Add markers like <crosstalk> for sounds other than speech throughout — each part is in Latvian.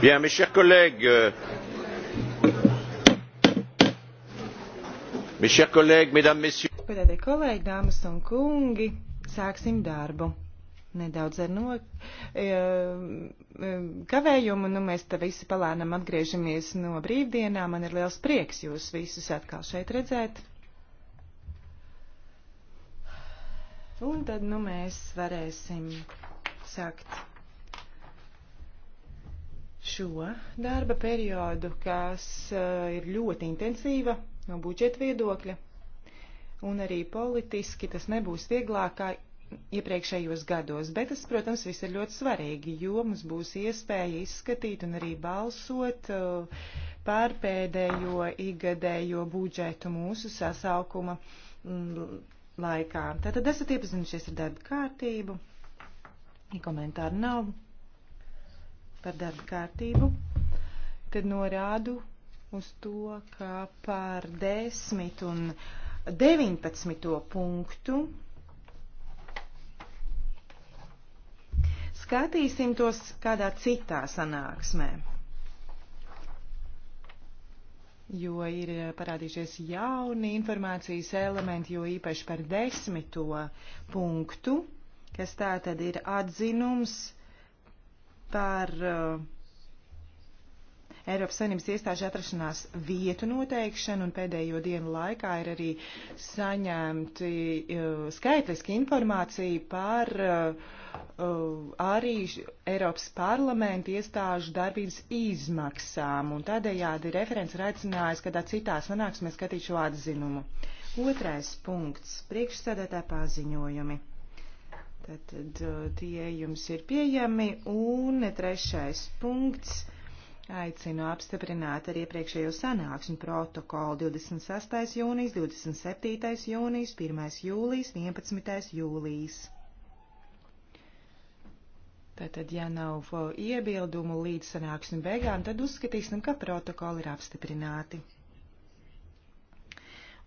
Bien, mes chers collègues, euh, mes chers collègues, mesdames, messieurs. Pēdējie kolēģi, dāmas un kungi, sāksim darbu. Nedaudz ar no e, e, kavējumu, nu mēs te visi palēnam atgriežamies no brīvdienām. Man ir liels prieks jūs visus atkal šeit redzēt. Un tad, nu, mēs varēsim sākt šo darba periodu, kas eh, ir ļoti intensīva no budžeta viedokļa, un arī politiski tas nebūs vieglāk kā iepriekšējos gados, bet tas, protams, viss ir ļoti svarīgi, jo mums būs iespēja izskatīt un arī balsot eh, par pēdējo igadējo budžetu mūsu sasaukuma mm, laikā. Tātad esat iepazinušies ar darba kārtību, komentāru nav par darba kārtību, tad norādu uz to, ka par 10 un 19. punktu skatīsim tos kādā citā sanāksmē. Jo ir parādījušies jauni informācijas elementi, jo īpaši par desmito punktu, kas tā tad ir atzinums par uh, Eiropas Savienības iestāžu atrašanās vietu noteikšanu, un pēdējo dienu laikā ir arī saņemti uh, skaitliski informācija par uh, uh, arī Eiropas parlamenta iestāžu darbības izmaksām, un tādējādi referents ir aicinājis, kādā citā sanāksmē skatīt šo atzinumu. Otrais punkts - priekšsēdētā paziņojumi. Tātad uh, tie jums ir pieejami. Un trešais punkts. Aicinu apstiprināt arī iepriekšējo sanāksmu protokolu 26. jūnijas, 27. jūnijas, 1. jūlijas, 11. jūlijas. Tātad, ja nav iebildumu līdz sanāksmi beigām, tad uzskatīsim, ka protokoli ir apstiprināti.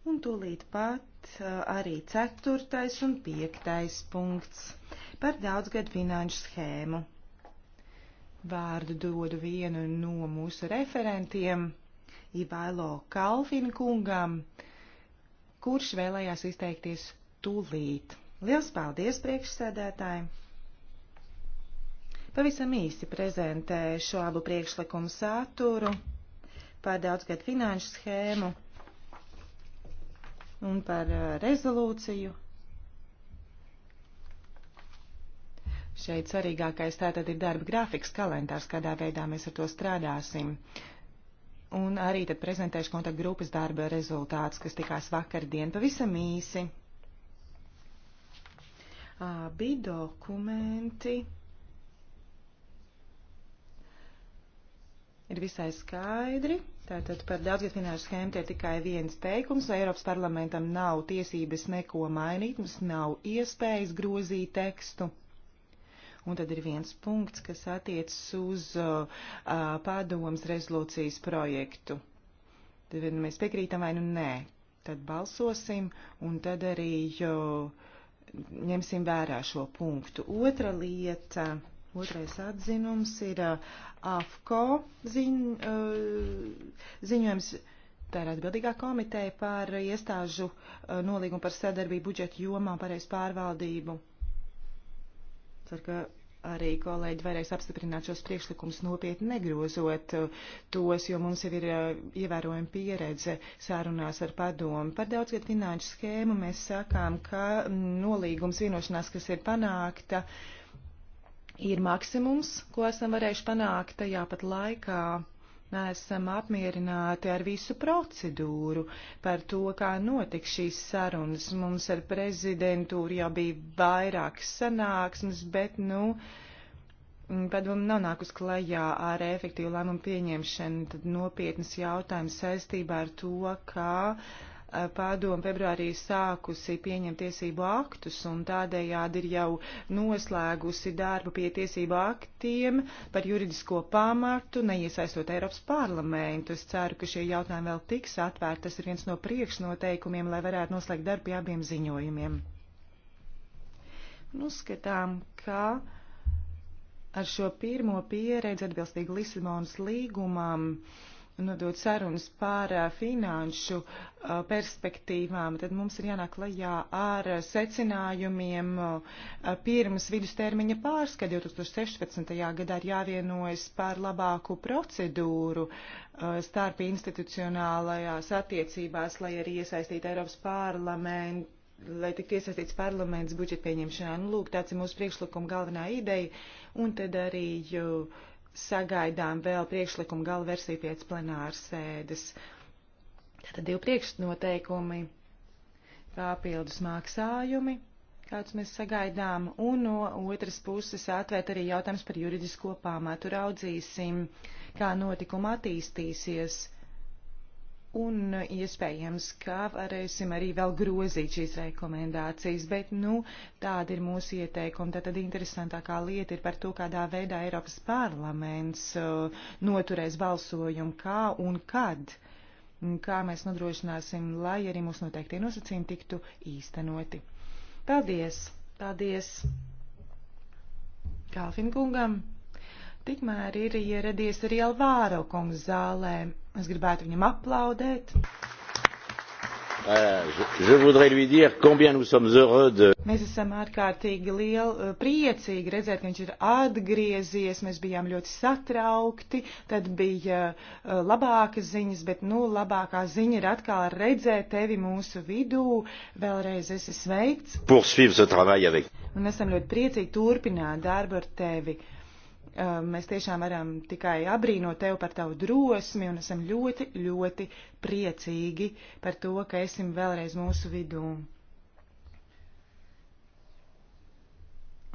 Un tūlīt pat arī ceturtais un piektais punkts par daudzgad finanšu schēmu. Vārdu dodu vienu no mūsu referentiem, Ivailo Kalfinu kungam, kurš vēlējās izteikties tūlīt. Liels paldies priekšsēdētājiem! Pavisam īsi prezentēšu abu priekšlikumu saturu par daudzgad finanšu schēmu un par uh, rezolūciju. Šeit svarīgākais tātad ir darba grafiks, kalendārs, kādā veidā mēs ar to strādāsim. Un arī tad prezentēšu kontaktgrupas darba rezultātus, kas tikās vakardien pavisam īsi. Abi dokumenti ir visai skaidri. Tātad par daudzgad finanšu schēmu tie tikai viens teikums. Eiropas parlamentam nav tiesības neko mainīt, mums nav iespējas grozīt tekstu. Un tad ir viens punkts, kas attiecas uz uh, uh padomas rezolūcijas projektu. Tad vai nu mēs piekrītam vai nu nē. Tad balsosim un tad arī jo, ņemsim vērā šo punktu. Otra lieta. Uh, Otrais atzinums ir AFCO ziņ, ziņojums. Tā ir atbildīgā komiteja par iestāžu nolīgumu par sadarbību budžeta jomā pareiz pārvaldību. Ceru, ka arī kolēģi varēs apstiprināt šos priekšlikumus nopietni negrozot tos, jo mums jau ir ievērojama pieredze sārunās ar padomu. Par daudzgad finanšu schēmu mēs sakām, ka mm, nolīgums vienošanās, kas ir panākta, uh, ir maksimums, ko esam varējuši panākt tajā pat laikā. Mēs esam apmierināti ar visu procedūru par to, kā notiks šīs sarunas. Mums ar prezidentūru jau bija vairākas sanāksmes, bet, nu, padomu nav nākus klajā ar efektīvu lēmumu pieņemšanu. Tad nopietnas jautājums saistībā ar to, kā. Ka Eh, padoma februārī sākusi pieņemt tiesību aktus un tādējādi ir jau noslēgusi darbu pie tiesību aktiem par juridisko pamatu, neiesaistot Eiropas parlamentu. Es ceru, ka šie jautājumi vēl tiks atvērti. Tas ir viens no priekšnoteikumiem, lai varētu noslēgt darbu pie abiem ziņojumiem. Un nu, uzskatām, ka. Ar šo pirmo pieredzi atbilstīgi Lisabonas līgumam uh, nodot sarunas par finanšu perspektīvām, tad mums ir jānāk lajā ar secinājumiem pirms vidustermiņa pārskat 2016. gadā ir jāvienojas par labāku procedūru starp institucionālajās attiecībās, lai arī iesaistītu Eiropas parlamentu lai tiktu iesaistīts parlaments budžeta pieņemšanā. Nu, lūk, tāds ir mūsu priekšlikuma galvenā ideja, un tad arī uh, sagaidām vēl priekšlikuma gala versiju pēc plenāras sēdes. Tātad divi priekšnoteikumi - papildus maksājumi, kāds mēs sagaidām, un no otras puses atvērt arī jautājums par juridisko pamatu. Raudzīsim, kā notikuma attīstīsies Un iespējams, ka varēsim arī vēl grozīt šīs rekomendācijas, bet, nu, tāda ir mūsu ieteikuma. Tātad interesantākā lieta ir par to, kādā veidā Eiropas parlaments uh, noturēs balsojumu, kā un kad, un kā mēs nodrošināsim, lai arī mūsu noteiktie nosacījumi tiktu īstenoti. Paldies! Paldies! Kalfinkungam! Tikmēr ir ieradies arī Alvāro kungs zālē. Es gribētu viņam aplaudēt. Euh, Mēs esam ārkārtīgi lieli, eh, priecīgi redzēt, ka viņš ir atgriezies. Mēs bijām ļoti satraukti, tad bija eh, labākas ziņas, bet, nu, labākā ziņa ir atkal redzēt tevi mūsu vidū. Vēlreiz esi sveikts. Un esam ļoti priecīgi turpināt darbu ar tevi. Uh, Eh, mēs tiešām varam tikai abrīnot tevi par tavu drosmi un esam ļoti, ļoti priecīgi par to, ka esim vēlreiz mūsu vidū.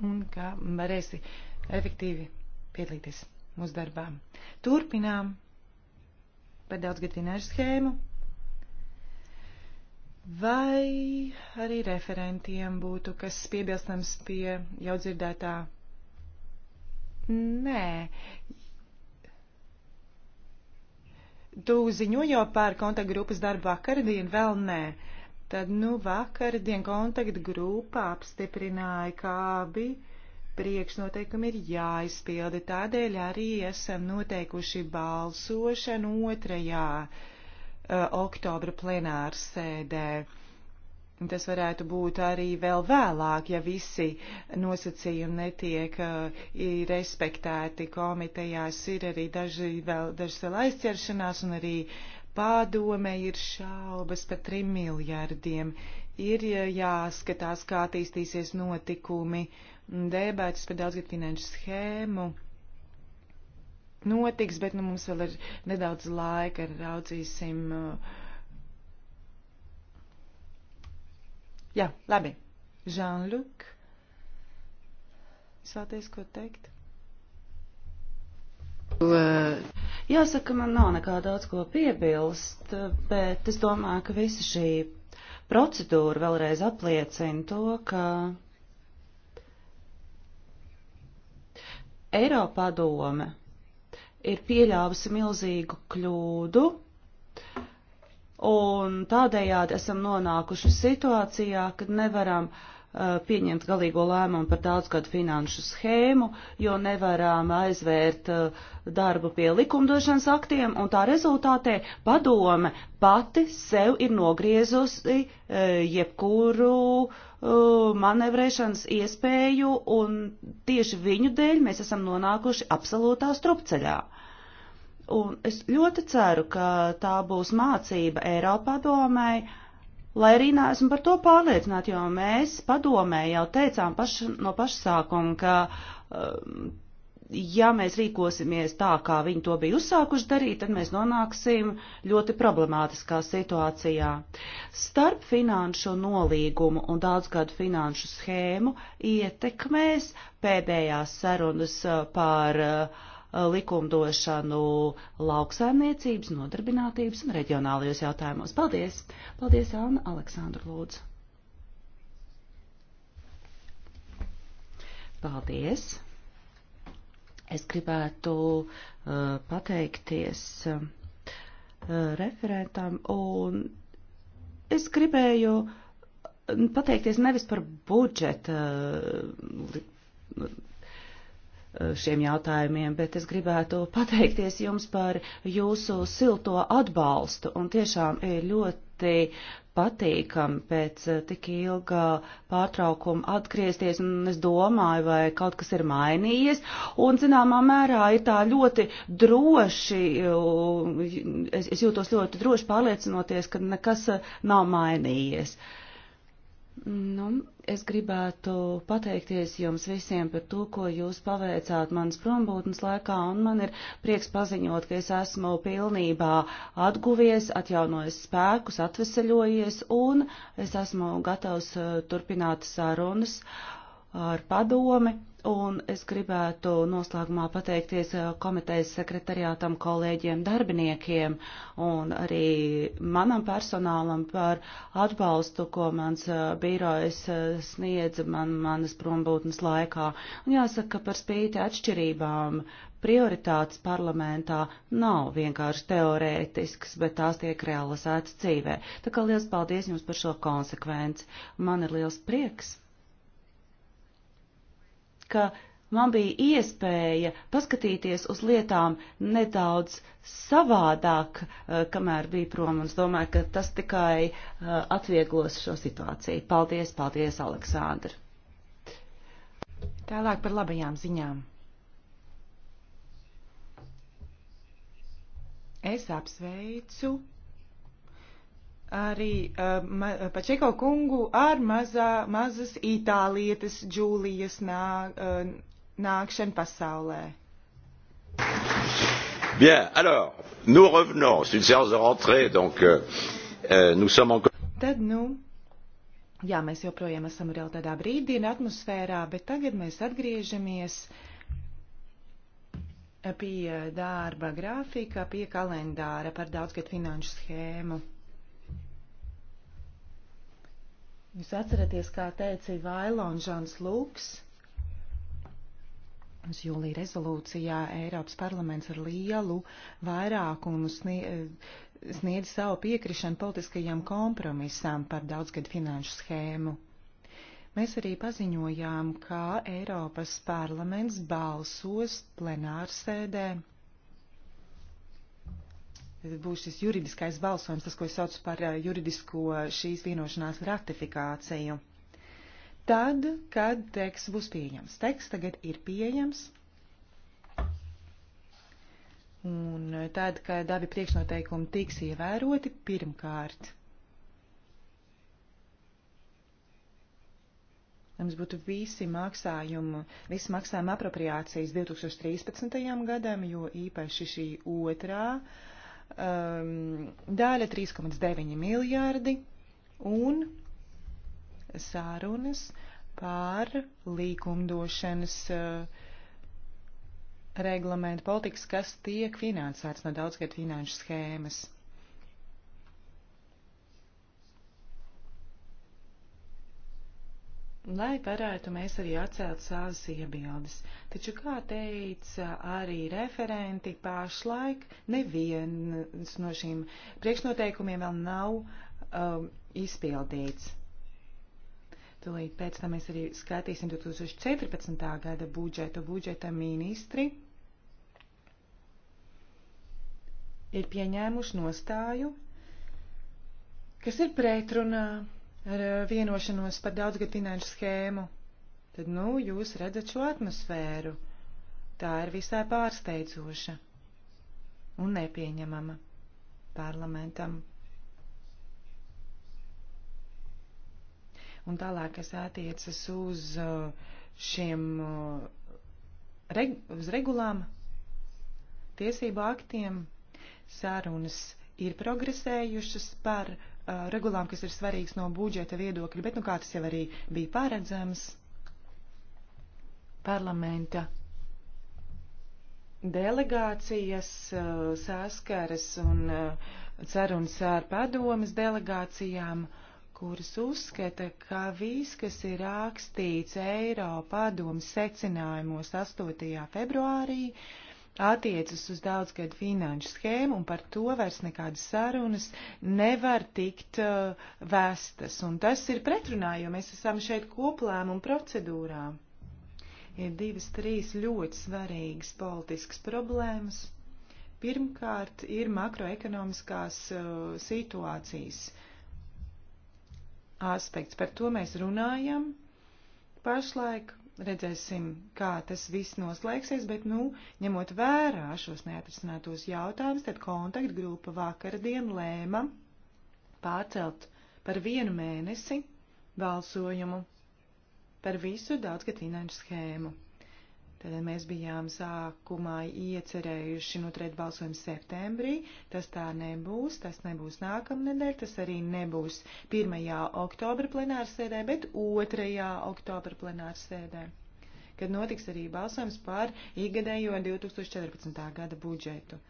Un ka varēsi efektīvi piedalīties mūsu darbā. Turpinām par daudzgad finanšu schēmu. Vai arī referentiem būtu kas piebilstams pie jau dzirdētā Nē. Tu ziņoji jau par kontaktgrupas darbu vakardien, vēl nē. Tad, nu, vakardien kontaktgrupa apstiprināja, kā bija priekšnoteikumi ir jāizpilda, tādēļ arī esam noteikuši balsošanu 2. Uh, eh, oktobra plenārsēdē. sēdē Un tas varētu būt arī vēl vēlāk, ja visi nosacījumi netiek uh, respektēti komitejās. Ir arī daži vēl, dažas vēl aizķeršanās un arī pārdomē ir šaubas par trim miljardiem. Ir eh, jāskatās, kā attīstīsies notikumi, mm, debētas par daudzgad finanšu schēmu. Notiks, bet nu, mums vēl ir nedaudz laika, raudzīsim. Uh, Jā, labi. Žanluk, jūs vēlaties ko teikt? Uh. Jāsaka, man nav nekā daudz ko piebilst, bet es domāju, ka visa šī procedūra vēlreiz apliecina to, ka Eiropadome ir pieļāvusi milzīgu kļūdu, uh, un tādējādi esam nonākuši situācijā, kad nevaram uh, pieņemt galīgo lēmumu par daudzgadu finanšu schēmu, jo nevaram aizvērt uh, darbu pie likumdošanas aktiem, un tā rezultātē padome pati sev ir nogriezusi uh, jebkuru uh, manevrēšanas iespēju, un tieši viņu dēļ mēs esam nonākuši absolūtā strupceļā. Uh, Un es ļoti ceru, ka tā būs mācība Eiropā domai, lai arī neesmu par to pārliecināti, jo mēs padomē jau teicām paš, no paša sākuma, ka um, ja mēs rīkosimies tā, kā viņi to bija uzsākuši darīt, tad mēs nonāksim ļoti problemātiskā situācijā. Starp finanšu nolīgumu un daudzgadu finanšu schēmu ietekmēs pēdējās sarunas uh, par uh, Uh, likumdošanu lauksaimniecības, nodarbinātības un reģionālajos jautājumos. Paldies! Paldies, Anna Aleksandru Lūdzu! Paldies! Es gribētu uh, pateikties uh, referentam un es gribēju uh, pateikties nevis par budžeta uh, Eh, šiem jautājumiem, bet es gribētu pateikties jums par jūsu silto atbalstu un tiešām ir ļoti patīkam pēc eh, tik ilga pārtraukuma atgriezties, un es domāju, vai kaut kas ir mainījies, un zināmā mērā ir tā ļoti droši, eh, es, es jūtos ļoti droši pārliecinoties, ka nekas nav mainījies. Uh, Nu, es gribētu pateikties jums visiem par to, ko jūs paveicāt manas prombūtnes laikā, un man ir prieks paziņot, ka es esmu pilnībā atguvies, atjaunojis spēkus, atveseļojies, un es esmu gatavs eh, turpināt sarunas. Uh, ar padomi, un es gribētu noslēgumā pateikties eh, komitejas sekretariātam, kolēģiem, darbiniekiem un arī manam personālam par atbalstu, ko mans eh, birojas eh, sniedz man, manas prombūtnes laikā. Un jāsaka, par spīti atšķirībām prioritātes parlamentā nav vienkārši teorētisks, bet tās tiek realizētas dzīvē. Tā kā liels paldies jums par šo konsekvenci. Man ir liels prieks ka man bija iespēja paskatīties uz lietām nedaudz savādāk, eh, kamēr bija prom, un es domāju, ka tas tikai eh, atvieglos šo situāciju. Paldies, paldies, Aleksandra! Tālāk par labajām ziņām. Es apsveicu arī uh, Pačeko kungu ar mazā, mazas itālietes Džūlijas nā, uh, nākšanu pasaulē. Bien, alors, nous revenons, c'est une séance de rentrée, donc euh, nous sommes encore. Tad, nu, jā, mēs joprojām esam vēl tādā brīdina atmosfērā, bet tagad mēs atgriežamies pie darba grafika, pie kalendāra par daudzgad finanšu schēmu. Jūs atceraties, kā teica Vaila un Žans Lūks, uz jūlija rezolūcijā Eiropas parlaments ar lielu vairākumu eh, sniedz savu piekrišanu politiskajam kompromisam par daudzgad finanšu schēmu. Mēs arī paziņojām, ka Eiropas parlaments balsos plenārsēdē. Ar būs šis juridiskais balsojums, tas, ko es saucu par juridisko šīs vienošanās ratifikāciju. Tad, kad teksts būs pieejams. Teksts tagad ir pieejams. Un tad, kad abi priekšnoteikumi tiks ievēroti, pirmkārt, mums būtu visi maksājumi, visi maksājumi apropriācijas 2013. gadam, jo īpaši šī otrā uh, um, daļa 3,9 miljārdi un sārunas pār līkumdošanas uh, reglamentu politikas, kas tiek finansēts no daudzgad finanšu schēmas. lai varētu mēs arī atcelt savas iebildes. Taču, kā teica arī referenti, pašlaik neviens no šīm priekšnoteikumiem vēl nav um, izpildīts. Tūlīt pēc tam mēs arī skatīsim 2014. gada budžetu. Budžeta ministri ir pieņēmuši nostāju, kas ir pretrunā ar eh, vienošanos par daudzgad finanšu schēmu, tad, nu, jūs redzat šo atmosfēru. Tā ir visai pārsteidzoša un nepieņemama parlamentam. Un tālāk, kas attiecas uz eh, šiem eh, reg, uz regulām, tiesību aktiem, sarunas ir progresējušas par uh, regulām, kas ir svarīgas no budžeta viedokļa, bet nu kā tas jau arī bija paredzams parlamenta delegācijas uh, saskaras un uh, sarunas ar padomas delegācijām, kuras uzskata, ka viss, kas ir rakstīts Eiropa padomas secinājumos 8. februārī, uh, attiecas uz daudzgadu finanšu schēmu, un par to vairs nekādas sarunas nevar tikt uh, vēstas. Un tas ir pretrunā, jo mēs esam šeit koplēmumu procedūrā. Ir divas, trīs ļoti svarīgas politiskas problēmas. Pirmkārt, ir makroekonomiskās uh, situācijas aspekts. Par to mēs runājam pašlaik redzēsim, kā tas viss noslēgsies, bet, nu, ņemot vērā šos neatrisinātos jautājumus, tad kontaktgrupa vakardien lēma pārcelt par vienu mēnesi balsojumu par visu daudzgadīnainu schēmu. Tad mēs bijām sākumā iecerējuši noturēt balsojumu septembrī. Tas tā nebūs, tas nebūs nākamnedēļ, tas arī nebūs 1. oktobra plenārsēdē, bet 2. oktobra plenārsēdē, kad notiks arī balsojums par ikgadējo 2014. gada budžetu.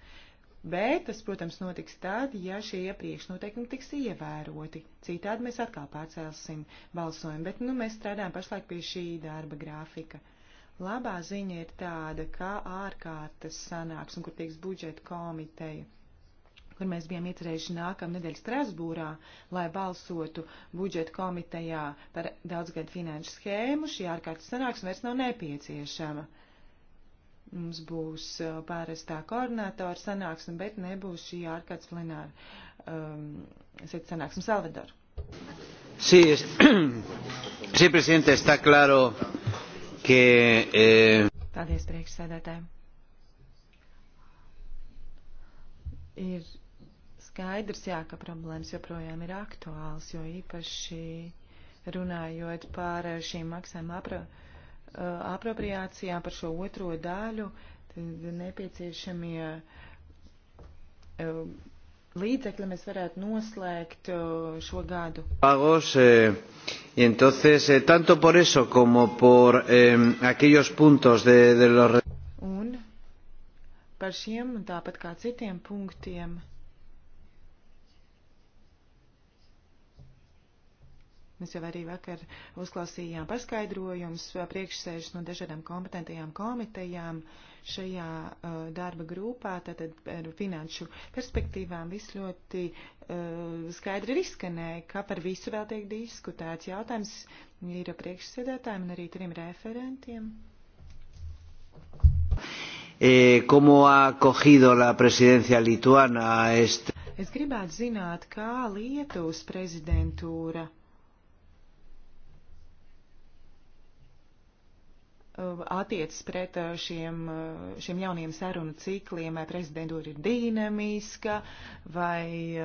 Bet tas, protams, notiks tad, ja šie priekšnoteikumi tiks ievēroti. Citādi mēs atkal pārcelsim balsojumu, bet nu, mēs strādājam pašlaik pie šī darba grāfika. Labā ziņa ir tāda, kā ārkārtas sanāks un kur tiks budžeta komiteja kur mēs bijām iecerējuši nākamnedēļ Strasbūrā, lai balsotu budžeta komitejā par daudzgadu finanšu schēmu, šī ārkārtas sanāksme vairs nav nepieciešama. Mums būs uh, pārestā koordinātora sanāksme, bet nebūs šī ārkārtas plenāra um, sanāksme Salvador. Sí, es... <clears throat> sí, presidente, está claro que... Eh... Paldies, priekšsēdētāji. Ir skaidrs, jā, ka problēmas joprojām ir aktuāls, jo īpaši runājot par šīm maksājuma apro, eh, apropriācijām, par šo otro daļu, nepieciešamie eh, līdzekļi mēs varētu noslēgt eh, šo gadu. Pagos, eh... Y entonces, eh, tanto por eso como por eh, aquellos puntos de, de los. Un par šiem un tāpat kā citiem punktiem Mēs jau arī vakar uzklausījām paskaidrojumus priekšsēžus no dažādām kompetentajām komitejām šajā uh, darba grupā, tātad par finanšu perspektīvām viss ļoti uh, skaidri ir izskanēja, ka par visu vēl tiek diskutēts jautājums ir priekšsēdētājiem un arī trim referentiem. Eh, ¿Cómo ha cogido la presidencia lituana este? Es gribētu zināt, kā Lietuvas prezidentūra Uh, attiecas pret uh, šiem, uh, šiem jauniem sarunu cikliem, vai prezidentūra ir dīnamiska, vai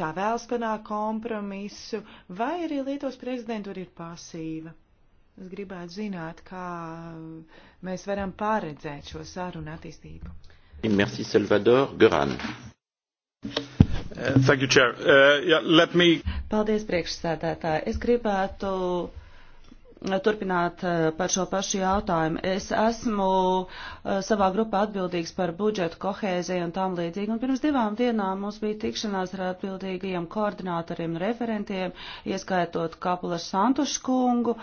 tā vēlas panākt kompromisu, vai arī Lietuvas prezidentūra ir pasīva. Es gribētu zināt, kā mēs varam paredzēt šo sarunu attīstību. Merci, Salvador Göran. Uh, thank you, Chair. Uh, yeah, let me... Paldies, priekšsēdētāji. Es gribētu turpināt eh, par šo pašu jautājumu. Es esmu eh, savā grupā atbildīgs par budžetu, kohēziju un tam līdzīgi. Un pirms divām dienām mums bija tikšanās ar atbildīgajiem koordinātoriem un referentiem, ieskaitot Kapula Santušu kungu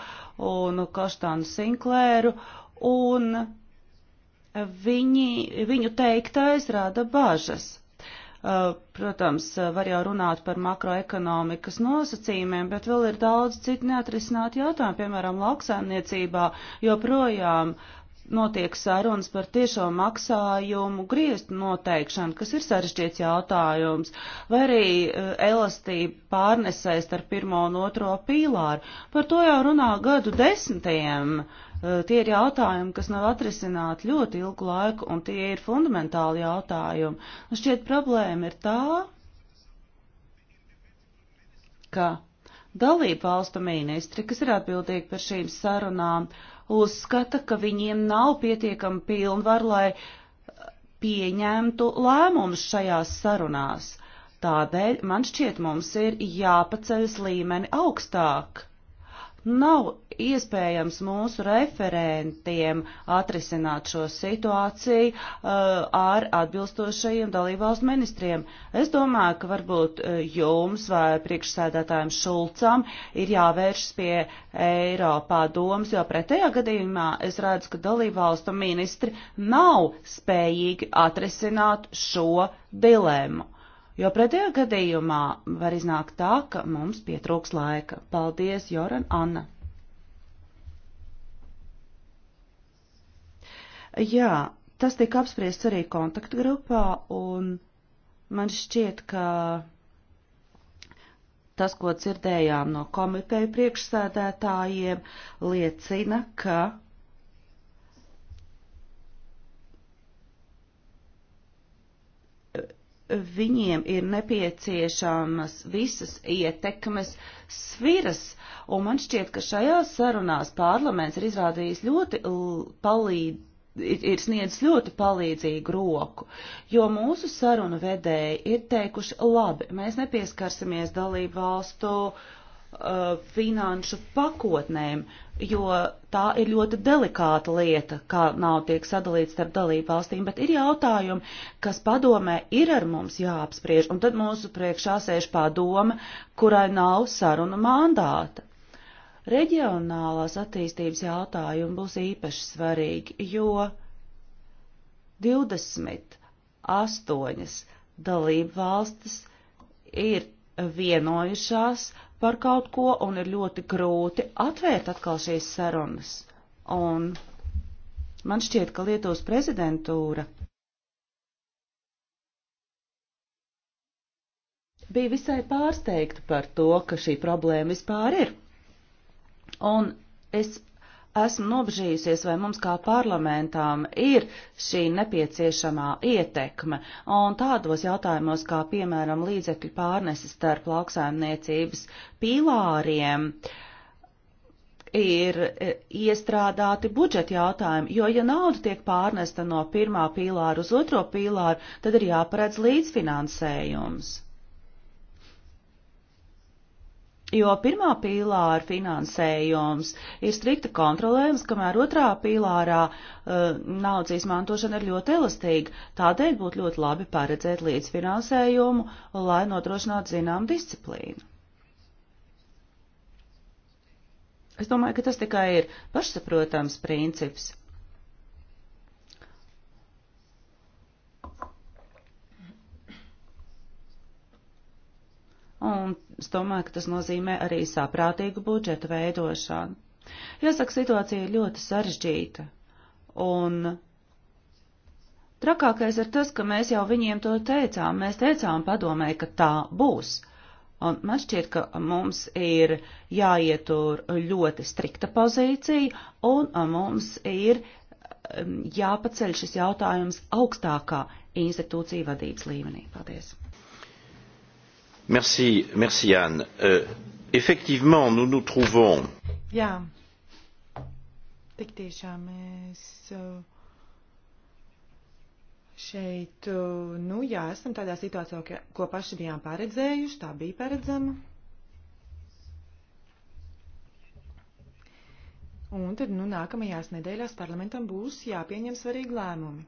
un Kostānu Sinklēru. Un viņi, viņu teiktais rada bažas. Eh, protams, eh, var jau runāt par makroekonomikas nosacījumiem, bet vēl ir daudz citu neatrisinātu jautājumu, piemēram, lauksaimniecībā joprojām notiek sarunas par tiešo maksājumu griestu noteikšanu, kas ir sarežģīts jautājums, vai arī eh, elastība pārnesēs ar pirmo un otro pīlāru. Par to jau runā gadu desmitiem. Uh, Eh, tie ir jautājumi, kas nav atrisināti ļoti ilgu laiku, un tie ir fundamentāli jautājumi. Un nu, šķiet problēma ir tā, ka dalību valstu ministri, kas ir atbildīgi par šīm sarunām, uzskata, ka viņiem nav pietiekami pilnvar, lai pieņemtu lēmumus šajās sarunās. Tādēļ man šķiet mums ir jāpaceļas līmeni augstāk. Nav iespējams mūsu referentiem atrisināt šo situāciju uh, ar atbilstošajiem dalībvalstu ministriem. Es domāju, ka varbūt uh, jums vai priekšsēdētājiem Šulcam ir jāvēršas pie Eiropā domas, jo pretējā gadījumā es redzu, ka dalībvalstu ministri nav spējīgi atrisināt šo dilemmu jo pretējā gadījumā var iznākt tā, ka mums pietrūks laika. Paldies, Joran, Anna. Jā, tas tika apspriests arī kontaktgrupā, un man šķiet, ka tas, ko dzirdējām no komiteju priekšsēdētājiem, liecina, ka viņiem ir nepieciešamas visas ietekmes sviras, un man šķiet, ka šajās sarunās parlaments ir izrādījis ļoti palīdzību. Ir, ir sniedzis ļoti palīdzīgu roku, jo mūsu sarunu vedēji ir teikuši, labi, mēs nepieskarsimies dalību valstu uh, Uh, finanšu pakotnēm, jo tā ir ļoti delikāta lieta, kā nav tiek sadalīts starp dalību valstīm, bet ir jautājumi, kas padomē ir ar mums jāapspriež, un tad mūsu priekšā sēž padome, kurai nav sarunu mandāta. Reģionālās attīstības jautājumi būs īpaši svarīgi, jo 28 dalību valstis ir vienojušās par kaut ko un ir ļoti grūti atvērt atkal šīs sarunas. Un man šķiet, ka Lietuvas prezidentūra bija visai pārsteigta par to, ka šī problēma vispār ir. Un es esmu nobežījusies, vai mums kā parlamentām ir šī nepieciešamā ietekme, un tādos jautājumos, kā piemēram līdzekļu pārneses starp lauksaimniecības pīlāriem, ir e, iestrādāti budžeta jautājumi, jo ja nauda tiek pārnesta no pirmā pīlāra uz otro pīlāru, tad ir jāparedz līdzfinansējums. Jo pirmā pīlāra finansējums ir strikti kontrolējams, kamēr otrā pīlārā uh, naudas izmantošana ir ļoti elastīga. Tādēļ būtu ļoti labi paredzēt līdzfinansējumu, lai nodrošinātu zinām disciplīnu. Es domāju, ka tas tikai ir pašsaprotams princips. Un Es domāju, ka tas nozīmē arī saprātīgu budžetu veidošanu. Jāsaka, situācija ir ļoti sarežģīta, un trakākais ir tas, ka mēs jau viņiem to teicām, mēs teicām padomē, ka tā būs. Un man šķiet, ka mums ir jāietur ļoti strikta pozīcija, un mums ir um, jāpaceļ šis jautājums augstākā institūcija vadības līmenī. Paldies! Merci, merci Anne. Euh, effectivement, nous nous trouvons. Jā, tik tiešām mēs uh, šeit, uh, nu jā, esam tādā situācijā, ko paši bijām paredzējuši, tā bija paredzama. Un tad, nu, nākamajās nedēļās parlamentam būs jāpieņem svarīgi lēmumi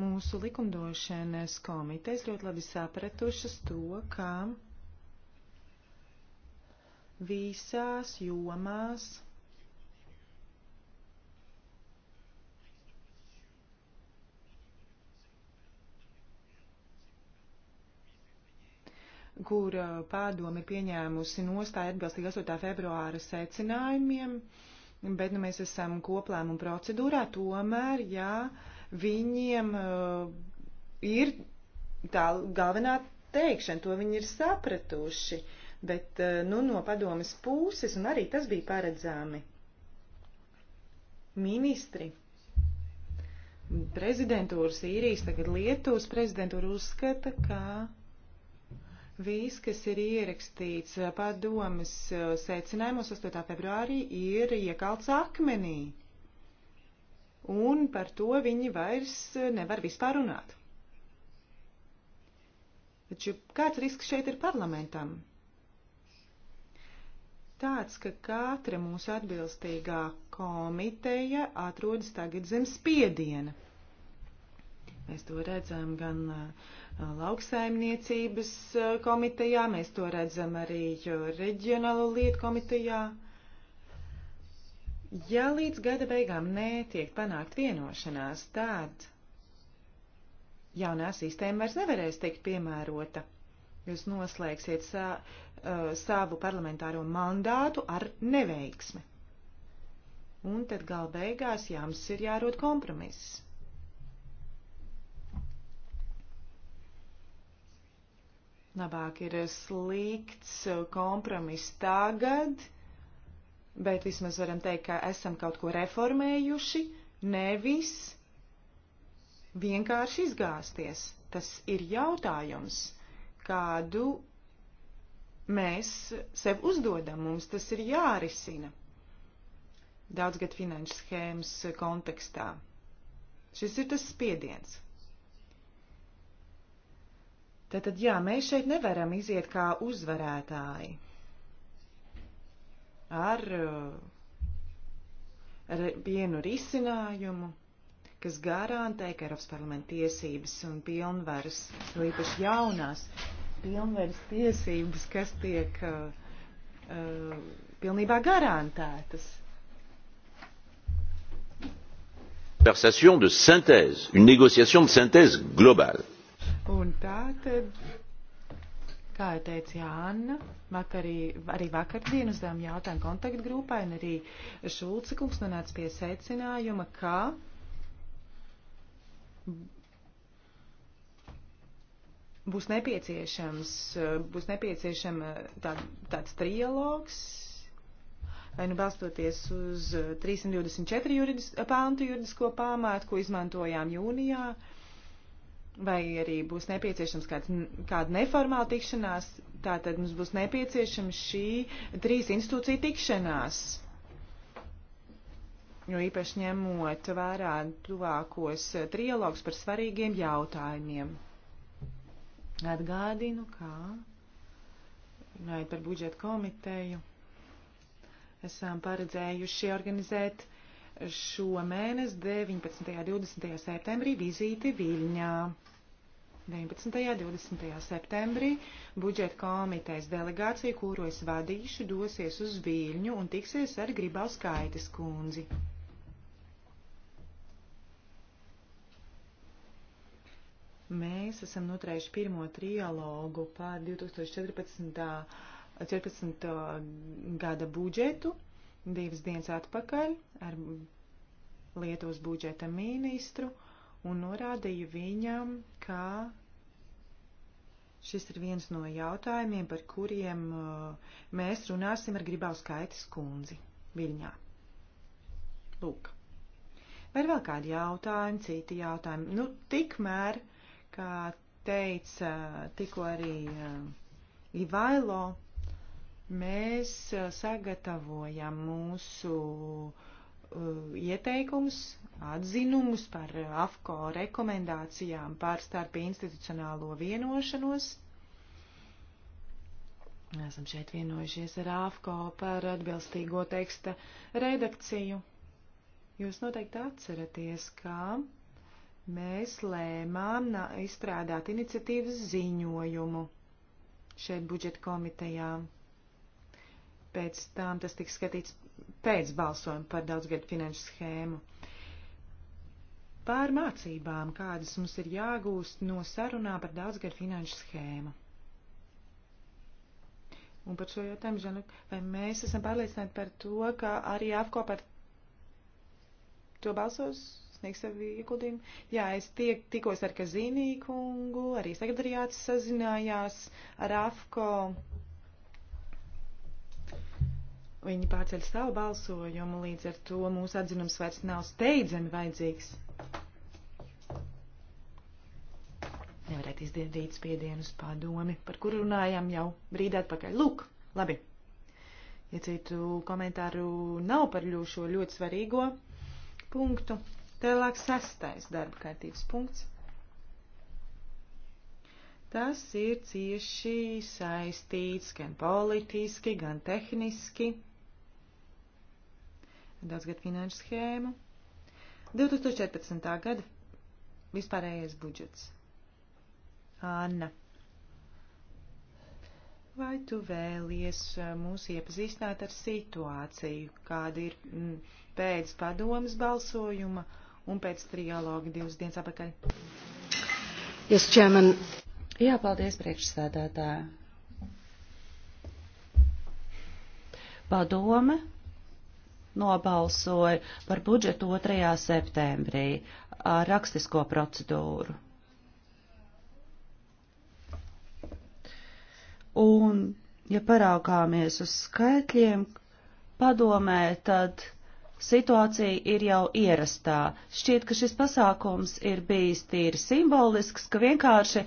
mūsu likumdošanas komitejas ļoti labi sapratušas to, ka visās jomās kur uh, pārdomi pieņēmusi nostāja atbilstīgi 8. februāra secinājumiem, bet nu, mēs esam koplēmumu procedūrā, tomēr, jā, ja viņiem uh, ir tā galvenā teikšana, to viņi ir sapratuši, bet uh, nu, no padomas puses, un arī tas bija paredzami, ministri prezidentūras īrijas, tagad Lietuvas prezidentūra uzskata, ka viss, kas ir ierakstīts uh, padomas secinājumos 8. februārī, ir iekalts akmenī un par to viņi vairs eh, nevar vispār runāt. Taču kāds risks šeit ir parlamentam? Tāds, ka katra mūsu atbilstīgā komiteja atrodas tagad zem spiediena. Mēs to redzam gan eh, lauksaimniecības eh, komitejā, mēs to redzam arī reģionālo lietu komitejā. Uh, Ja līdz gada beigām netiek panākt vienošanās, tad jaunā sistēma vairs nevarēs tikt piemērota. Jūs noslēgsiet sā, uh, savu parlamentāro mandātu ar neveiksmi. Un tad gal beigās jāms ir jārod kompromiss. Labāk ir slikts kompromiss tagad bet vismaz varam teikt, ka esam kaut ko reformējuši, nevis vienkārši izgāzties. Tas ir jautājums, kādu mēs sev uzdodam, mums tas ir jārisina daudzgad finanšu schēmas kontekstā. Šis ir tas spiediens. Tātad, jā, mēs šeit nevaram iziet kā uzvarētāji ar, eh, ar vienu risinājumu, kas garantē, ka Eiropas parlamenta tiesības un pilnvaras, jo īpaši jaunās pilnvaras tiesības, kas tiek uh, uh, pilnībā garantētas. Conversation de synthèse, une négociation de synthèse globale. Un tā tad Kā jau teica Jāna, vakarī, arī vakardien uzdevām jautājumu kontaktgrupai un arī Šulce kungs nonāca pie secinājuma, ka būs nepieciešams, būs nepieciešama tā, tāds trialogs, vai nu balstoties uz 324 juridis, pāntu juridisko pāmētu, ko izmantojām jūnijā. Uh, vai arī būs nepieciešams kāds, kāda neformāla tikšanās, tā tad mums būs nepieciešama šī trīs institūcija tikšanās. Jo īpaši ņemot vērā tuvākos eh, trialogus par svarīgiem jautājumiem. Atgādinu, kā runājot par budžetu komiteju, esam paredzējuši organizēt uh, šo mēnesi 19. un 20. septembrī vizīti Viļņā. 19. un 20. septembrī budžeta komitejas delegācija, kuru es vadīšu, dosies uz Viļņu un tiksies ar Gribau Skaitas kundzi. Mēs esam noturējuši pirmo trialogu par 2014. 14. gada budžetu divas dienas atpakaļ ar Lietuvas budžeta ministru un norādīju viņam, ka šis ir viens no jautājumiem, par kuriem uh, mēs runāsim ar Gribau skaitas kundzi Viļņā. Lūk. Vai ir vēl kādi jautājumi, citi jautājumi? Nu, tikmēr, kā teica tikko arī uh, Ivailo, Mēs uh, sagatavojam mūsu uh, ieteikumus, atzinumus par uh, AFCO rekomendācijām par starp institucionālo vienošanos. Esam šeit vienojušies ar AFCO par atbilstīgo teksta redakciju. Jūs noteikti atceraties, ka mēs lēmām izstrādāt iniciatīvas ziņojumu šeit budžeta komitejām pēc tam tas tiks skatīts pēc balsojuma par daudzgadu finanšu schēmu. Pār mācībām, kādas mums ir jāgūst no sarunā par daudzgadu finanšu schēmu. Un par šo jautājumu, Žanuk, vai mēs esam pārliecināti par to, ka arī AFCO par to balsos sniegs savu ieguldījumu? Jā, es tiek, tikos ar Kazīnī kungu, arī sekretariāts sazinājās ar AFCO. Viņi pārceļ savu balsojumu, līdz ar to mūsu atzinums vairs nav steidzami vajadzīgs. Nevarētu izdarīt spiedienu uz padomi, par kuru runājām jau brīdi atpakaļ. Lūk, labi. Ja citu komentāru nav par šo ļoti svarīgo punktu, tālāk sastais darba kārtības punkts. Tas ir cieši saistīts gan politiski, gan tehniski daudzgad finanšu schēmu. 2014. gada vispārējais budžets. Anna, vai tu vēlies eh, mūs iepazīstināt ar situāciju, kāda ir mm, pēc padomas balsojuma un pēc trialoga divas dienas apakaļ? Yes, chairman. Jā, paldies priekšsēdētāji. Padome nobalsoja par budžetu 2. septembrī ar rakstisko procedūru. Un, ja paraugāmies uz skaitļiem padomē, tad situācija ir jau ierastā. Šķiet, ka šis pasākums ir bijis tīri simbolisks, ka vienkārši,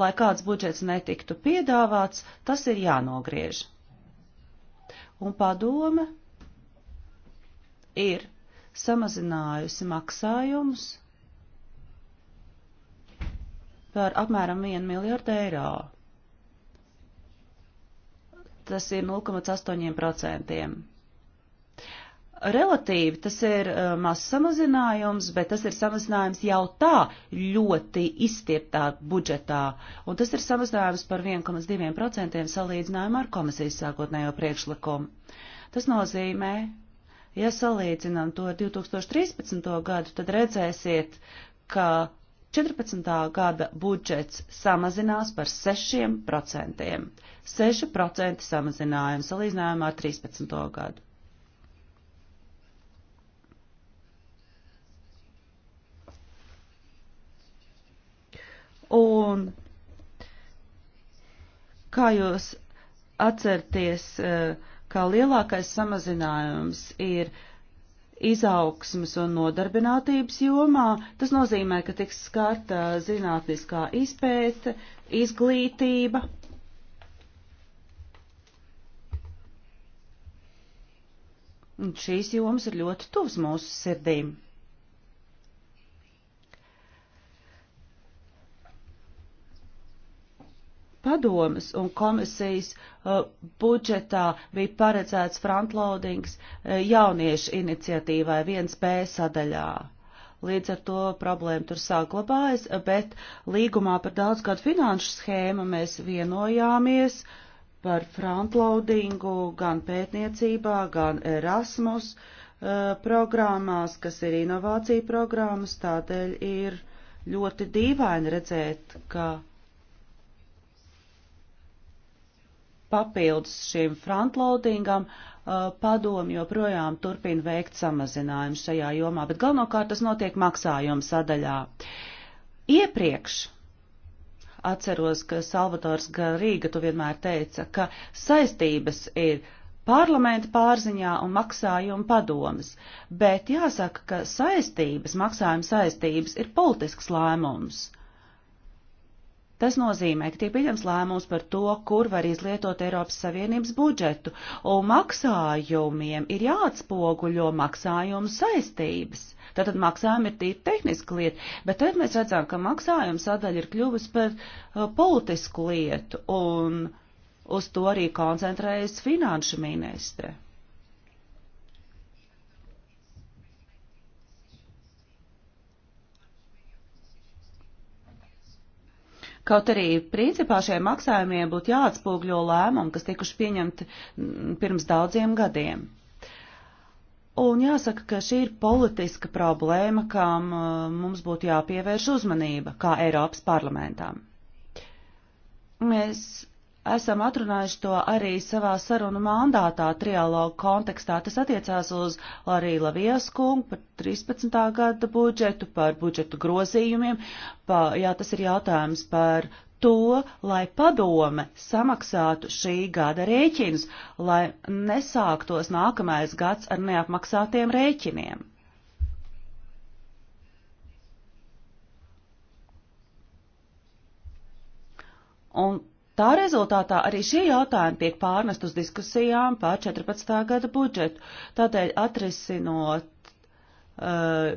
lai kāds budžets netiktu piedāvāts, tas ir jānogriež. Un padome ir samazinājusi maksājumus par apmēram 1 miljārdu eiro. Tas ir 0,8%. Relatīvi tas ir uh, mazs samazinājums, bet tas ir samazinājums jau tā ļoti izstieptā budžetā, un tas ir samazinājums par 1,2% salīdzinājumā ar komisijas sākotnējo priekšlikumu. Tas nozīmē, Ja salīdzinām to ar 2013. gadu, tad redzēsiet, ka 14. gada budžets samazinās par 6%. 6% samazinājumu salīdzinājumā ar 13. gadu. Un kā jūs atcerties, uh, ka lielākais samazinājums ir izaugsmas un nodarbinātības jomā. Tas nozīmē, ka tiks skarta zinātniskā izpēte, izglītība. Un šīs jomas ir ļoti tuvs mūsu sirdīm. padomas un komisijas uh, budžetā bija paredzēts frontloadings uh, jauniešu iniciatīvai 1B sadaļā. Līdz ar to problēma tur saglabājas, bet līgumā par daudzgadu finanšu schēmu mēs vienojāmies par frontloadingu gan pētniecībā, gan Erasmus uh, programmās, kas ir inovācija programmas, tādēļ ir ļoti dīvaini redzēt, ka papildus šim frontloadingam uh, padomi joprojām turpina veikt samazinājumu šajā jomā, bet galvenokārt tas notiek maksājuma sadaļā. Iepriekš atceros, ka Salvators Garīga tu vienmēr teica, ka saistības ir parlamenta pārziņā un maksājuma padomas, bet jāsaka, ka saistības, maksājuma saistības ir politisks lēmums. Tas nozīmē, ka tiek pieņems lēmums par to, kur var izlietot Eiropas Savienības budžetu, un maksājumiem ir jāatspoguļo maksājumu saistības. Tātad maksājumi ir tīri tehniska lieta, bet tad mēs redzam, ka maksājuma sadaļa ir kļuvusi par uh, politisku lietu, un uz to arī koncentrējas finanšu ministre. Kaut arī principā šiem maksājumiem būtu jāatspūgļo lēmumi, kas tikuši pieņemti mm, pirms daudziem gadiem. Un jāsaka, ka šī ir politiska problēma, kam uh, mums būtu jāpievērš uzmanība, kā Eiropas parlamentām. Mēs esam atrunājuši to arī savā sarunu mandātā trialogu kontekstā. Tas attiecās uz Larī Lavijas kungu par 13. gada budžetu, par budžetu grozījumiem. Pa, jā, tas ir jautājums par to, lai padome samaksātu šī gada rēķinus, lai nesāktos nākamais gads ar neapmaksātiem rēķiniem. Un Tā rezultātā arī šie jautājumi tiek pārnest uz diskusijām par 14. gada budžetu. Tādēļ atrisinot uh,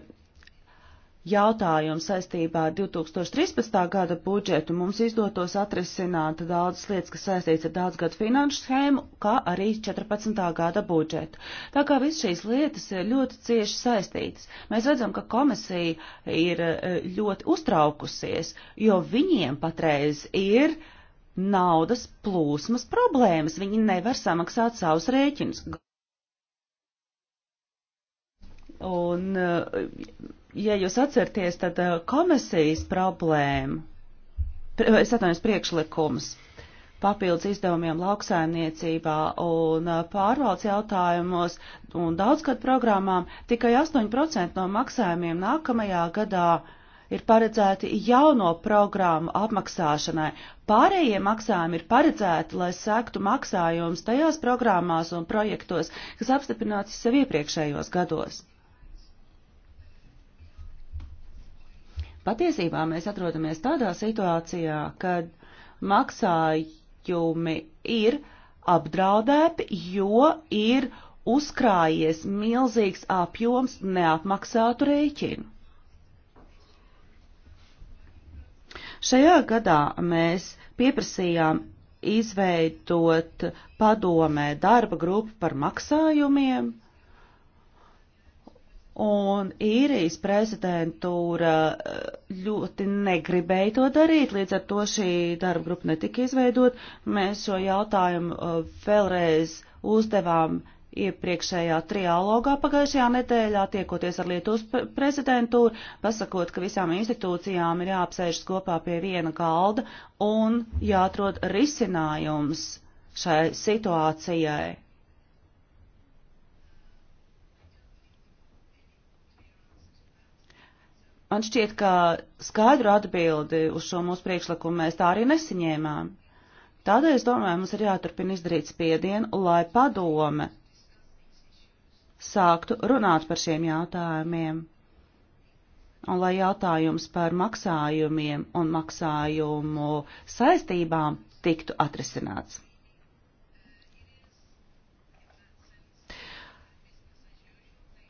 jautājumu saistībā ar 2013. gada budžetu, mums izdotos atrisināt daudzas lietas, kas saistīts ar daudzgadu finanšu schēmu, kā arī 14. gada budžetu. Tā kā viss šīs lietas ir ļoti cieši saistītas, mēs redzam, ka komisija ir eh, ļoti uztraukusies, jo viņiem patreiz ir uh, naudas plūsmas problēmas. Viņi nevar samaksāt savus rēķinus. Un, eh, ja jūs atcerties, tad eh, komisijas problēma, eh, es atvainojos priekšlikums papildus izdevumiem lauksaimniecībā un pārvaldes jautājumos un daudzgad programmām, tikai 8% no maksājumiem nākamajā gadā uh, ir paredzēti jauno programmu apmaksāšanai. Pārējie maksājumi ir paredzēti, lai sektu maksājums tajās programmās un projektos, kas apstiprināts sev iepriekšējos gados. Patiesībā mēs atrodamies tādā situācijā, kad maksājumi ir apdraudēti, jo ir uzkrājies milzīgs apjoms neapmaksātu rēķinu. Šajā gadā mēs pieprasījām izveidot padomē darba grupu par maksājumiem, un īrijas prezidentūra eh, ļoti negribēja to darīt, līdz ar to šī darba grupa netika izveidot. Mēs šo jautājumu eh, vēlreiz uzdevām iepriekšējā triālogā pagājušajā nedēļā, tiekoties ar Lietuvas prezidentūru, pasakot, ka visām institūcijām ir jāapsēžas kopā pie viena galda un jāatrod risinājums šai situācijai. Man šķiet, ka skaidru atbildi uz šo mūsu priekšlikumu mēs tā arī nesaņēmām. Tādēļ, es domāju, mums ir jāturpina izdarīt spiedienu, lai padome sāktu runāt par šiem jautājumiem. Un lai jautājums par maksājumiem un maksājumu saistībām tiktu atrisināts.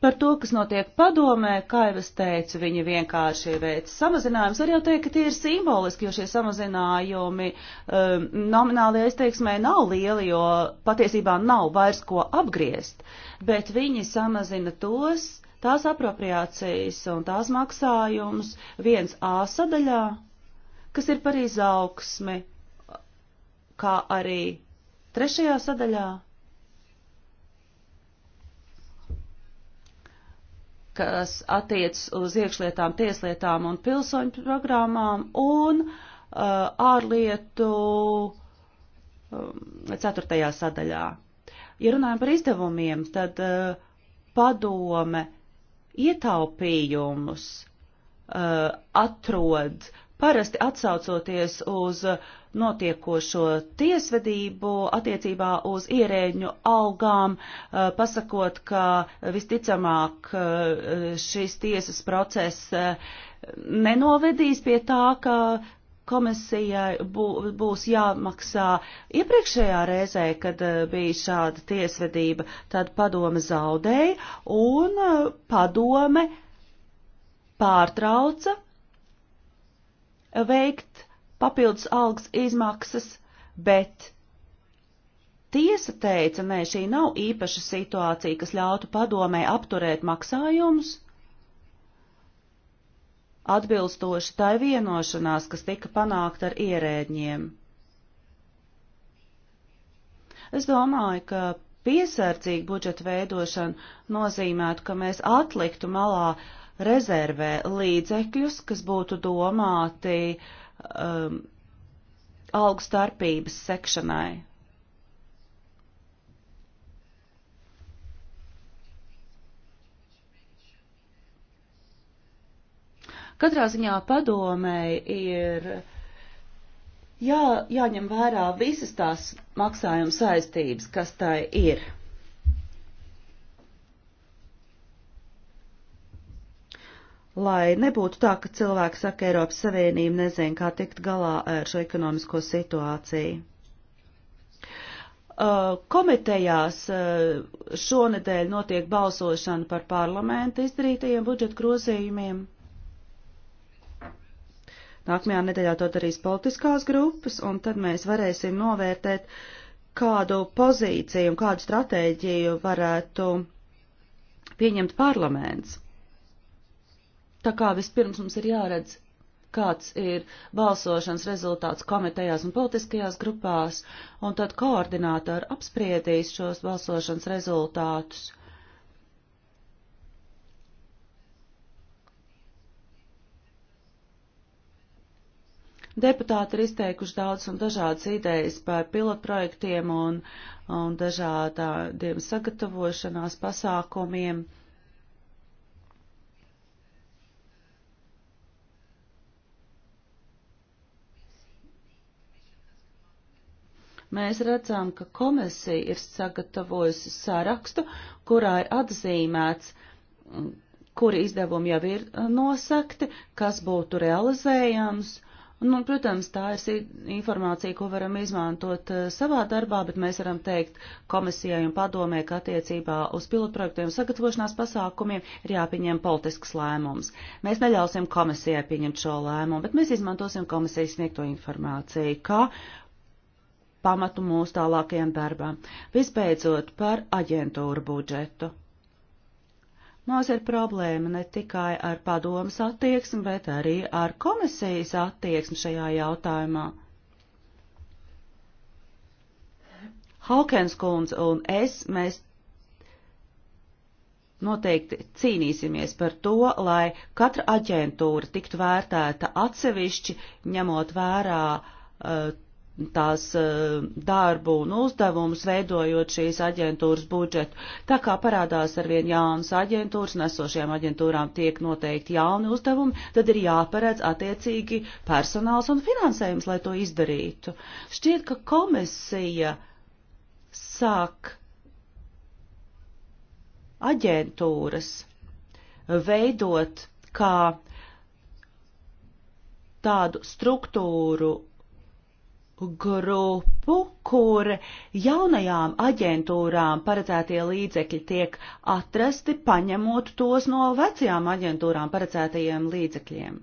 Par to, kas notiek padomē, kā jau es teicu, viņi vienkārši veic samazinājumus. Var jau teikt, ka tie ir simboliski, jo šie samazinājumi um, nominālajā izteiksmē nav lieli, jo patiesībā nav vairs ko apgriezt, bet viņi samazina tos, tās apropriācijas un tās maksājumus viens A sadaļā, kas ir par izaugsmi, kā arī trešajā sadaļā kas attiecas uz iekšlietām, tieslietām un pilsoņu programmām un uh, ārlietu um, ceturtajā sadaļā. Ja runājam par izdevumiem, tad uh, padome ietaupījumus uh, atrod Parasti atsaucoties uz notiekošo tiesvedību attiecībā uz ierēģu algām, eh, pasakot, ka visticamāk eh, šis tiesas process eh, nenovedīs pie tā, ka komisijai bū, būs jāmaksā iepriekšējā reizē, kad bija šāda tiesvedība, tad padome zaudēja un padome pārtrauca veikt papildus algas izmaksas, bet tiesa teica, nē, šī nav īpaša situācija, kas ļautu padomē apturēt maksājumus, atbilstoši tai vienošanās, kas tika panākta ar ierēdņiem. Es domāju, ka piesardzīga budžeta veidošana nozīmētu, ka mēs atliktu malā uh, rezervē līdzekļus, kas būtu domāti um, algu starpības sekšanai. Katrā ziņā padomēji ir jā, jāņem vērā visas tās maksājuma saistības, kas tai ir. lai nebūtu tā, ka cilvēki saka, Eiropas Savienība nezin, kā tikt galā ar šo ekonomisko situāciju. Uh, komitejās uh, šonedēļ notiek balsošana par parlamenta izdarītajiem budžeta grozījumiem. Nākamajā nedēļā to darīs politiskās grupas, un tad mēs varēsim novērtēt, kādu pozīciju un kādu stratēģiju varētu pieņemt parlaments. Tā kā vispirms mums ir jāredz, kāds ir balsošanas rezultāts komitejās un politiskajās grupās, un tad koordinātori apspriedīs šos balsošanas rezultātus. Deputāti ir izteikuši daudz un dažādas idejas par pilotprojektiem un, un dažādiem sagatavošanās pasākumiem. mēs redzam, ka komisija ir sagatavojusi sarakstu, kurā ir atzīmēts, mm, kuri izdevumi jau ir eh, nosakti, kas būtu realizējams. Nu, protams, tā ir informācija, ko varam izmantot eh, savā darbā, bet mēs varam teikt komisijai un padomē, ka attiecībā uz pilotprojektiem sagatavošanās pasākumiem ir jāpieņem politisks lēmums. Mēs neļausim komisijai pieņemt šo lēmumu, bet mēs izmantosim komisijas sniegto informāciju, kā pamatu mūsu tālākajam darbam. Visbeidzot, par aģentūru budžetu. Mums ir problēma ne tikai ar padomas attieksmi, bet arī ar komisijas attieksmi šajā jautājumā. Haukens kundze un es, mēs noteikti cīnīsimies par to, lai katra aģentūra tiktu vērtēta atsevišķi, ņemot vērā uh, tās eh, darbu un uzdevumus, veidojot šīs aģentūras budžetu. Tā kā parādās arvien jaunas aģentūras, nesošajām aģentūrām tiek noteikti jauni uzdevumi, tad ir jāparedz attiecīgi personāls un finansējums, lai to izdarītu. Šķiet, ka komisija sāk aģentūras veidot kā tādu struktūru grupu, kur jaunajām aģentūrām paredzētie līdzekļi tiek atrasti, paņemot tos no vecajām aģentūrām paredzētajiem līdzekļiem.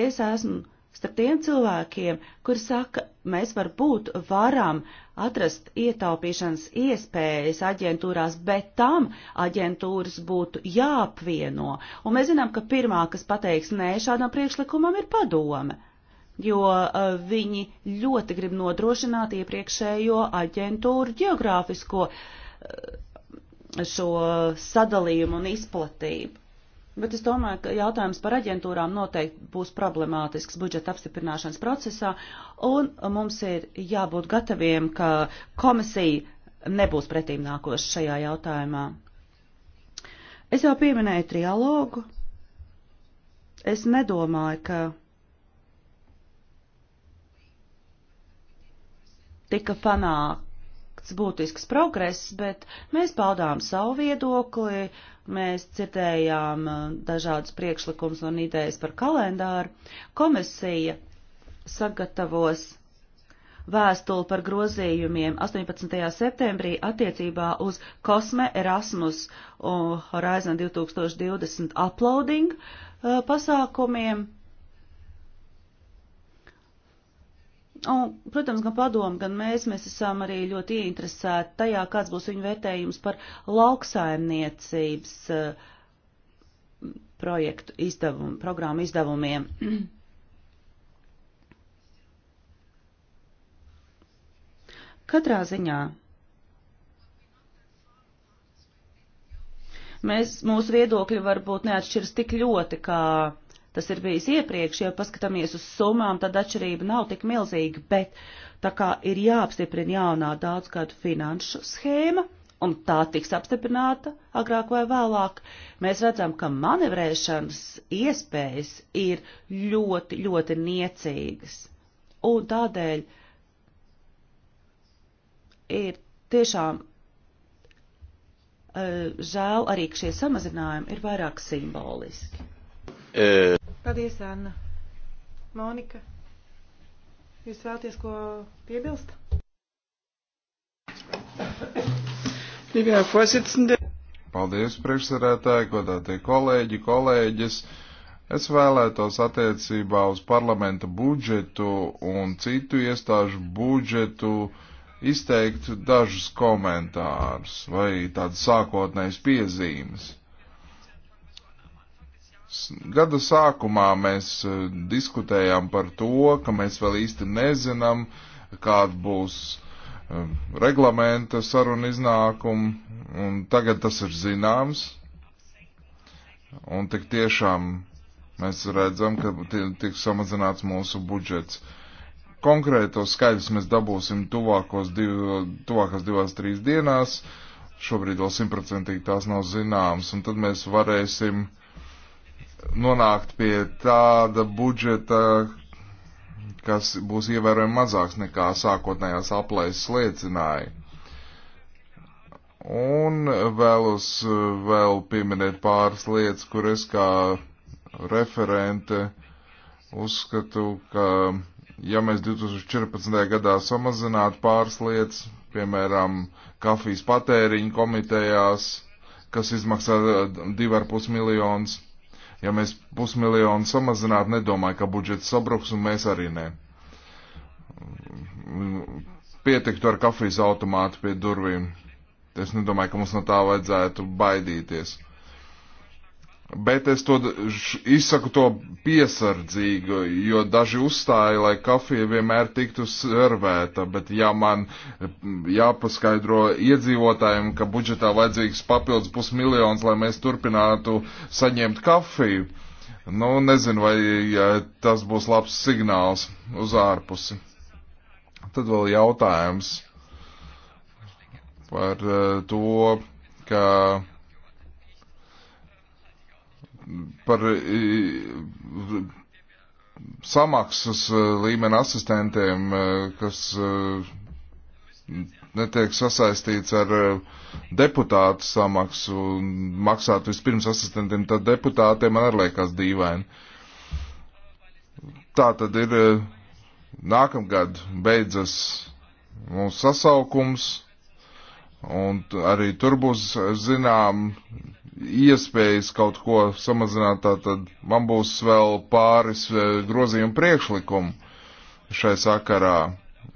Es esmu starp tiem cilvēkiem, kur saka, mēs varbūt varam atrast ietaupīšanas iespējas aģentūrās, bet tam aģentūras būtu jāapvieno. Un mēs zinām, ka pirmā, kas pateiks nē šādam priekšlikumam, ir padome jo uh, viņi ļoti grib nodrošināt iepriekšējo aģentūru geogrāfisko uh, šo sadalījumu un izplatību. Bet es domāju, ka jautājums par aģentūrām noteikti būs problemātisks budžeta apstiprināšanas procesā, un mums ir jābūt gataviem, ka komisija nebūs pretīm nākoša šajā jautājumā. Es jau pieminēju trialogu. Es nedomāju, ka tika panākts būtisks progress, bet mēs paudām savu viedokli, mēs citējām uh, dažādas priekšlikums un idejas par kalendāru. Komisija sagatavos vēstuli par grozījumiem 18. septembrī attiecībā uz Kosme Erasmus uh, Horizon 2020 uploading uh, pasākumiem. Un, protams, gan padomu, gan mēs, mēs esam arī ļoti ieinteresēti tajā, kāds būs viņu vērtējums par lauksaimniecības eh, projektu izdevumu, programmu izdevumiem. <clears throat> Katrā ziņā mēs, mūsu viedokļi varbūt neatšķiras tik ļoti, kā tas ir bijis iepriekš, jo paskatāmies uz summām, tad atšķirība nav tik milzīga, bet tā kā ir jāapstiprina jaunā daudzgadu finanšu schēma, un tā tiks apstiprināta agrāk vai vēlāk, mēs redzam, ka manevrēšanas iespējas ir ļoti, ļoti niecīgas. Un tādēļ ir tiešām uh, žēl arī, ka šie samazinājumi ir vairāk simboliski. Uh... Paldies, Anna. Monika, jūs vēlaties ko piebilst? Paldies, priekšsarētāji, godātie kolēģi, kolēģis. Es vēlētos attiecībā uz parlamenta budžetu un citu iestāžu budžetu izteikt dažus komentārus vai tādas sākotnējas piezīmes. Gada sākumā mēs e, diskutējām par to, ka mēs vēl īsti nezinām, kāda būs e, reglamenta saruna iznākuma, un tagad tas ir zināms. Un tik tiešām mēs redzam, ka tiek samazināts mūsu budžets. Konkrētos skaidrs mēs dabūsim tuvākos div, tuvākās divās, trīs dienās. Šobrīd vēl simtprocentīgi tās nav zināmas, un tad mēs varēsim uh, nonākt pie tāda budžeta, kas būs ievērojami mazāks nekā sākotnējās aplēses liecināja. Un vēlos vēl pieminēt pāris lietas, kur es kā referente uzskatu, ka ja mēs 2014. gadā samazinātu pāris lietas, piemēram, kafijas patēriņu komitejās, kas izmaksā 2,5 miljonus, Ja mēs pusmiljonu samazinātu, nedomāju, ka budžets sabruks, un mēs arī nē. Pietiktu ar kafijas automātu pie durvīm. Es nedomāju, ka mums no tā vajadzētu baidīties. Bet es to izsaku to piesardzīgi, jo daži uzstāja, lai kafija vienmēr tiktu servēta, bet ja man jāpaskaidro iedzīvotājiem, ka budžetā vajadzīgs papildus pusmiljons, lai mēs turpinātu saņemt kafiju, nu nezinu, vai ja tas būs labs signāls uz ārpusi. Tad vēl jautājums par eh, to, ka par eh, samaksas eh, līmeni asistentiem, eh, kas netiek sasaistīts ar deputātu samaksu un maksāt vispirms asistentiem, tad deputātiem man arī liekas dīvaini. Tā tad ir nākamgad beidzas mūsu sasaukums Un arī tur būs, eh, zinām, iespējas kaut ko samazināt, tātad man būs vēl pāris eh, grozījumu priekšlikumu šai sakarā.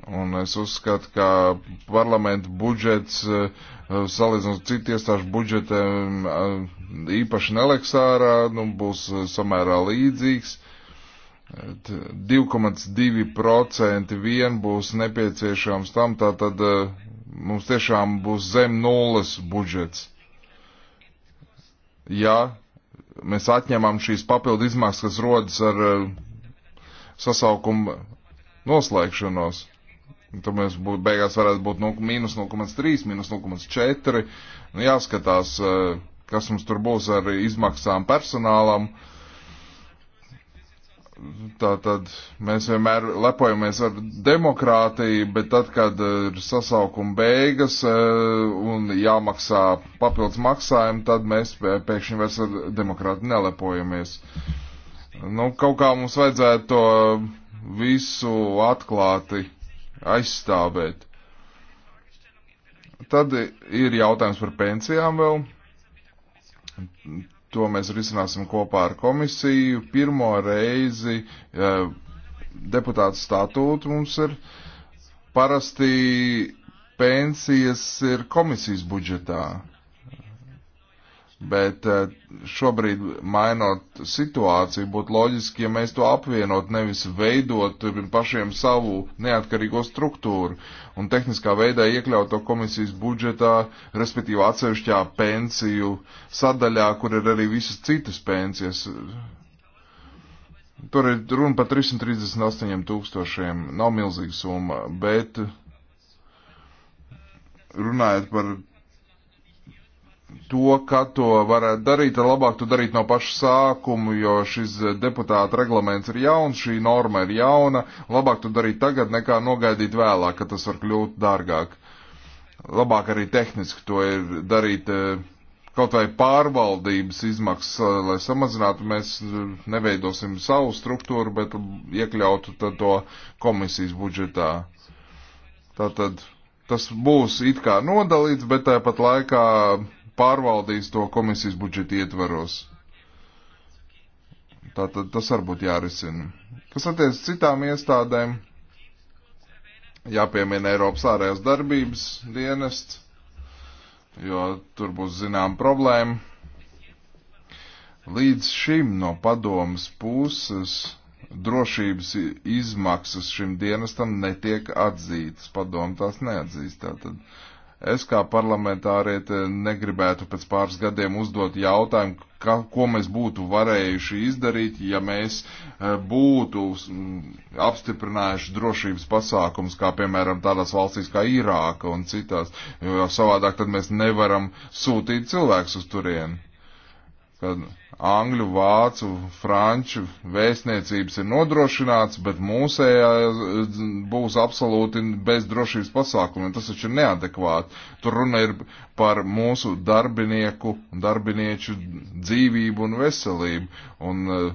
Un es uzskatu, ka parlamenta budžets, eh, salīdzinot citu iestāžu budžetiem, īpaši neleksārā, nu, būs samērā līdzīgs. 2,2% vien būs nepieciešams tam, tātad Mums tiešām būs zem nulles budžets. Ja mēs atņemam šīs papildu izmaksas, kas rodas ar eh, sasaukuma noslēgšanos, tad mēs būt, beigās varētu būt no, mīnus 0,3, mīnus 0,4. Nu, jāskatās, eh, kas mums tur būs ar izmaksām personālam. Uh, Tātad mēs vienmēr lepojamies ar demokrātiju, bet tad, kad ir sasaukuma beigas eh, un jāmaksā papildus maksājumi, tad mēs pēkšņi vairs ar demokrātu nelepojamies. Nu, kaut kā mums vajadzētu to visu atklāti aizstāvēt. Tad ir jautājums par pensijām vēl To mēs risināsim kopā ar komisiju. Pirmo reizi e, deputātu statūtu mums ir parasti pensijas ir komisijas budžetā. Bet eh, šobrīd, mainot situāciju, būtu loģiski, ja mēs to apvienot, nevis veidot pašiem savu neatkarīgo struktūru un tehniskā veidā iekļaut to komisijas budžetā, respektīvi atsevišķā pensiju sadaļā, kur ir arī visas citas pensijas. Tur ir runa par 338 tūkstošiem, nav milzīga summa, bet runājot par to, ka to varētu darīt, tad labāk to darīt no paša sākuma, jo šis deputāta reglaments ir jauns, šī norma ir jauna, labāk to darīt tagad nekā nogaidīt vēlāk, ka tas var kļūt dārgāk. Labāk arī tehniski to ir darīt eh, kaut vai pārvaldības izmaksas, eh, lai samazinātu, mēs eh, neveidosim savu struktūru, bet iekļautu to komisijas budžetā. Tātad tas būs it kā nodalīts, bet tāpat laikā pārvaldīs to komisijas budžeta ietvaros. Tātad tas varbūt jārisina. Kas attiec citām iestādēm, jāpiemina Eiropas ārējās darbības dienests, jo tur būs zinām problēma. Līdz šim no padomas puses drošības izmaksas šim dienestam netiek atzītas. Padoma tās neatzīst. Tātad Es kā parlamentāriete negribētu pēc pāris gadiem uzdot jautājumu, ka, ko mēs būtu varējuši izdarīt, ja mēs eh, būtu mm, apstiprinājuši drošības pasākums, kā piemēram tādās valstīs kā Irāka un citās, jo savādāk tad mēs nevaram sūtīt cilvēkus uz turieni kad angļu, vācu, franču vēstniecības ir nodrošināts, bet mūsējā būs absolūti bez drošības pasākumiem. Tas taču ir neadekvāti. Tur runa ir par mūsu darbinieku, darbinieču dzīvību un veselību. Un, eh,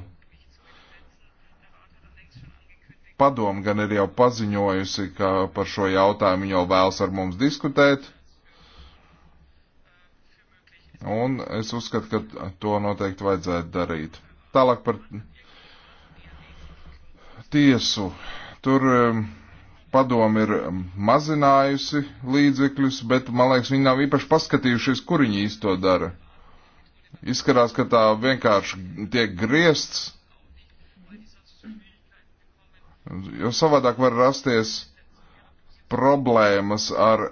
Padomu gan ir jau paziņojusi, ka par šo jautājumu jau vēlas ar mums diskutēt, Un es uzskatu, ka to noteikti vajadzētu darīt. Tālāk par tiesu. Tur um, padomi ir mazinājusi līdzekļus, bet, man liekas, viņi nav īpaši paskatījušies, kur viņi īsto dara. Izskatās, ka tā vienkārši tiek griezts, jo savādāk var rasties problēmas ar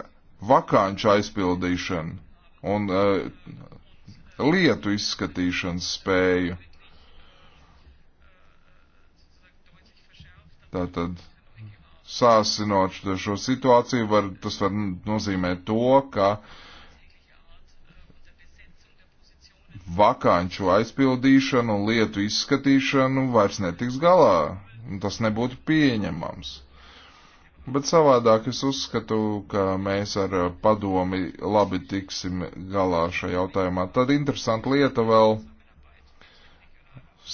vakāņu aizpildīšanu un uh, lietu izskatīšanas spēju. Tātad sāsinot šo situāciju, var, tas var nozīmēt to, ka vakāņu aizpildīšanu un lietu izskatīšanu vairs netiks galā. Tas nebūtu pieņemams. Bet savādāk es uzskatu, ka mēs ar padomi labi tiksim galā šajā jautājumā. Tad interesanta lieta vēl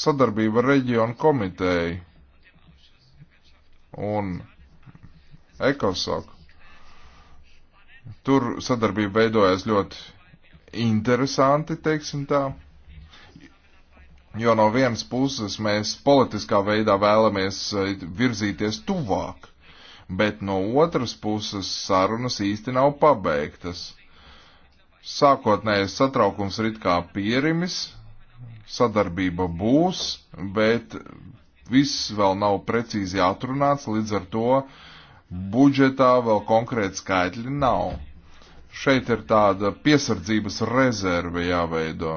sadarbība ar reģionu komiteju un ekosoku. Tur sadarbība veidojas ļoti interesanti, teiksim tā. Jo no vienas puses mēs politiskā veidā vēlamies eh, virzīties tuvāk bet no otras puses sarunas īsti nav pabeigtas. Sākotnējais satraukums ir it kā pierimis, sadarbība būs, bet viss vēl nav precīzi atrunāts, līdz ar to budžetā vēl konkrēti skaitļi nav. Šeit ir tāda piesardzības rezerve jāveido,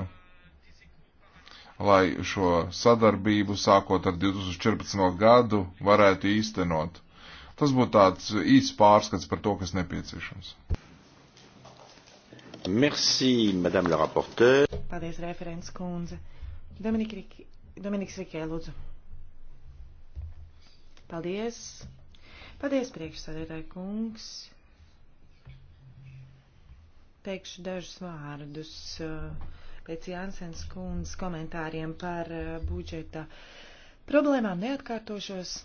lai šo sadarbību sākot ar 2014. gadu varētu īstenot. Tas būtu tāds īsts pārskats par to, kas nepieciešams. Merci, madame la rapporteure. Paldies, referents kundze. Dominika Rikē, Dominiks Rikē, lūdzu. Paldies. Paldies, priekšsādētāji kungs. Teikšu dažus vārdus eh, pēc Jānsens kundzes komentāriem par eh, budžeta problēmām. Neatkārtošos.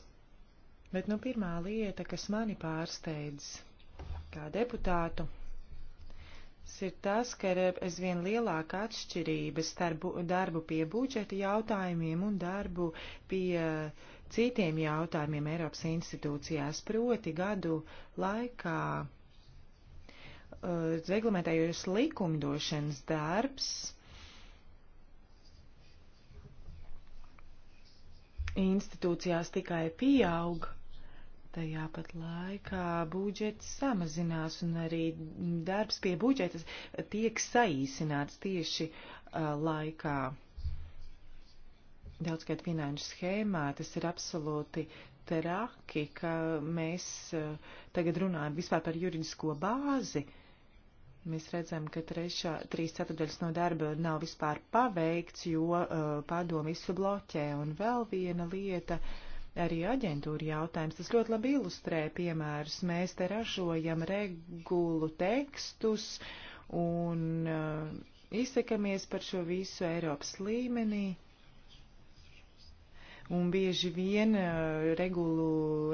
Bet nu, pirmā lieta, kas mani pārsteidz kā deputātu, ir tas, ka ir aizvien lielāka atšķirība starp darbu pie budžeta jautājumiem un darbu pie citiem jautājumiem Eiropas institūcijās. Proti gadu laikā uh, reglamentējos likumdošanas darbs institūcijās tikai pieauga. Tajā pat laikā budžets samazinās un arī darbs pie budžetas tiek saīsināts tieši uh, laikā. Daudzkārt finanšu schēmā tas ir absolūti traki, ka mēs uh, tagad runājam vispār par juridisko bāzi. Mēs redzam, ka trešā, trīs ceturdaļas no darba nav vispār paveikts, jo uh, padomu visu bloķē. Un vēl viena lieta. Uh, arī aģentūra jautājums. Tas ļoti labi ilustrē piemērus. Mēs te ražojam regulu tekstus un uh, izsakamies par šo visu Eiropas līmenī. Un bieži vien uh, regulu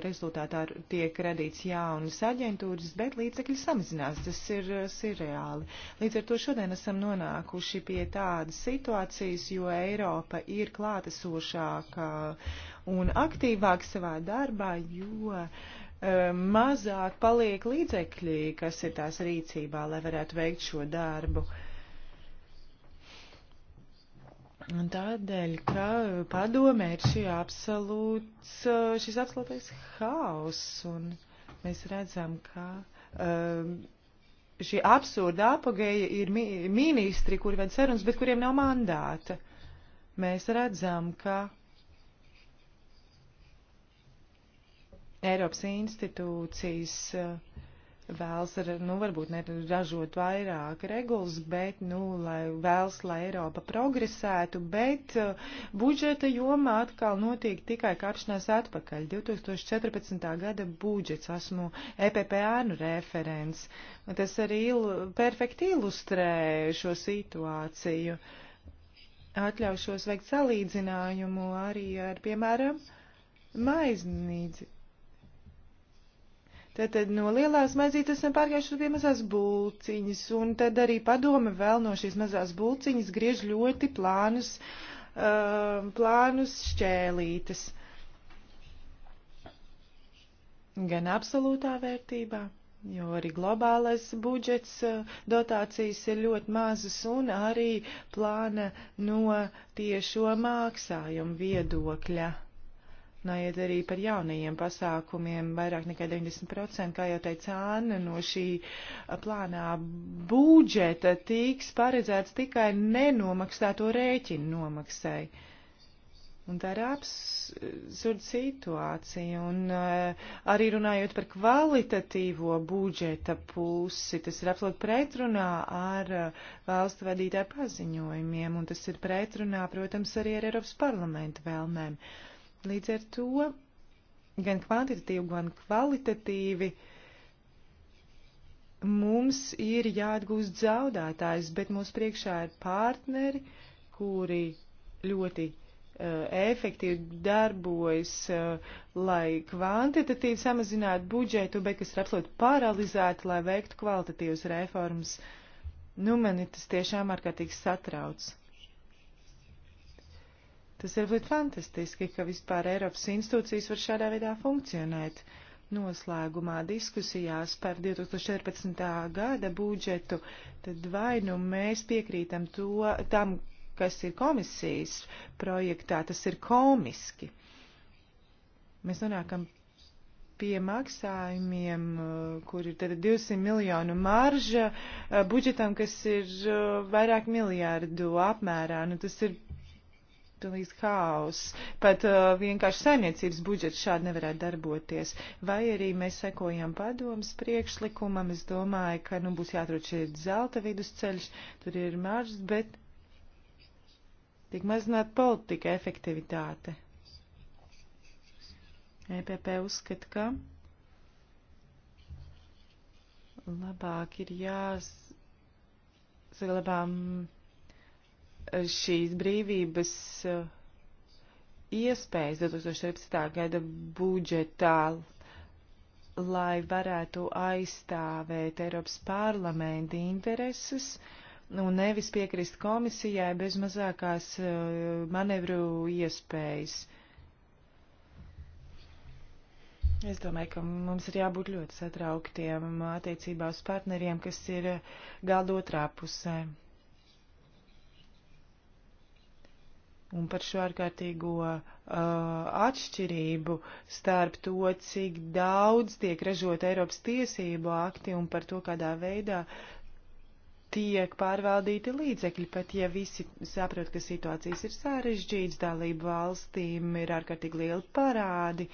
rezultātā tiek radīts jaunas aģentūras, bet līdzekļi samazinās. Tas ir uh, sirreāli. Līdz ar to šodien esam nonākuši pie tādas situācijas, jo Eiropa ir klātesošāka uh, un aktīvāk savā darbā, jo eh, mazāk paliek līdzekļi, kas ir tās rīcībā, lai varētu veikt šo darbu. Un tādēļ, ka padomē ir šī absolūts, eh, šis absolūtais haoss, un mēs redzam, ka um, šī absurda apageja ir mi ministri, kuri ved sarunas, bet kuriem nav mandāta. Mēs redzam, ka Eiropas institūcijas eh, vēlas, ar, nu, varbūt ne ražot vairāk regulas, bet, nu, lai vēlas, lai Eiropa progresētu, bet eh, budžeta jomā atkal notiek tikai kāpšanās atpakaļ. 2014. gada budžets, esmu EPPN referents, tas arī il, perfekti ilustrē šo situāciju. Atļaušos veikt salīdzinājumu arī ar, piemēram, maiznīdzi Tātad no lielās maizītes esam pārgājuši pie mazās būciņas, un tad arī padome vēl no šīs mazās būciņas griež ļoti plānus, uh, plānus šķēlītes. Gan absolūtā vērtībā, jo arī globālais budžets dotācijas ir ļoti mazas, un arī plāna no tiešo maksājumu viedokļa. Nāiet arī par jaunajiem pasākumiem. Vairāk nekā 90%, kā jau teica Anna, no šī plānā budžeta tiks paredzēts tikai nenomaksāto rēķinu nomaksai. Un tā ir absurda situācija. Un uh, arī runājot par kvalitatīvo budžeta pusi, tas ir absolūti pretrunā ar uh, valstu vadītāju paziņojumiem, un tas ir pretrunā, protams, arī ar Eiropas parlamentu vēlmēm. Uh, Līdz ar to gan kvantitatīvi, gan kvalitatīvi mums ir jāatgūst zaudētājs, bet mūsu priekšā ir partneri, kuri ļoti uh, efektīvi darbojas, uh, lai kvantitatīvi samazinātu budžetu, bet kas ir absolūti paralizēti, lai veiktu kvalitatīvas reformas. Nu, mani tas tiešām ārkārtīgi satrauc. Tas ir ļoti fantastiski, ka vispār Eiropas institūcijas var šādā veidā funkcionēt. Noslēgumā diskusijās par 2014. gada budžetu, tad vai nu mēs piekrītam to, tam, kas ir komisijas projektā, tas ir komiski. Mēs nonākam pie maksājumiem, kur ir tad 200 miljonu marža eh, budžetam, kas ir eh, vairāk miljārdu apmērā. Nu, tas ir pilnīgs haoss. Pat uh, vienkārši saimniecības budžets šādi nevarētu darboties. Vai arī mēs sekojam padomas priekšlikumam. Es domāju, ka nu, būs jāatrod šeit zelta vidusceļš, tur ir maržas, bet tiek mazināt politika efektivitāte. EPP uzskata, ka labāk ir jāsaglabām. Jās šīs brīvības eh, iespējas 2017. gada budžetā, lai varētu aizstāvēt Eiropas parlamenta intereses un nevis piekrist komisijai bez mazākās eh, manevru iespējas. Es domāju, ka mums ir jābūt ļoti satrauktiem attiecībā uz partneriem, kas ir eh, galda otrā pusē. un par šo ārkārtīgo uh, atšķirību starp to, cik daudz tiek ražot Eiropas tiesību akti un par to, kādā veidā tiek pārvaldīti līdzekļi, pat ja visi saprot, ka situācijas ir sarežģītas, dalību valstīm ir ārkārtīgi lieli parādi.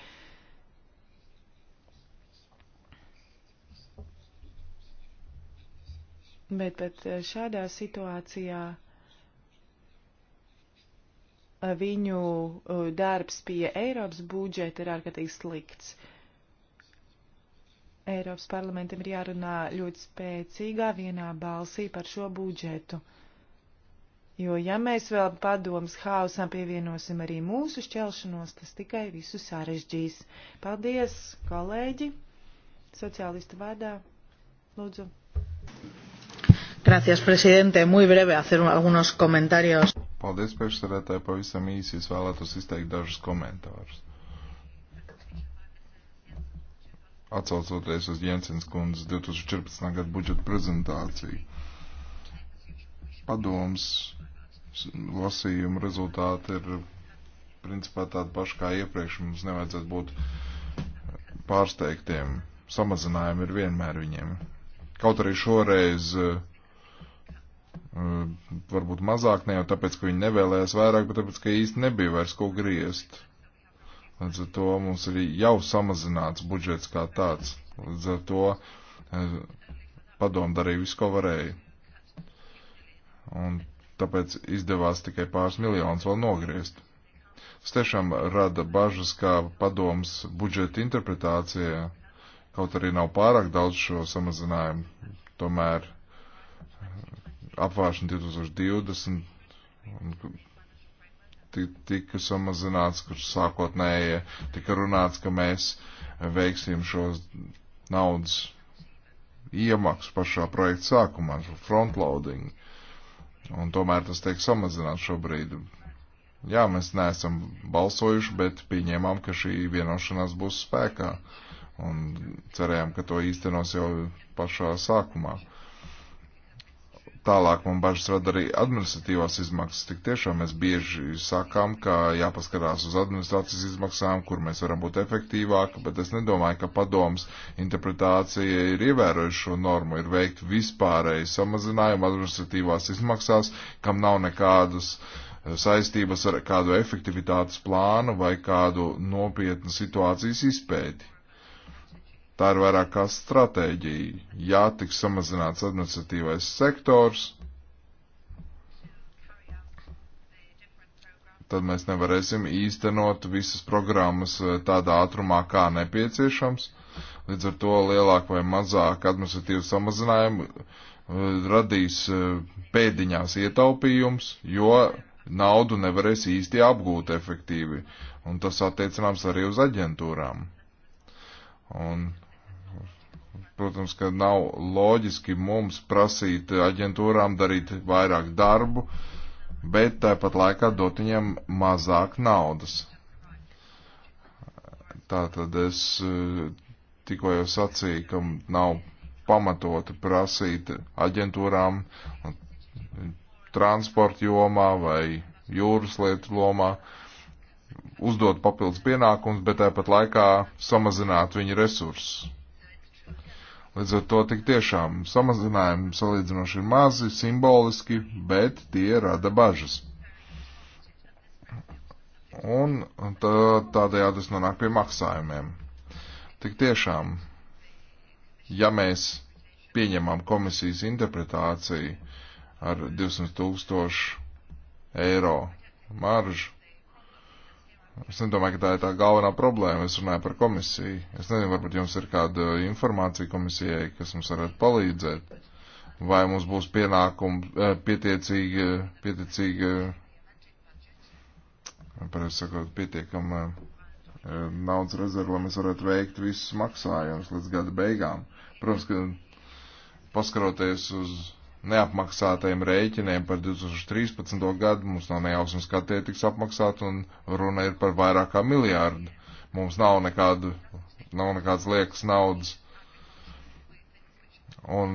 Bet pat eh, šādā situācijā viņu uh, darbs pie Eiropas budžeta ir ārkārtīgi slikts. Eiropas parlamentam ir jārunā ļoti spēcīgā vienā balsī par šo budžetu. Jo, ja mēs vēl padomas hausam pievienosim arī mūsu šķelšanos, tas tikai visu sarežģīs. Paldies, kolēģi! Sociālistu vārdā, lūdzu. Gracias, presidente. Muy breve hacer algunos comentarios. Paldies, priekšsarētāji, pavisam īsi es vēlētos izteikt dažus komentārus. Atcaucoties uz Jensens kundzes 2014. gada budžeta prezentāciju, padoms lasījuma rezultāti ir principā tādi paši kā iepriekš, mums nevajadzētu būt pārsteigtiem. Samazinājumi ir vienmēr viņiem. Kaut arī šoreiz uh, Eh, varbūt mazāk ne jau tāpēc, ka viņi nevēlējās vairāk, bet tāpēc, ka īsti nebija vairs ko griezt. Līdz ar to mums ir jau samazināts budžets kā tāds. Līdz ar to eh, padomu darīja visu, ko varēja. Un tāpēc izdevās tikai pāris miljonus vēl nogriezt. Tas tiešām rada bažas, kā padoms budžeta interpretācija, kaut arī nav pārāk daudz šo samazinājumu. Tomēr apvāršana 2020 tika samazināts, kurš sākotnēji tika runāts, ka mēs veiksim šos naudas iemaksu pašā projekta sākumā, šo frontloading. Un tomēr tas tiek samazināts šobrīd. Jā, mēs neesam balsojuši, bet pieņēmām, ka šī vienošanās būs spēkā. Un cerējām, ka to īstenos jau pašā sākumā. Uh, Tālāk man bažas rada arī administratīvās izmaksas. Tik tiešām mēs bieži sakām, ka jāpaskarās uz administrācijas izmaksām, kur mēs varam būt efektīvāki, bet es nedomāju, ka padoms interpretācija ir ievērojuši šo normu, ir veikt vispārēju samazinājumu administratīvās izmaksās, kam nav nekādas eh, saistības ar kādu efektivitātes plānu vai kādu nopietnu situācijas izpēti. Tā ir vairāk kā stratēģija. Jā, tiks samazināts administratīvais sektors. Tad mēs nevarēsim īstenot visas programmas eh, tādā ātrumā, kā nepieciešams. Līdz ar to lielāk vai mazāk administratīvu samazinājumu eh, radīs eh, pēdiņās ietaupījums, jo naudu nevarēs īsti apgūt efektīvi. Un tas attiecināms arī uz aģentūrām. Un Protams, ka nav loģiski mums prasīt aģentūrām darīt vairāk darbu, bet tāpat laikā dot viņiem mazāk naudas. Tātad es eh, tikko jau sacīju, ka nav pamatoti prasīt aģentūrām transporta jomā vai jūras lietu lomā uzdot papildus pienākums, bet tāpat laikā samazināt viņu resursus. Līdz ar to tik tiešām samazinājumi salīdzinoši ir mazi, simboliski, bet tie rada bažas. Un tā, tādējādi es nonāku pie maksājumiem. Tik tiešām, ja mēs pieņemam komisijas interpretāciju ar 200 tūkstošu eiro maržu, Es nedomāju, ka tā ir tā galvenā problēma. Es runāju par komisiju. Es nezinu, varbūt jums ir kāda informācija komisijai, kas mums varētu palīdzēt. Vai mums būs pienākumi eh, pietiecīgi, pietiecīgi, pareizi sakot, pietiekama eh, naudas rezerva, lai mēs varētu veikt visus maksājumus līdz gada beigām. Protams, ka paskaroties uz neapmaksātajiem rēķiniem par 2013. gadu. Mums nav nejausmas, kā tie tiks apmaksāti, un runa ir par vairāk kā miljārdu. Mums nav, nekādu, nav nekādas liekas naudas. Un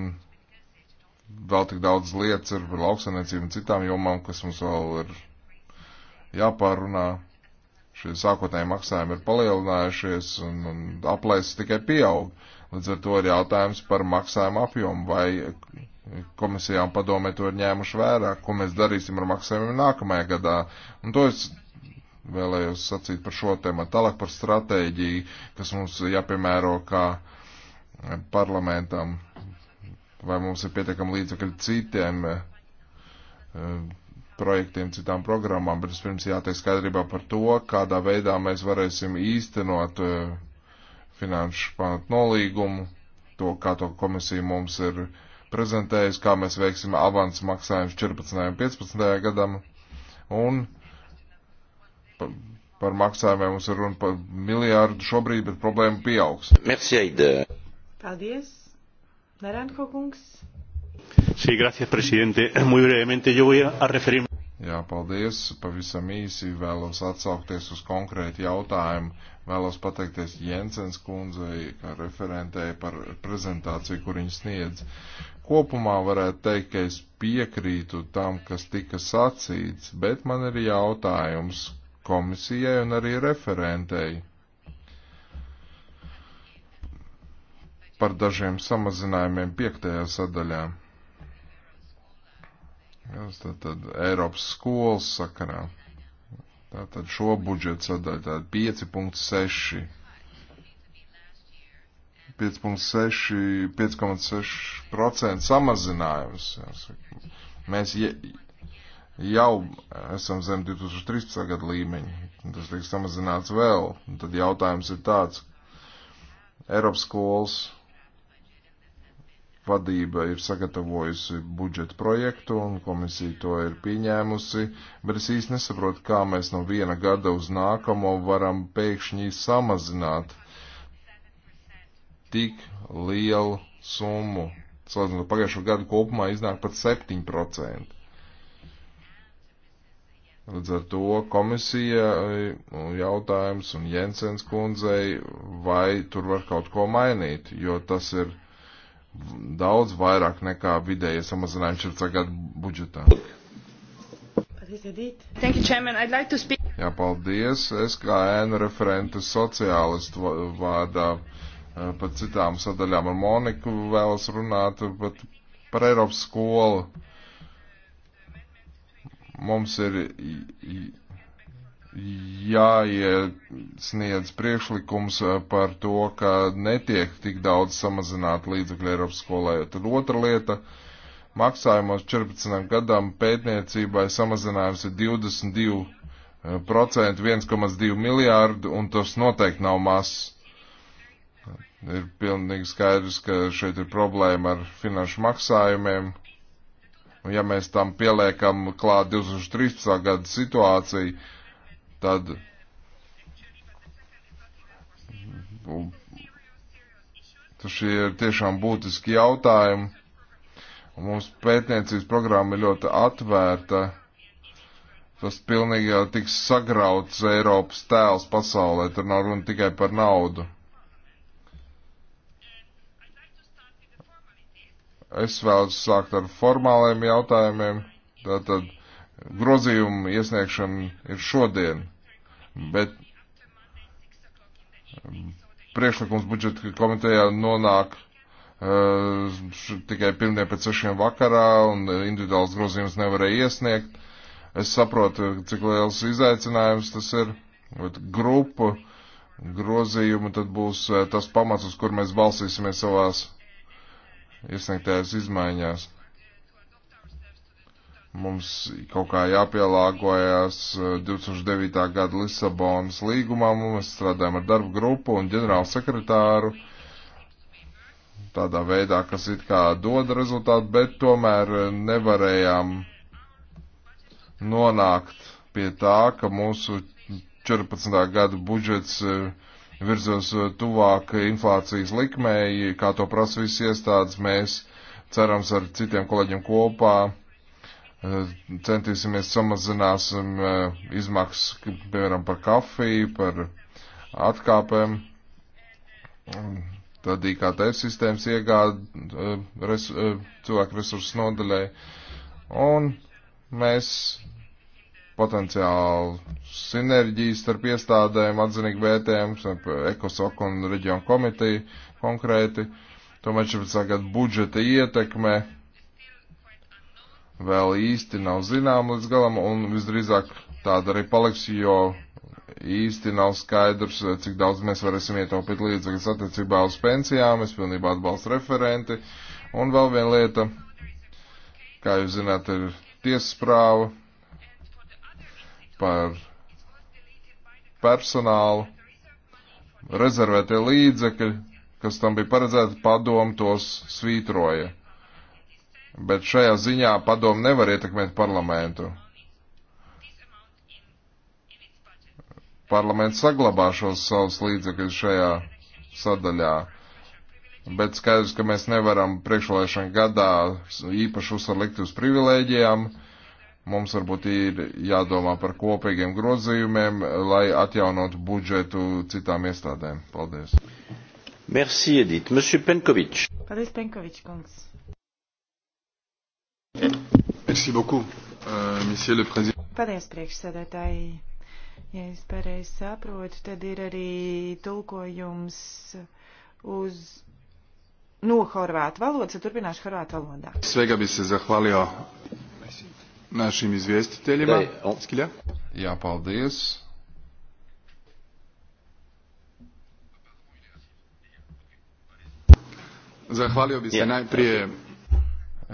vēl tik daudz lietas ir par lauksaimniecību un citām jomām, kas mums vēl ir jāpārunā. Šie sākotnēji maksājumi ir palielinājušies un, un aplēses tikai pieaug. Līdz ar to ir jautājums par maksājumu apjomu vai Komisijā un padomē to ir ņēmuši vērā, ko mēs darīsim ar maksājumiem nākamajā gadā. Un to es vēlējos sacīt par šo tēmu. Tālāk par stratēģiju, kas mums jāpiemēro kā parlamentam, vai mums ir pietiekami līdzekļi citiem eh, projektiem, citām programmām, bet vispirms jātiek skaidrībā par to, kādā veidā mēs varēsim īstenot eh, finanšu pamatu nolīgumu, to, kā to komisija mums ir prezentējis, kā mēs veiksim avans maksājumus 14. un 15. gadam. Un par, par maksājumiem mums ir runa par miljārdu šobrīd, bet problēma pieaugs. Merci, Aida. Paldies. Naranko kungs. Sí, gracias, presidente. Muy brevemente yo voy a referirme. Jā, paldies. Pavisam īsi vēlos atsaukties uz konkrētu jautājumu. Vēlos pateikties Jensens kundzei, kā referentēja par prezentāciju, kur viņa sniedz kopumā varētu teikt, ka es piekrītu tam, kas tika sacīts, bet man ir jautājums komisijai un arī referentei par dažiem samazinājumiem piektajā sadaļā. Kas tad, tad Eiropas skolas sakarā? Tātad šo budžetu sadaļu, tātad 5.6 5,6% samazinājums. Jāsaka. Mēs je, jau esam zem 2013. gada līmeņa, tas tiek samazināts vēl. Un tad jautājums ir tāds, Eiropas skolas vadība ir sagatavojusi budžeta projektu un komisija to ir pieņēmusi, bet es īsti nesaprotu, kā mēs no viena gada uz nākamo varam pēkšņi samazināt tik lielu summu. Salīdzinot pagājušo gadu kopumā iznāk pat 7%. Līdz ar to komisija e, jautājums un Jensens kundzei, vai tur var kaut ko mainīt, jo tas ir daudz vairāk nekā vidēji samazinājums ir tagad budžetā. Thank you, Chairman. I'd like to speak. Jā, paldies. Es kā ēnu referenta sociālistu vārdā. Uh, Eh, par citām sadaļām ar Moniku vēlas runāt, bet par Eiropas skolu mums ir jāiesniedz priekšlikums eh, par to, ka netiek tik daudz samazināt līdzekļu Eiropas skolai. Tad otra lieta - maksājumos 14 gadam pētniecībai samazinājums ir 22%, 1,2 miljārdu, un tas noteikti nav mazs Ir pilnīgi skaidrs, ka šeit ir problēma ar finanšu maksājumiem. Un ja mēs tam pieliekam klāt 2013. gada situāciju, tad šie ir tiešām būtiski jautājumi. Un mums pētniecības programma ir ļoti atvērta. Tas pilnīgi jau tiks sagrauts Eiropas tēls pasaulē. Tur nav runa tikai par naudu. Es vēlos sākt ar formāliem jautājumiem. Tātad grozījumu iesniegšana ir šodien, bet priekšlikums budžeta komitejā nonāk uh, tikai pirmdien pēc sešiem vakarā un individuāls grozījums nevarēja iesniegt. Es saprotu, cik liels izaicinājums tas ir, bet grupu grozījumu tad būs eh, tas pamats, uz kur mēs balsīsimies savās iesniegtajās izmaiņās. Mums kaut kā jāpielāgojas 2009. Eh, gada Lisabonas līgumam, mēs strādājam ar darbu grupu un ģenerālu sekretāru tādā veidā, kas it kā dod rezultātu, bet tomēr nevarējām nonākt pie tā, ka mūsu 14. gada budžets uh, virzos eh, tuvāk inflācijas likmēji, kā to prasa visas iestādes. Mēs cerams ar citiem kolēģiem kopā eh, centīsimies samazināsim mm, eh, izmaksas, piemēram, par kafiju, par atkāpēm. Tad IKT sistēmas iegāda res, cilvēku resursu nodaļai. Un mēs potenciālu sinerģiju starp iestādēm, atzinīgi vērtējumu, starp ekosoku un reģionu komiteju konkrēti. Tomēr 14. gadu budžeta ietekme vēl īsti nav zinām līdz galam, un visdrīzāk tāda arī paliks, jo īsti nav skaidrs, cik daudz mēs varēsim ietaupīt līdzekļus attiecībā uz pensijām. Es pilnībā atbalstu referenti. Un vēl viena lieta, kā jūs zināt, ir tiesasprāva par personālu, rezervētie līdzekļi, kas tam bija paredzēti, padomu tos svītroja. Bet šajā ziņā padomu nevar ietekmēt parlamentu. Parlaments saglabā šos savus līdzekļus šajā sadaļā. Bet skaidrs, ka mēs nevaram priekšvēlēšana gadā īpaši uzsarlikt uz privilēģijām Mums varbūt ir jādomā par kopīgiem grozījumiem, lai atjaunotu budžetu citām iestādēm. Paldies. Merci, Edith. Monsieur Penkovic. Paldies, Penkovic, kungs. Merci beaucoup, uh, monsieur le président. Paldies, priekšsēdētāji. Ja es pareizi saprotu, tad ir arī tulkojums uz no horvātu valodas, ja turpināšu horvātu valodā. Svega bi se zahvalio našim izvjestiteljima. Skilja. Jā, paldies. Zahvalio bi se najprije.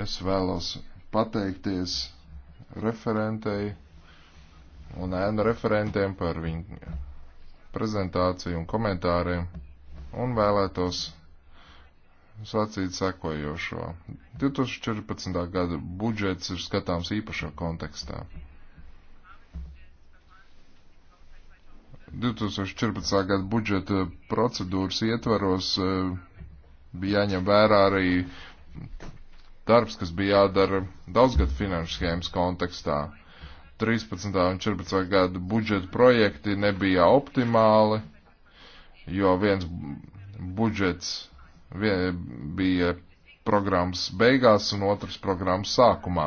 Es vēlos pateikties referentei un ēnu referentiem par viņu prezentāciju un komentāriem un vēlētos sacīt sekojošo. 2014. gada budžets ir skatāms īpašā kontekstā. 2014. gada budžeta procedūras ietvaros eh, bija jāņem vērā arī darbs, kas bija jādara daudzgad finanšu schēmas kontekstā. 13. un 14. gada budžeta projekti nebija optimāli, jo viens budžets bija programmas beigās un otrs programmas sākumā.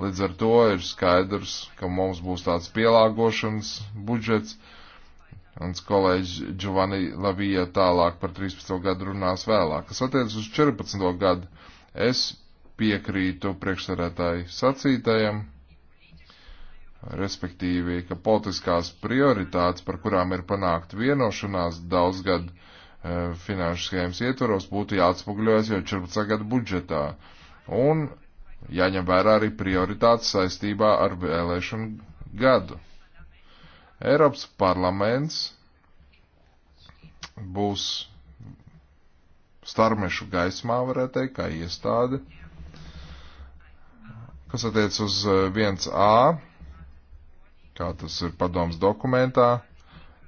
Līdz ar to ir skaidrs, ka mums būs tāds pielāgošanas budžets. Mans kolēģis Giovanni Lavija tālāk par 13. gadu runās vēlāk. Kas attiec uz 14. gadu, es piekrītu priekšsarētāju sacītajam, respektīvi, ka politiskās prioritātes, par kurām ir panākt vienošanās daudz gadu, Eh, finanšu schēmas ietvaros būtu jāatspogļojas jau 14. gadu budžetā. Un jāņem vērā arī prioritātes saistībā ar vēlēšanu gadu. Eiropas parlaments būs starmešu gaismā, varētu teikt, kā iestāde, kas attiec uz 1A, eh, kā tas ir padoms dokumentā.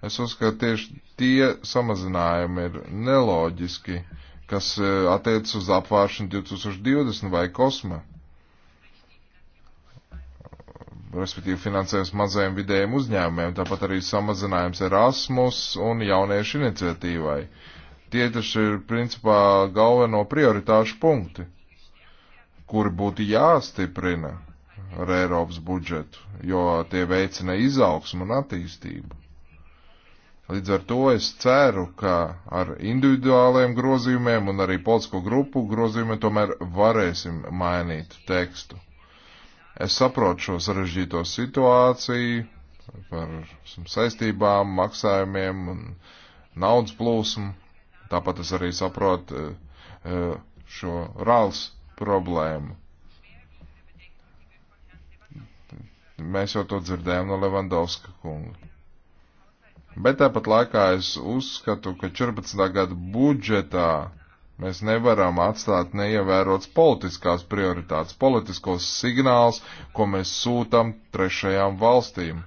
Es uzskatu, tieši tie samazinājumi ir neloģiski, kas e, attiecas uz apvāršanu 2020 vai kosma. Respektīvi finansējums mazajiem vidējiem uzņēmumiem, tāpat arī samazinājums Erasmus un jauniešu iniciatīvai. Tie taču ir principā galveno prioritāšu punkti, kuri būtu jāstiprina ar Eiropas budžetu, jo tie veicina izaugsmu un attīstību. Līdz ar to es ceru, ka ar individuāliem grozījumiem un arī politisko grupu grozījumiem tomēr varēsim mainīt tekstu. Es saprotu šo sarežģīto situāciju par saistībām, maksājumiem un naudas plūsmu. Tāpat es arī saprotu eh, eh, šo rāls problēmu. Mēs jau to dzirdējām no Levandovska kunga. Bet tāpat laikā es uzskatu, ka 14. gada budžetā mēs nevaram atstāt neievērots politiskās prioritātes, politiskos signāls, ko mēs sūtam trešajām valstīm.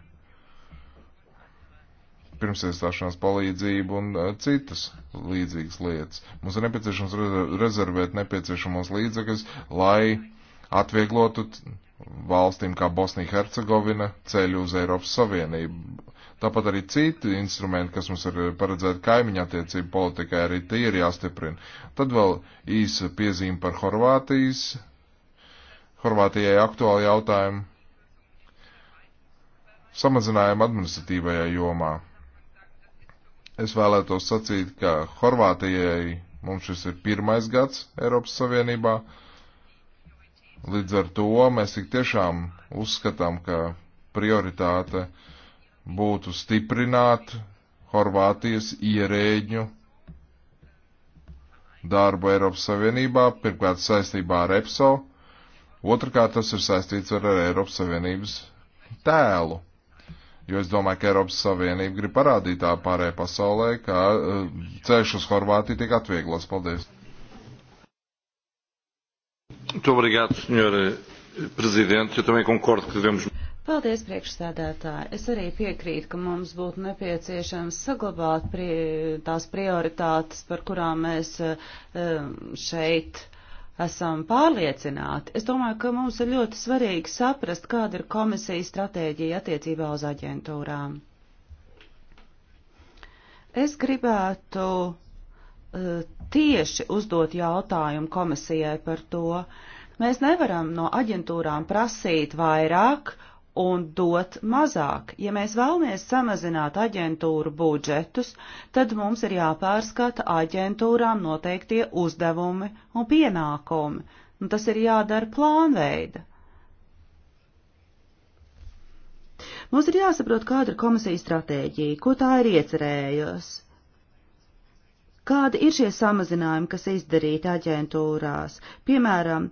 Pirmsiestāšanās palīdzību un eh, citas līdzīgas lietas. Mums ir nepieciešams rezervēt nepieciešamos līdzekļus, lai atvieglotu valstīm kā Bosnija-Hercegovina ceļu uz Eiropas Savienību Tāpat arī citi instrumenti, kas mums ir paredzēti kaimiņa attiecību politikai, arī tie ir jāstiprina. Tad vēl īsa piezīme par Horvātijas, Horvātijai aktuāli jautājumu samazinājumu administratīvajā jomā. Es vēlētos sacīt, ka Horvātijai mums šis ir pirmais gads Eiropas Savienībā. Līdz ar to mēs tik tiešām uzskatām, ka prioritāte uh, būtu stiprināt Horvātijas ierēģu darbu Eiropas Savienībā, pirmkārt saistībā ar EPSO, otrkārt tas ir saistīts ar Eiropas Savienības tēlu. Jo es domāju, ka Eiropas Savienība grib parādīt tā pārējai pasaulē, ka uh, ceļš uz Horvātiju tiek atvieglots. Paldies! Muito obrigado, Sr. Eh, presidente. Eu também concordo que devemos. Paldies, priekšsēdētāji. Es arī piekrītu, ka mums būtu nepieciešams saglabāt prie, tās prioritātes, par kurām mēs um, šeit esam pārliecināti. Es domāju, ka mums ir ļoti svarīgi saprast, kāda ir komisijas stratēģija attiecībā uz aģentūrām. Es gribētu uh, tieši uzdot jautājumu komisijai par to. Mēs nevaram no aģentūrām prasīt vairāk, un dot mazāk. Ja mēs vēlamies samazināt aģentūru budžetus, tad mums ir jāpārskata aģentūrām noteiktie uzdevumi un pienākumi, un tas ir jādara plānveida. Mums ir jāsaprot, kāda ir komisijas stratēģija, ko tā ir iecerējusi. Kādi ir šie samazinājumi, kas izdarīti aģentūrās? Piemēram,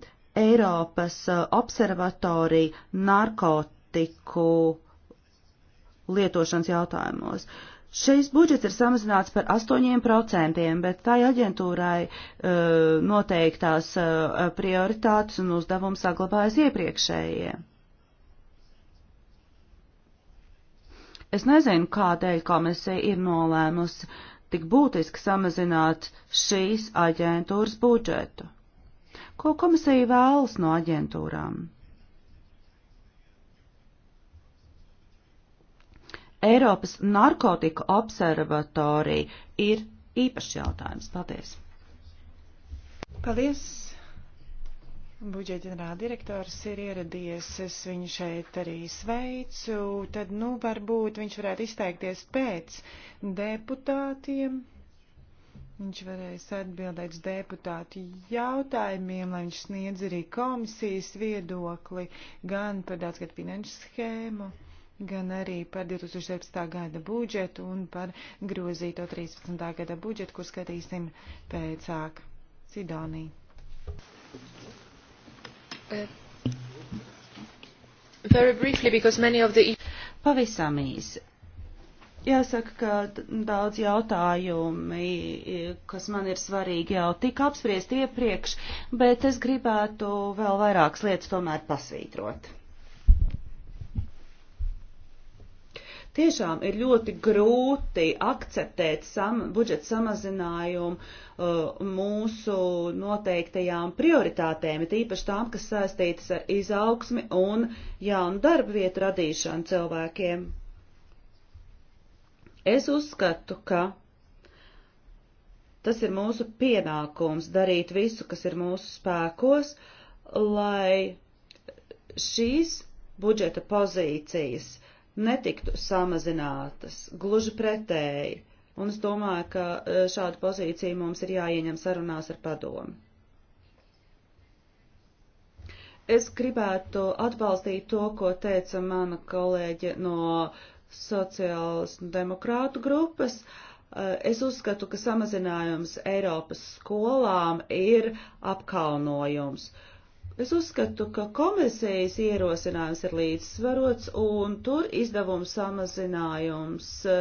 Eiropas uh, observatorija narkotika politiku lietošanas jautājumos. Šis budžets ir samazināts par 8%, bet tā aģentūrai uh, noteiktās uh, prioritātes un uzdevumi saglabājas iepriekšējie. Es nezinu, kādēļ komisija ir nolēmusi tik būtiski samazināt šīs aģentūras budžetu. Ko komisija vēlas no aģentūrām? Eiropas narkotiku observatorija ir īpašs jautājums. Paldies! Paldies! Budžeta ģenerāldirektors ir ieradies, es viņu šeit arī sveicu, tad, nu, varbūt viņš varētu izteikties pēc deputātiem. Viņš varēs atbildēt uz deputātu jautājumiem, lai viņš sniedz arī komisijas viedokli gan par daudzgad finanšu schēmu gan arī par 2017. gada budžetu un par grozīto 13. gada budžetu, kur skatīsim pēcāk. Sidonija. Uh, the... E- Pavisam īsi. Jāsaka, ka daudz jautājumi, kas man ir svarīgi, jau tika apspriesti iepriekš, bet es gribētu vēl vairākas lietas tomēr pasvītrot. Tiešām ir ļoti grūti akceptēt sam, budžeta samazinājumu uh, mūsu noteiktajām prioritātēm, it īpaši tām, kas saistītas ar izaugsmi un jaunu darba vietu radīšanu cilvēkiem. Es uzskatu, ka tas ir mūsu pienākums darīt visu, kas ir mūsu spēkos, lai šīs budžeta pozīcijas uh, netiktu samazinātas, gluži pretēji, un es domāju, ka e, šādu pozīciju mums ir jāieņem sarunās ar padomu. Es gribētu atbalstīt to, ko teica mana kolēģe no sociālas demokrātu grupas. E, es uzskatu, ka samazinājums Eiropas skolām ir apkaunojums. Uh, Es uzskatu, ka komisijas ierosinājums ir līdzsvarots un tur izdevumu samazinājums eh,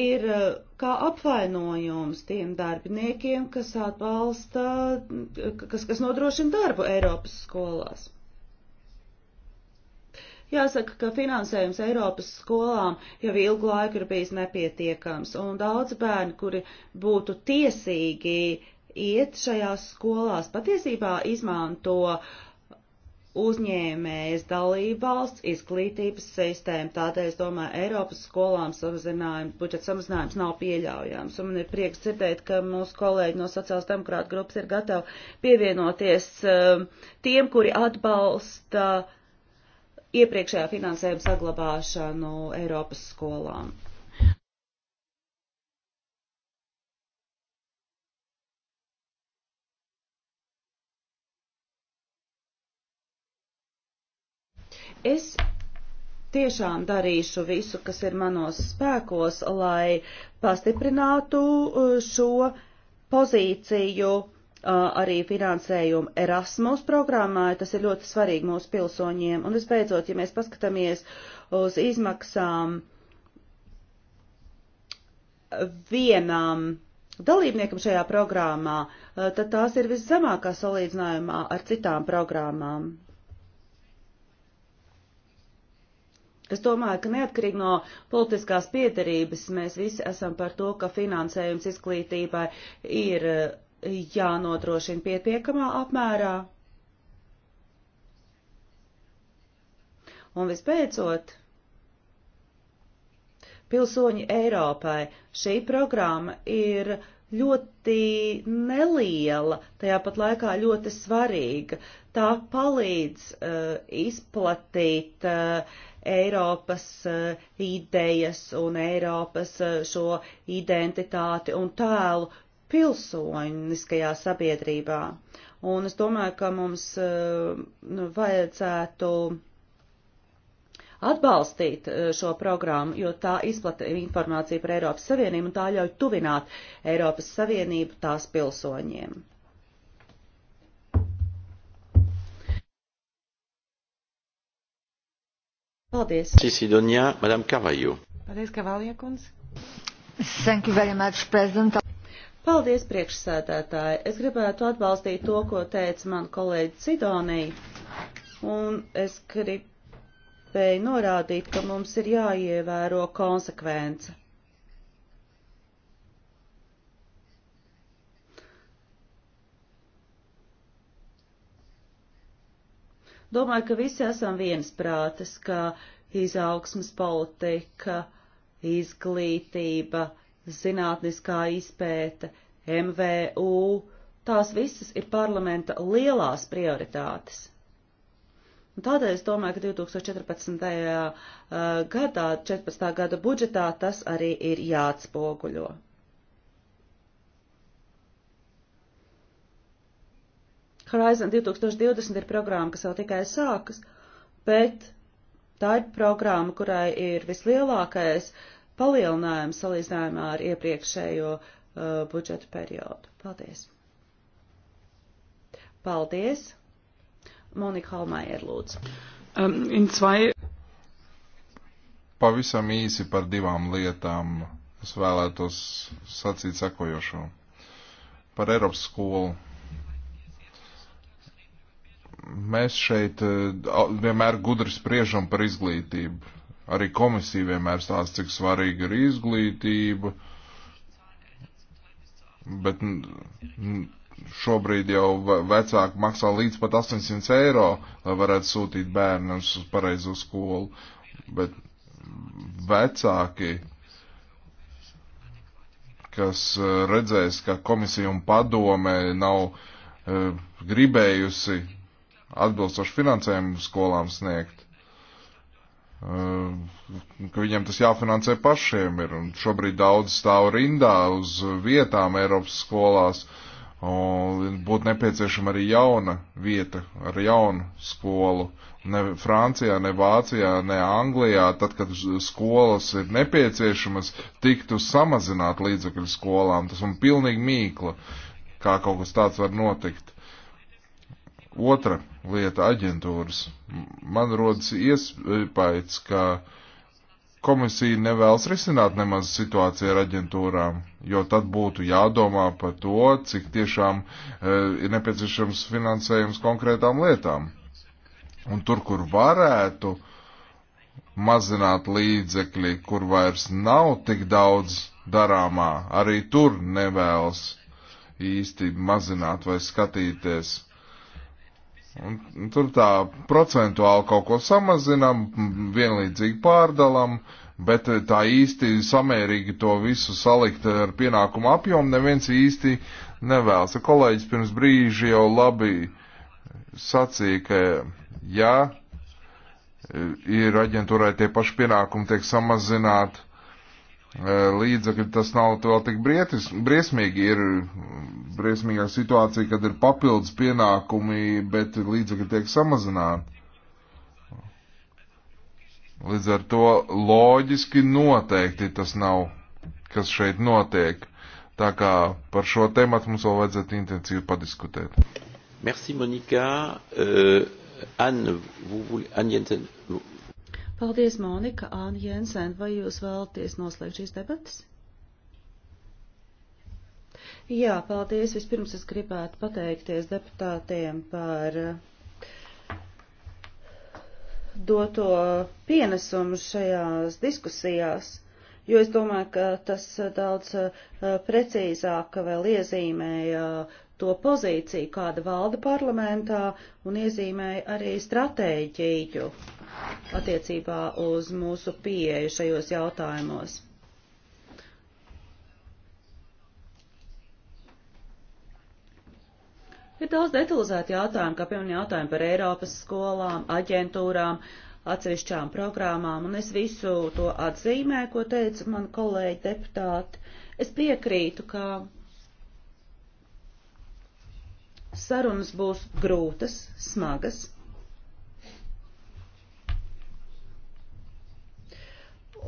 ir eh, kā apvainojums tiem darbiniekiem, kas atbalsta, eh, kas, kas nodrošina darbu Eiropas skolās. Jāsaka, ka finansējums Eiropas skolām jau ilgu laiku ir bijis nepietiekams, un daudz bērni, kuri būtu tiesīgi iet šajās skolās, patiesībā izmanto uzņēmējas dalībvalsts izglītības sistēmu. Tādēļ es domāju, Eiropas skolām samazinājums, budžeta samazinājums nav pieļaujams. Un man ir prieks dzirdēt, ka mūsu kolēģi no sociāls demokrāta grupas ir gatavi pievienoties um, tiem, kuri atbalsta uh, iepriekšējā finansējuma saglabāšanu Eiropas skolām. Es tiešām darīšu visu, kas ir manos spēkos, lai pastiprinātu uh, šo pozīciju arī finansējumu Erasmus programmā, tas ir ļoti svarīgi mūsu pilsoņiem. Un visbeidzot, ja mēs paskatāmies uz izmaksām vienam dalībniekam šajā programmā, tad tās ir viszemākā salīdzinājumā ar citām programmām. Es domāju, ka neatkarīgi no politiskās piedarības mēs visi esam par to, ka finansējums izglītībai ir jānodrošina pietiekamā apmērā. Un visbeidzot, pilsoņi Eiropai šī programma ir ļoti neliela, tajā pat laikā ļoti svarīga. Tā palīdz uh, izplatīt uh, Eiropas uh, idejas un Eiropas uh, šo identitāti un tēlu, pilsoņiskajā sabiedrībā. Un es domāju, ka mums eh, nu, vajadzētu atbalstīt eh, šo programmu, jo tā izplata informāciju par Eiropas Savienību un tā ļauj tuvināt Eiropas Savienību tās pilsoņiem. Paldies. Cisidonijā, Madame Kavajo. Paldies, Kavalija kundze. Thank you very much, President. Paldies, priekšsēdētāji. Es gribētu atbalstīt to, ko teica man kolēģi Sidonija, un es gribēju norādīt, ka mums ir jāievēro konsekvence. Domāju, ka visi esam viensprātis, ka izaugsmas politika, izglītība, uh, zinātniskā izpēta, MVU, tās visas ir parlamenta lielās prioritātes. Un tādēļ es domāju, ka 2014. gadā, 14. gada budžetā tas arī ir jāatspoguļo. Horizon 2020 ir programma, kas vēl tikai sākas, bet tā ir programma, kurai ir vislielākais uh, palielinājumu salīdzinājumā ar iepriekšējo uh, budžetu periodu. Paldies! Paldies! Monika Holmaier, lūdzu. Um, in zwei... Pavisam īsi par divām lietām. Es vēlētos sacīt sekojošo. Par Eiropas skolu mēs šeit uh, vienmēr gudri spriežam par izglītību. Arī komisija vienmēr stāsta, cik svarīga ir izglītība, bet šobrīd jau vecāki maksā līdz pat 800 eiro, lai varētu sūtīt bērnus uz pareizo skolu. Bet vecāki, kas e, redzēs, ka komisija un padome nav uh, gribējusi atbilstoši finansējumu skolām sniegt, Eh, ka viņiem tas jāfinansē pašiem ir. Un šobrīd daudz stāv rindā uz vietām Eiropas skolās. Un būtu nepieciešama arī jauna vieta ar jaunu skolu. Ne Francijā, ne Vācijā, ne Anglijā, tad, kad skolas ir nepieciešamas, tiktu samazināt līdzekļu skolām. Tas man pilnīgi mīkla, kā kaut kas tāds var notikt. Otra lieta aģentūras. Man rodas iespējas, ka komisija nevēlas risināt nemaz situāciju ar aģentūrām, jo tad būtu jādomā par to, cik tiešām e, ir nepieciešams finansējums konkrētām lietām. Un tur, kur varētu mazināt līdzekļi, kur vairs nav tik daudz darāmā, arī tur nevēlas īsti mazināt vai skatīties Un tur tā procentuāli kaut ko samazinām, vienlīdzīgi pārdalām, bet tā īsti samērīgi to visu salikt ar pienākumu apjomu neviens īsti nevēlas. Kolēģis pirms brīža jau labi sacīja, ka jā, ja e, ir aģentūrai tie paši pienākumi tiek samazināti Eh, līdzekļi, tas nav vēl tik brietis, briesmīgi. Ir briesmīgā situācija, kad ir papildus pienākumi, bet līdzekļi tiek samazināti. Līdz ar to loģiski noteikti tas nav, kas šeit notiek. Tā kā par šo tematu mums vēl vajadzētu intensīvi padiskutēt. Merci, Monika. Uh, Anne, vous voulez, Anne Jensen, Paldies, Monika, Āna Jensen, vai jūs vēlaties noslēgt šīs debatas? Jā, paldies. Vispirms es gribētu pateikties deputātiem par eh, doto pienesumu šajās diskusijās, jo es domāju, ka tas eh, daudz eh, precīzāk vēl iezīmēja to pozīciju, kāda valda parlamentā, un iezīmēja arī stratēģiju attiecībā uz mūsu pieeju šajos jautājumos. Ir daudz detalizēti jautājumi, kā piemēram jautājumi par Eiropas skolām, aģentūrām, atsevišķām programmām, un es visu to atzīmēju, ko teica man kolēģi deputāti. Es piekrītu, ka sarunas būs grūtas, smagas,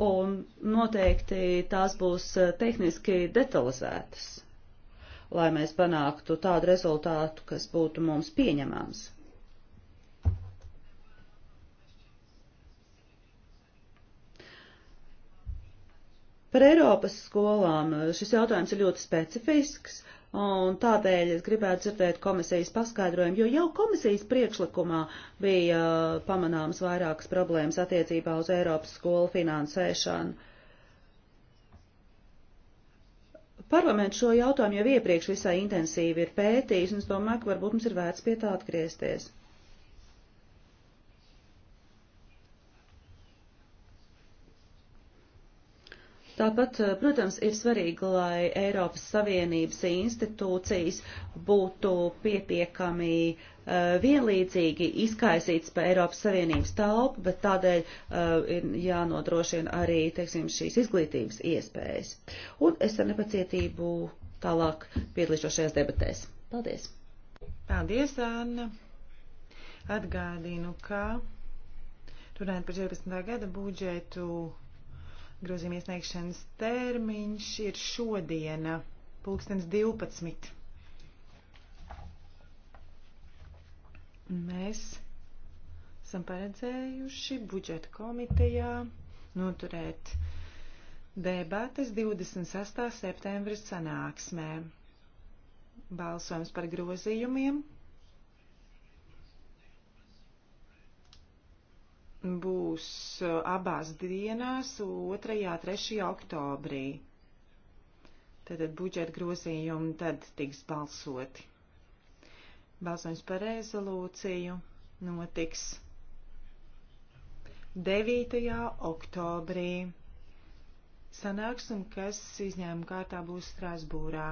un noteikti tās būs eh, tehniski detalizētas, lai mēs panāktu tādu rezultātu, kas būtu mums pieņemams. Par Eiropas skolām eh, šis jautājums ir ļoti specifisks, un tādēļ es gribētu dzirdēt komisijas paskaidrojumu, jo jau komisijas priekšlikumā bija uh, pamanāmas vairākas problēmas attiecībā uz Eiropas skolu finansēšanu. Parlaments šo jautājumu jau iepriekš visai intensīvi ir pētījis, un es domāju, ka varbūt mums ir vērts pie tā atgriezties. Tāpat, eh, protams, ir svarīgi, lai Eiropas Savienības institūcijas būtu pietiekami uh, vienlīdzīgi izkaisīts pa Eiropas Savienības telpu, bet tādēļ uh, ir jānodrošina arī, teiksim, šīs izglītības iespējas. Un es ar nepacietību tālāk piedalīšos debatēs. Paldies! Paldies, Anna! Atgādinu, ka runājot par 14. gada budžetu Grozījuma iesniegšanas termiņš ir šodiena, pulkstens 12. Mēs esam paredzējuši budžeta komitejā noturēt debates 26. septembris sanāksmē. Balsojums par grozījumiem būs abās dienās, 2. un 3. oktobrī. Tātad budžeta grozījumi tad tiks balsoti. Balsojums par rezolūciju notiks 9. oktobrī. Sanāksim, kas izņēmuma kārtā būs Strasbūrā.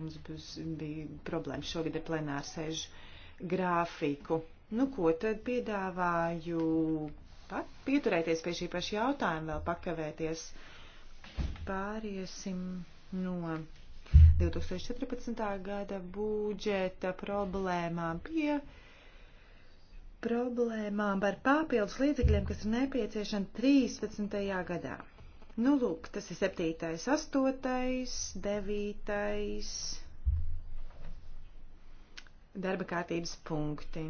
Mums būs, bija problēma šogad ar plenārsēžu grāfiku. Nu, ko tad piedāvāju pat pieturēties pie šī paša jautājuma, vēl pakavēties. Pāriesim no 2014. gada budžeta problēmām pie problēmām par papildus līdzekļiem, kas ir nepieciešami 13. gadā. Nu, lūk, tas ir 7., 8., 9. darba kārtības punkti.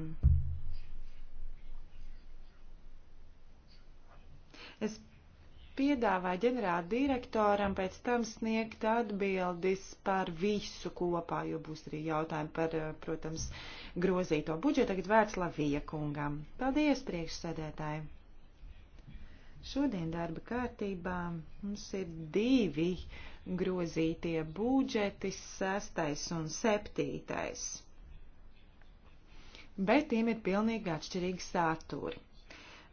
Es piedāvāju ģenerāla direktoram pēc tam sniegt atbildis par visu kopā, jo būs arī jautājumi par, eh, protams, grozīto budžetu. Tagad vērts Lavija kungam. Paldies, priekšsēdētāji! Šodien darba kārtībā mums ir divi grozītie budžeti, sestais un septītais. Bet tiem ir pilnīgi atšķirīgi saturi.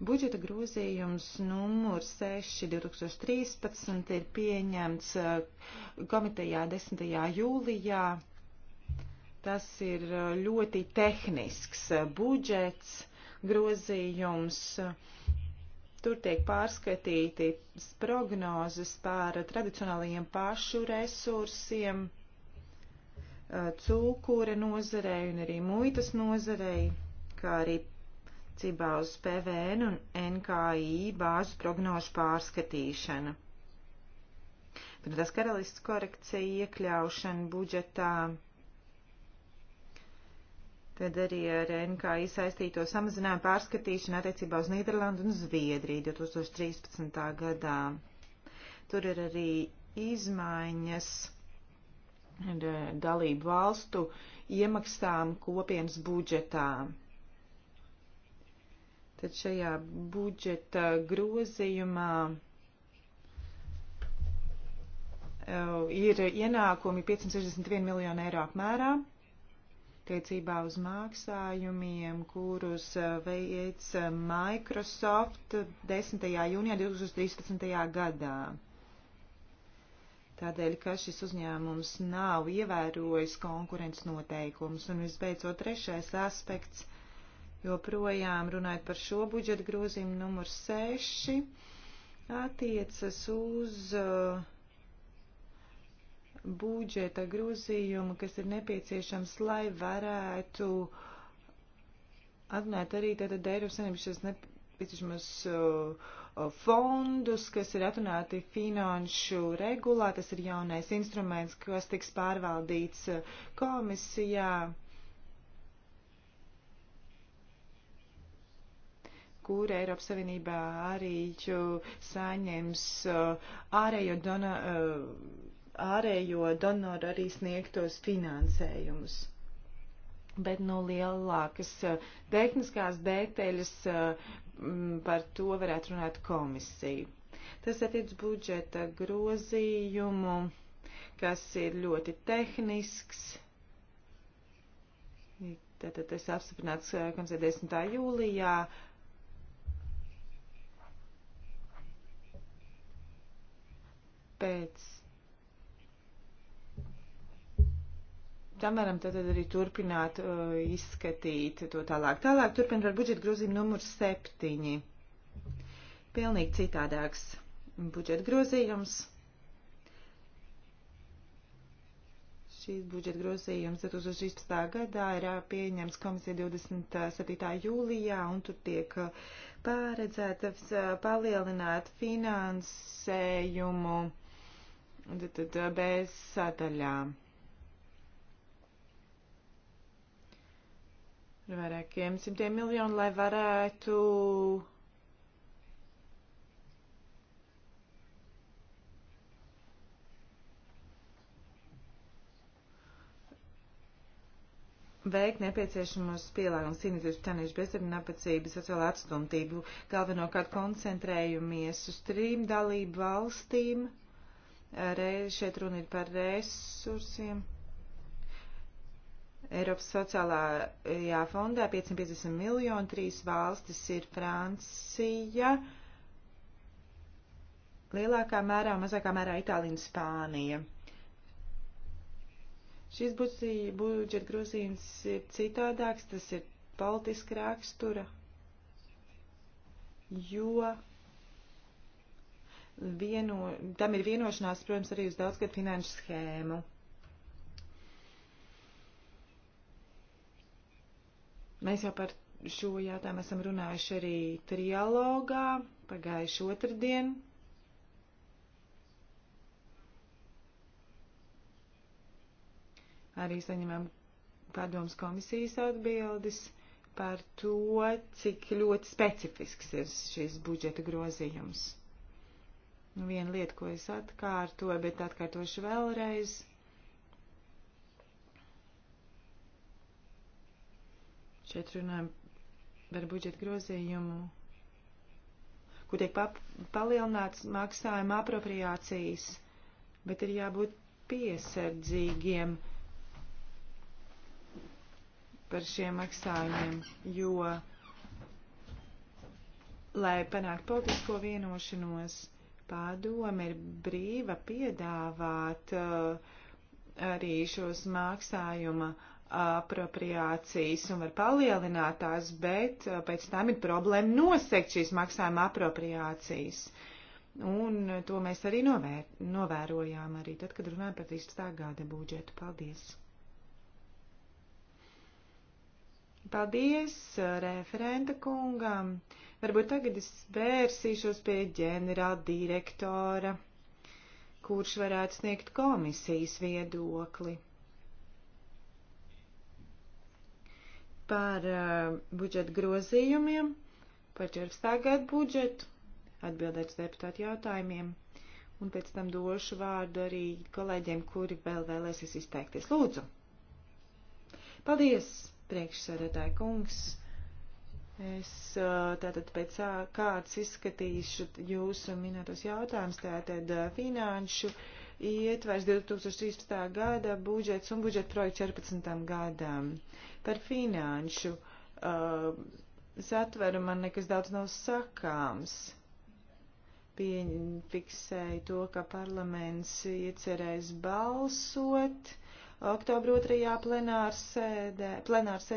Budžeta grozījums numur 6 2013 ir pieņemts eh, komitejā 10. jūlijā. Tas ir eh, ļoti tehnisks eh, budžets, grozījums. Tur tiek pārskatīti prognozes par tradicionālajiem pašu resursiem, cūkūra nozarei un arī muitas nozarei, kā arī attiecībā uz PVN un NKI bāžu prognožu pārskatīšana. Pirmās karalists korekcija iekļaušana budžetā, tad arī ar NKI saistīto samazinājumu pārskatīšanu attiecībā uz Nīderlandu un Zviedriju 2013. gadā. Tur ir arī izmaiņas ar eh, dalību valstu iemaksām kopienas budžetām. Tātad šajā budžeta grozījumā uh, ir ienākumi 561 miljonu eiro apmērā tiecībā uz maksājumiem, kurus uh, veic uh, Microsoft 10. jūnijā 2013. gadā. Tādēļ, ka šis uzņēmums nav ievērojis konkurences noteikumus. Un visbeidzot, trešais aspekts joprojām runājot par šo budžeta grozījumu numur 6, attiecas uz uh, budžeta grozījumu, kas ir nepieciešams, lai varētu atminēt arī tātad Eiropas Savienības nepieciešamos uh, fondus, kas ir atrunāti finanšu regulā. Tas ir jaunais instruments, kas tiks pārvaldīts uh, komisijā. kur Eiropas Savienībā arī saņems uh, ārējo, dono, uh, ārējo donoru arī sniegtos finansējumus. Bet no nu, lielākas uh, tehniskās detaļas par to varētu runāt komisija. Tas attiec budžeta grozījumu, kas ir ļoti tehnisks. Tātad tas apstiprināts komisija 10. jūlijā. Uh, Tāpēc tam varam tad arī turpināt uh, izskatīt to tālāk. Tālāk turpinam ar budžeta grozījumu numur septiņi. Pilnīgi citādāks budžeta grozījums. Šīs budžeta grozījums 2016. gadā ir uh, pieņemts komisija 27. Uh, jūlijā un tur tiek uh, paredzēts palielināt finansējumu Tad, tad B sadaļā. ar vairākiem simtiem miljonu, lai varētu veikt nepieciešamos pielāgumus cīnīties par tanīšu bezdarbu, nabadzību, sociālo atstumtību, galvenokārt koncentrējumies uz trim dalību valstīm. Reiz šeit runa ir par resursiem. Eiropas sociālajā fondā 550 miljoni, trīs valstis ir Francija, lielākā mērā un mazākā mērā Itālija un Spānija. Šis budžeta grozījums ir citādāks, tas ir politiska rakstura, jo vieno, tam ir vienošanās, protams, arī uz daudzgad finanšu schēmu. Mēs jau par šo jautājumu esam runājuši arī trialogā pagājuši otrdien. Arī saņemam padoms komisijas atbildes par to, cik ļoti specifisks ir šis budžeta grozījums. Nu, viena lieta, ko es atkārtoju, bet atkārtošu vēlreiz. Šeit runājam par budžeta grozījumu, kur tiek pap, palielināts maksājuma apropriācijas, bet ir jābūt piesardzīgiem par šiem maksājumiem, jo, lai panāktu politisko vienošanos, Padome ir brīva piedāvāt uh, arī šos maksājuma apropriācijas un var palielināt tās, bet uh, pēc tam ir problēma nosegt šīs maksājuma apropriācijas. Un to mēs arī novēr, novērojām arī tad, kad runājam par 13. gada budžetu. Paldies! Paldies uh, referenta kungam. Varbūt tagad es vērsīšos pie ģenerāla direktora, kurš varētu sniegt komisijas viedokli par uh, budžeta grozījumiem, par 14. gadu budžetu, atbildēt uz deputātu jautājumiem, un pēc tam došu vārdu arī kolēģiem, kuri vēl vēlēsies izteikties. Lūdzu! Paldies, priekšsēdētāji kungs! Es tātad pēc kāds izskatīšu jūsu minētos jautājumus, tātad finanšu ietvers 2013. gada budžets un budžeta projekts 14. gadam. Par finanšu uh, satveru man nekas daudz nav sakāms piefiksēja to, ka parlaments iecerēs balsot oktobra 2. plenārsesijā. Plenār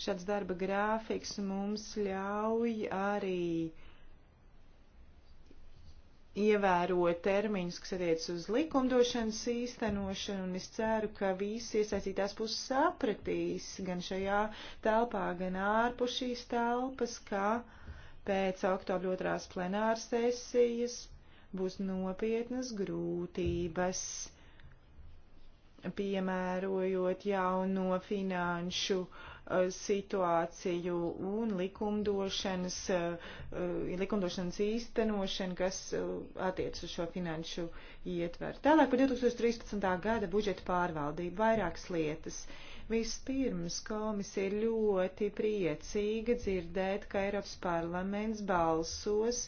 Šāds darba grāfiks mums ļauj arī ievērot termiņus, kas attiec uz likumdošanas īstenošanu, un es ceru, ka visi iesaistītās puses sapratīs gan šajā telpā, gan ārpus šīs telpas, ka pēc oktobra otrās plenāras sesijas būs nopietnas grūtības, piemērojot jauno finanšu uh, Eh, situāciju un likumdošanas, eh, likumdošanas īstenošanu, kas eh, attiec uz šo finanšu ietveru. Tālāk par 2013. gada budžeta pārvaldību vairākas lietas. Vispirms komisija ir ļoti priecīga dzirdēt, ka Eiropas parlaments balsos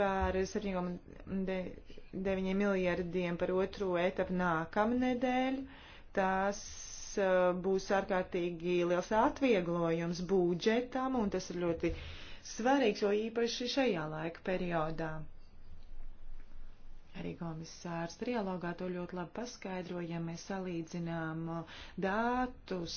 par 7,9 miljardiem par otro etapu nākamnedēļ. Tas Eh, būs ārkārtīgi liels atvieglojums budžetam, un tas ir ļoti svarīgs, jo īpaši šajā laika periodā. Arī komisārs trialogā to ļoti labi paskaidroja, ja mēs salīdzinām eh, datus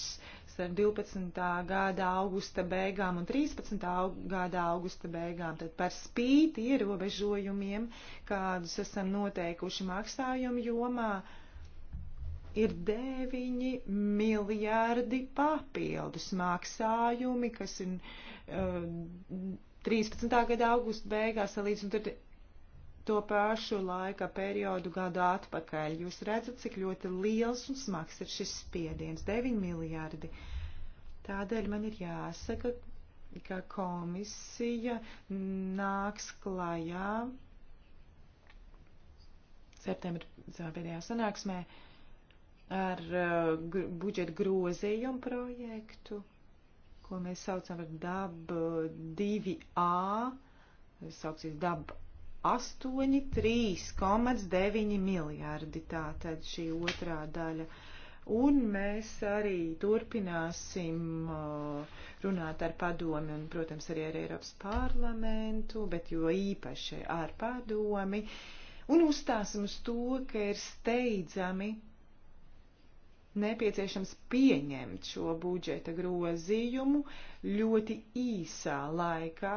starp 12. gada augusta beigām un 13. gada augusta beigām, tad par spīti ierobežojumiem, kādus esam noteikuši maksājumu jomā, uh, ir 9 miljārdi papildus maksājumi, kas ir uh, eh, 13. gada augusta beigās salīdzinot ar to pašu laika periodu gadu atpakaļ. Jūs redzat, cik ļoti liels un smags ir šis spiediens - 9 miljārdi. Tādēļ man ir jāsaka, ka komisija nāks klajā septembra pēdējā sanāksmē uh, ar uh, budžeta grozījumu projektu, ko mēs saucam par DAB 2A, uh, sauksies DAB 8, 3,9 miljardi, tā tad šī otrā daļa. Un mēs arī turpināsim uh, runāt ar padomi un, protams, arī ar Eiropas parlamentu, bet jo īpaši ar padomi. Un uzstāsim uz to, ka ir steidzami nepieciešams pieņemt šo budžeta grozījumu ļoti īsā laikā,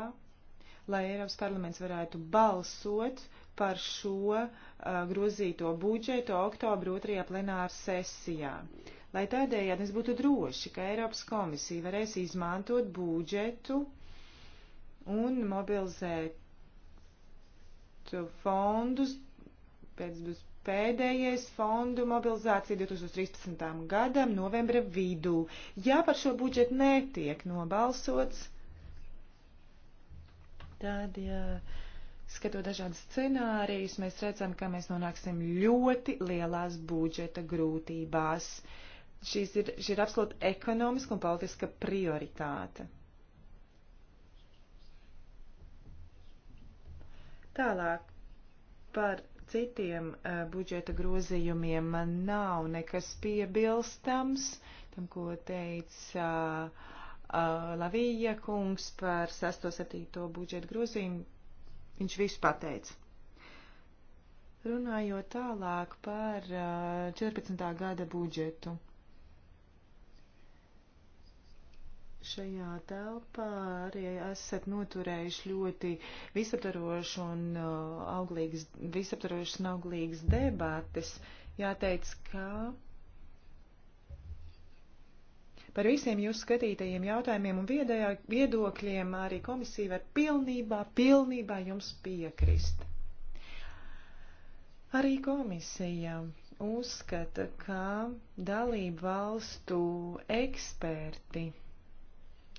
lai Eiropas parlaments varētu balsot par šo uh, grozīto budžetu oktobra otrajā plenāra sesijā. Lai tādējādi mēs būtu droši, ka Eiropas komisija varēs izmantot budžetu un mobilizēt fondus pēc pēdējais fondu mobilizācija 2013. gadam novembra vidū. Ja par šo budžetu netiek nobalsots, tad, ja skatot dažādas scenārijas, mēs redzam, ka mēs nonāksim ļoti lielās budžeta grūtībās. Šis ir, šī ir absolūti ekonomiska un politiska prioritāte. Tālāk par citiem uh, budžeta grozījumiem man nav nekas piebilstams tam, ko teica uh, uh, Lavija kungs par 6.7. budžeta grozījumu. Viņš visu pateica. Runājot tālāk par uh, eh, 14. gada budžetu. šajā telpā arī esat noturējuši ļoti visaptarošu un uh, auglīgas, visaptarošas un auglīgas debates. Jāteic, ka par visiem jūsu skatītajiem jautājumiem un viedajā, viedokļiem arī komisija var pilnībā, pilnībā jums piekrist. Arī komisija uzskata, ka dalību valstu eksperti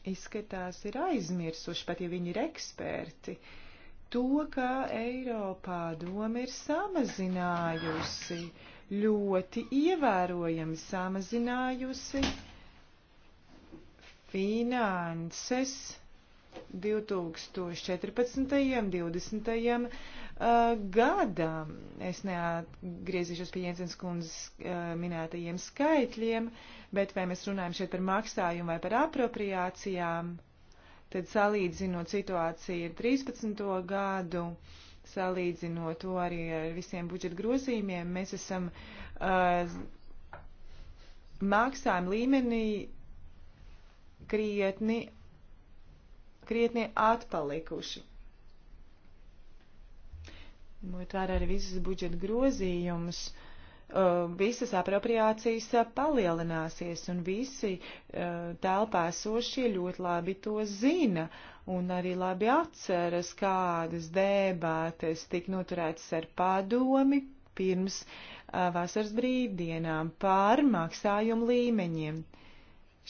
izskatās ir aizmirsuši, pat ja viņi ir eksperti, to, ka Eiropā doma ir samazinājusi, ļoti ievērojami samazinājusi finanses 2014. un 2020. Uh, gadā. Es neatgriezīšos pie Jensens kundzes uh, minētajiem skaitļiem, bet vai mēs runājam šeit par maksājumu vai par apropriācijām, tad salīdzinot situāciju ar 13. gadu, salīdzinot to arī ar visiem budžeta grozījumiem, mēs esam uh, maksājuma līmenī krietni, krietni atpalikuši ņemot nu, vērā arī visus budžeta grozījumus, uh, visas apropriācijas uh, palielināsies, un visi uh, telpā sošie ļoti labi to zina, un arī labi atceras, kādas debātes tik noturētas ar padomi pirms vasaras brīvdienām par maksājumu līmeņiem.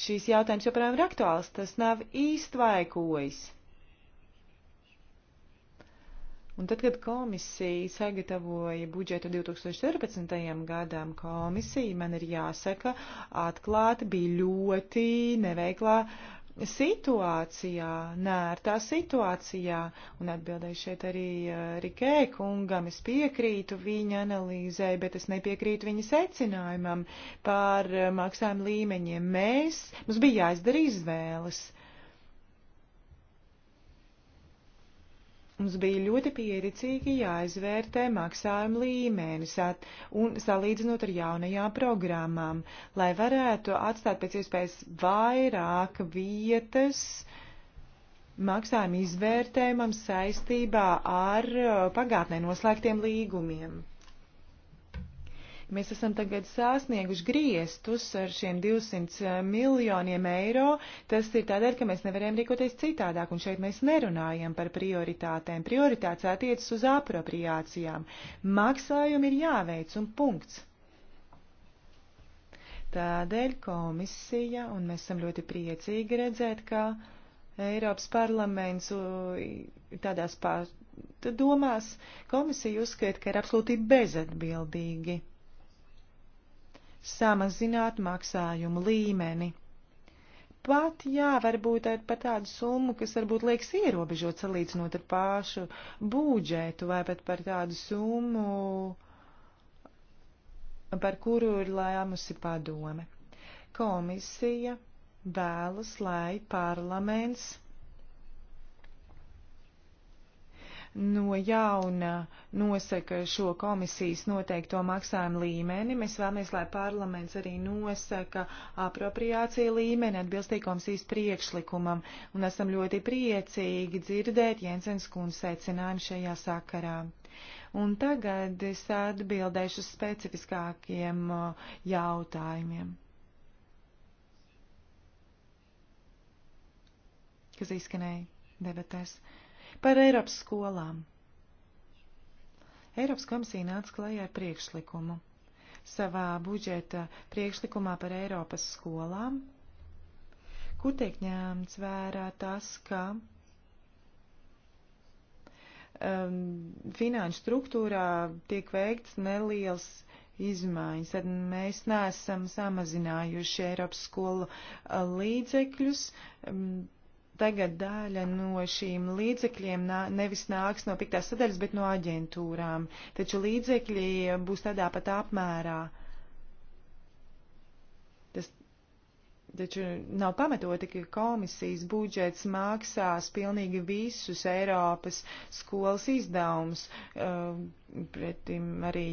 Šīs jautājums joprojām ir aktuāls, tas nav īsti vaikojis. Un tad, kad komisija sagatavoja budžetu 2014. gadam, komisija, man ir jāsaka, atklāti bija ļoti neveiklā situācijā, nērtā situācijā, un atbildēju šeit arī eh, Rikē kungam, es piekrītu viņa analīzē, bet es nepiekrītu viņa secinājumam par eh, maksājumu līmeņiem. Mēs, mums bija jāizdara izvēles Mums bija ļoti pieredzīgi jāizvērtē maksājuma līmenis at, un salīdzinot ar jaunajām programmām, lai varētu atstāt pēc iespējas vairāk vietas maksājuma izvērtējumam saistībā ar uh, pagātnē noslēgtiem līgumiem. Mēs esam tagad sasnieguši griestus ar šiem 200 eh, miljoniem eiro. Tas ir tādēļ, ka mēs nevarējām rīkoties citādāk, un šeit mēs nerunājam par prioritātēm. Prioritātes attiecas uz apropriācijām. Maksājumi ir jāveic un punkts. Tādēļ komisija, un mēs esam ļoti priecīgi redzēt, ka Eiropas parlaments tādās pārdomās komisija uzskata, ka ir absolūti bezatbildīgi samazināt maksājumu līmeni. Pat, jā, varbūt par tādu summu, kas varbūt liekas ierobežot salīdzinot ar pašu būdžetu, vai pat par tādu summu, par kuru ir lēmusi padome. Komisija vēlas, lai parlaments no jauna nosaka šo komisijas noteikto maksājumu līmeni. Mēs vēlamies, lai parlaments arī nosaka apropriācija līmeni atbilstīgi komisijas priekšlikumam, un esam ļoti priecīgi dzirdēt Jensens kundzes secinājumu šajā sakarā. Un tagad es atbildēšu specifiskākiem jautājumiem. kas izskanēja debatēs. Uh, Par Eiropas skolām. Eiropas komisija nāca klajā ar priekšlikumu. Savā budžeta priekšlikumā par Eiropas skolām, kur tiek ņēmts vērā tas, ka um, finanšu struktūrā tiek veikts neliels izmaiņas, tad mēs neesam samazinājuši Eiropas skolu uh, līdzekļus. Um, tagad daļa no šīm līdzekļiem nā, nevis nāks no piktās sadaļas, bet no aģentūrām. Taču līdzekļi būs tādā pat apmērā. Uh, Taču nav pamatoti, ka komisijas budžets maksās pilnīgi visus Eiropas skolas izdevumus, um, pretim arī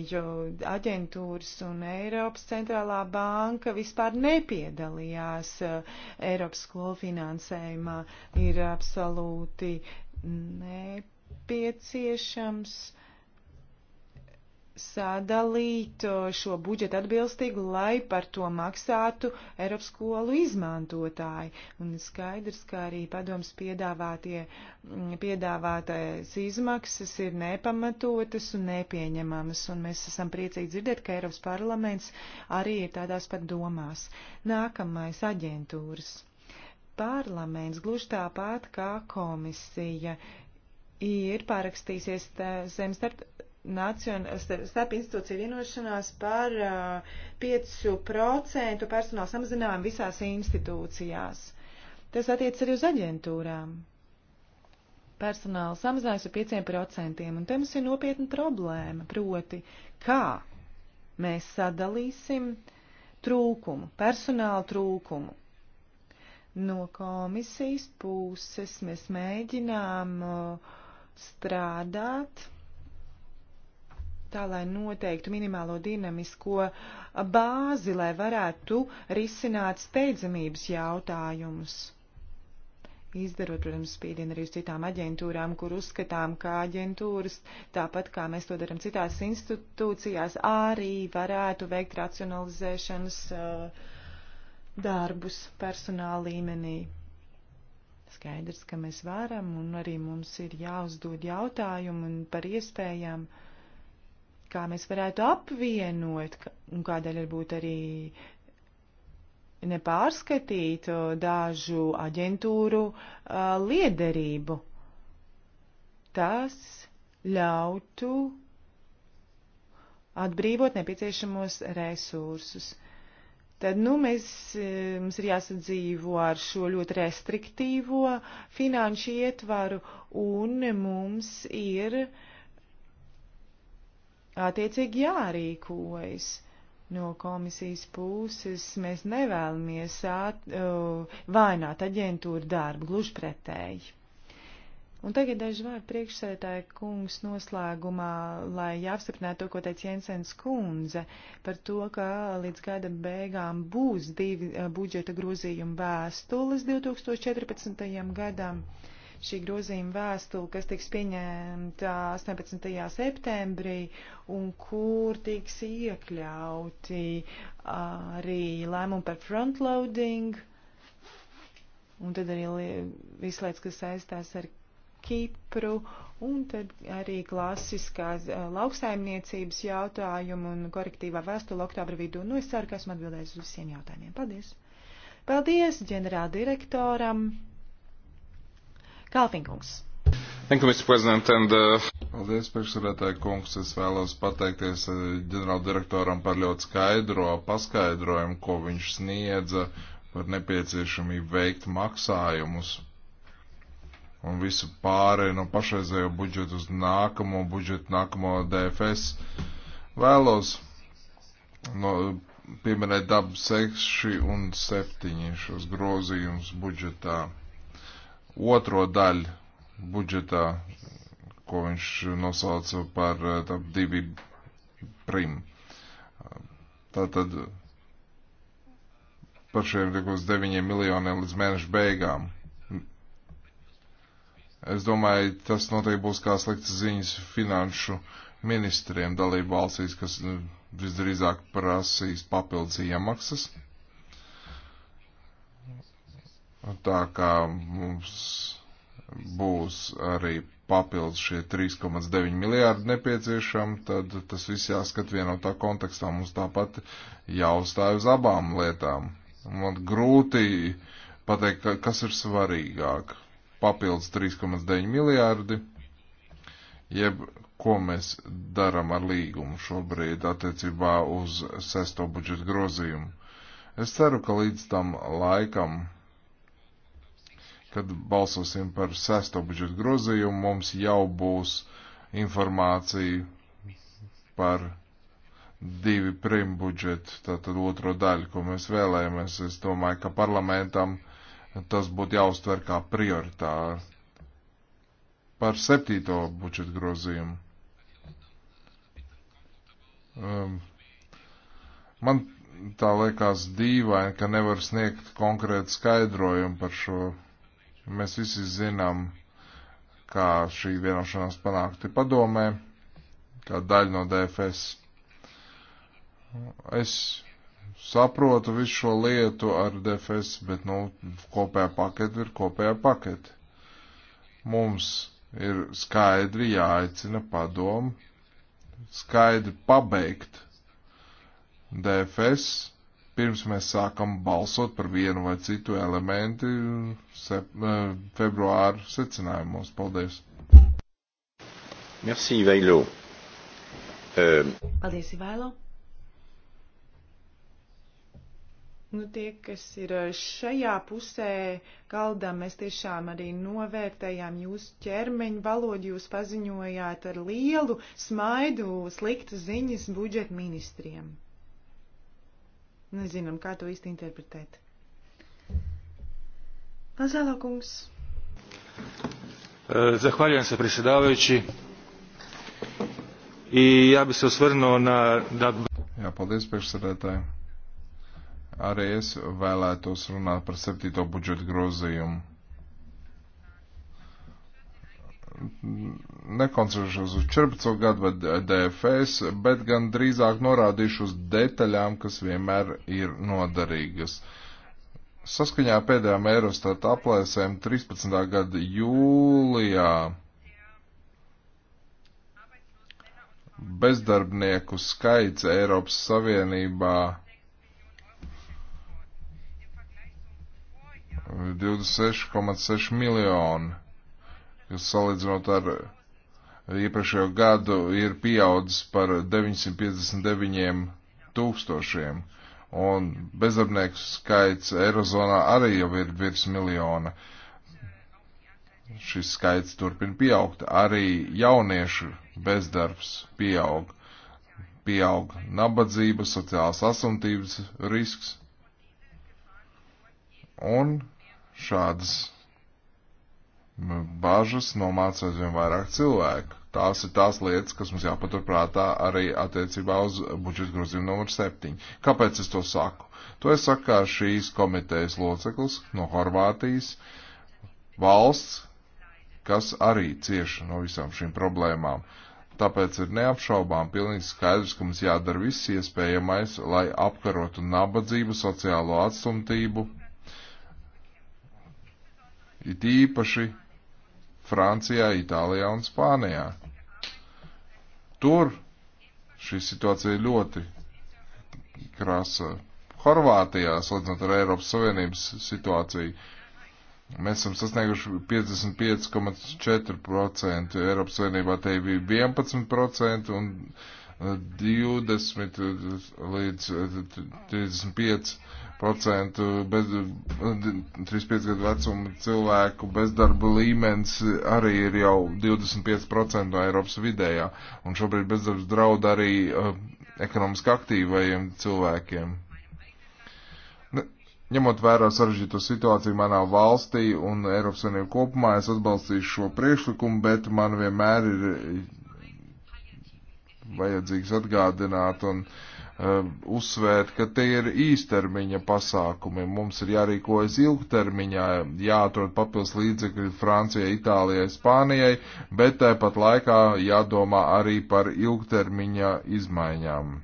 aģentūras un Eiropas centrālā banka vispār nepiedalījās uh, Eiropas skolu finansējumā. Ir absolūti nepieciešams. Uh, sadalīt šo budžetu atbilstīgi, lai par to maksātu Eiropas skolu izmantotāji. Un skaidrs, ka arī padoms piedāvātais izmaksas ir nepamatotas un nepieņemamas, un mēs esam priecīgi dzirdēt, ka Eiropas parlaments arī ir tādās pat domās. Nākamais aģentūras. Parlaments gluži tāpat kā komisija ir pārakstīsies zem starp starp institūciju vienošanās par 5% personāla samazinājumu visās institūcijās. Tas attiec arī uz aģentūrām. Personāla samazinājums ar 5%, un te mums ir nopietna problēma, proti, kā mēs sadalīsim trūkumu, personāla trūkumu. No komisijas puses mēs mēģinām strādāt tā, lai noteiktu minimālo dinamisko bāzi, lai varētu risināt steidzamības jautājumus. Izdarot, protams, spiedienu arī uz citām aģentūrām, kur uzskatām, ka aģentūras, tāpat kā mēs to darām citās institūcijās, arī varētu veikt racionalizēšanas uh, darbus personāla līmenī. Skaidrs, ka mēs varam un arī mums ir jāuzdod jautājumu par iespējām uh, kā mēs varētu apvienot, un kādēļ varbūt arī nepārskatīt dažu aģentūru uh, liederību. Tas ļautu atbrīvot nepieciešamos resursus. Tad nu, mēs, e, mums ir jāsadzīvo ar šo ļoti restriktīvo finanšu ietvaru, un mums ir uh, attiecīgi jārīkojas. No komisijas puses mēs nevēlamies at, uh, vainot aģentūru darbu, gluži pretēji. Un tagad daži vārdi priekšsētāja kungs noslēgumā, lai apstiprinātu to, ko teica Jensens kundze par to, ka līdz gada beigām būs divi uh, budžeta grozījuma vēstules 2014. gadam. Uh, šī grozījuma vēstule, kas tiks pieņemta 18. septembrī un kur tiks iekļauti arī lēmumi par frontloading un tad arī visu lietas, kas saistās ar Kipru un tad arī klasiskās eh, lauksaimniecības jautājumu un korektīvā vēstule oktobra vidū. Nu, es ceru, ka esmu atbildējis uz visiem jautājumiem. Paldies! Paldies ģenerāldirektoram! direktoram! Kalfinkungs. Uh, Paldies, priekšsēdētāji kungs. Es vēlos pateikties uh, ģenerāldirektoram par ļoti skaidro paskaidrojumu, ko viņš sniedza par nepieciešamību veikt maksājumus un visu pārēju no pašreizējo budžetu uz nākamo budžetu, nākamo DFS. Vēlos no, pieminēt dabu 6 un 7 šos grozījumus budžetā otro daļu budžetā, ko viņš nosauca par eh, tap, divi prim. Tātad par šiem 9 miljoniem līdz mēneša beigām. Es domāju, tas noteikti būs kā slikts ziņas finanšu ministriem dalību valstīs, kas eh, visdrīzāk prasīs papildus iemaksas. Ja Tā kā mums būs arī papildus šie 3,9 miljārdi nepieciešami, tad tas viss jāskat vienotā kontekstā. Mums tāpat jāuzstāj uz abām lietām. Man grūti pateikt, kas ir svarīgāk. Papildus 3,9 miljārdi, jeb ko mēs daram ar līgumu šobrīd attiecībā uz sesto budžetu grozījumu. Es ceru, ka līdz tam laikam kad balsosim par sesto budžetu grozījumu, mums jau būs informācija par divi prim budžetu, tātad otro daļu, ko mēs vēlējamies. Es domāju, ka parlamentam tas būtu jāuztver kā prioritāri. Par septīto budžetu grozījumu. Um, man tā liekas dīvaini, ka nevar sniegt konkrētu skaidrojumu par šo Mēs visi zinām, kā šī vienošanās panākti padomē, kā daļa no DFS. Es saprotu visu šo lietu ar DFS, bet, nu, kopējā paketa ir kopējā paketa. Mums ir skaidri jāaicina padomu, skaidri pabeigt DFS Pirms mēs sākam balsot par vienu vai citu elementu eh, februāru secinājumos. Paldies! Merci, Ivailo. Um. Paldies, Ivailo. Nu, tie, kas ir eh, šajā pusē galdā, mēs tiešām arī novērtējām jūsu ķermeņu valodu, jūs paziņojāt ar lielu smaidu sliktas ziņas budžeta ministriem. Nezinām, kā to īsti interpretēt. Pazēlā kungs. Eh, zahvaljujem se predsjedavajući i ja bi se osvrnuo na... na... Jā, paldies, priekšsēdētāji. Arī es vēlētos runāt par septīto budžeta grozījumu nekoncentrēšos uz 14 gadu vai DFS, bet gan drīzāk norādīšu uz detaļām, kas vienmēr ir noderīgas. Saskaņā pēdējām Eurostat aplēsēm 13. gada jūlijā bezdarbnieku skaits Eiropas Savienībā 26,6 miljoni kas salīdzinot ar iepriekšējo gadu ir pieaudzis par 959 tūkstošiem, un bezdarbnieku skaits Eirozonā arī jau ir virs miljona. Šis skaits turpina pieaugt, arī jauniešu bezdarbs pieaug, pieaug nabadzība, sociālās asumtības risks, un šādas Bāžas nomāca aizvien vairāk cilvēku. Tās ir tās lietas, kas mums jāpaturprātā arī attiecībā uz budžeta grozījumu numur 7. Kāpēc es to saku? To es saku kā šīs komitejas loceklis no Horvātijas, valsts, kas arī cieši no visām šīm problēmām. Tāpēc ir neapšaubām pilnīgi skaidrs, ka mums jādara viss iespējamais, lai apkarotu nabadzību, sociālo atstumtību, it īpaši Francijā, Itālijā un Spānijā. Tur šī situācija ļoti krasa. Horvātijā, salīdzinot ar Eiropas Savienības situāciju, mēs esam sasnieguši 55,4%, Eiropas Savienībā te bija 11% un 20 eh, līdz 35 eh, procentu bez, 35 eh, gadu vecuma cilvēku bezdarba līmenis arī ir jau 25% no Eiropas vidējā. Un šobrīd bezdarbs draud arī uh, ekonomiski aktīvajiem cilvēkiem. Ne, ņemot vērā sarežģīto situāciju manā valstī un Eiropas Savienību kopumā, es atbalstīšu šo priekšlikumu, bet man vienmēr ir vajadzīgs atgādināt un uh, uzsvērt, ka tie ir īstermiņa pasākumi. Mums ir jārīkojas ilgtermiņā, jāatrod papildus līdzekļi Francijai, Itālijai, Spānijai, bet tāpat laikā jādomā arī par ilgtermiņa izmaiņām.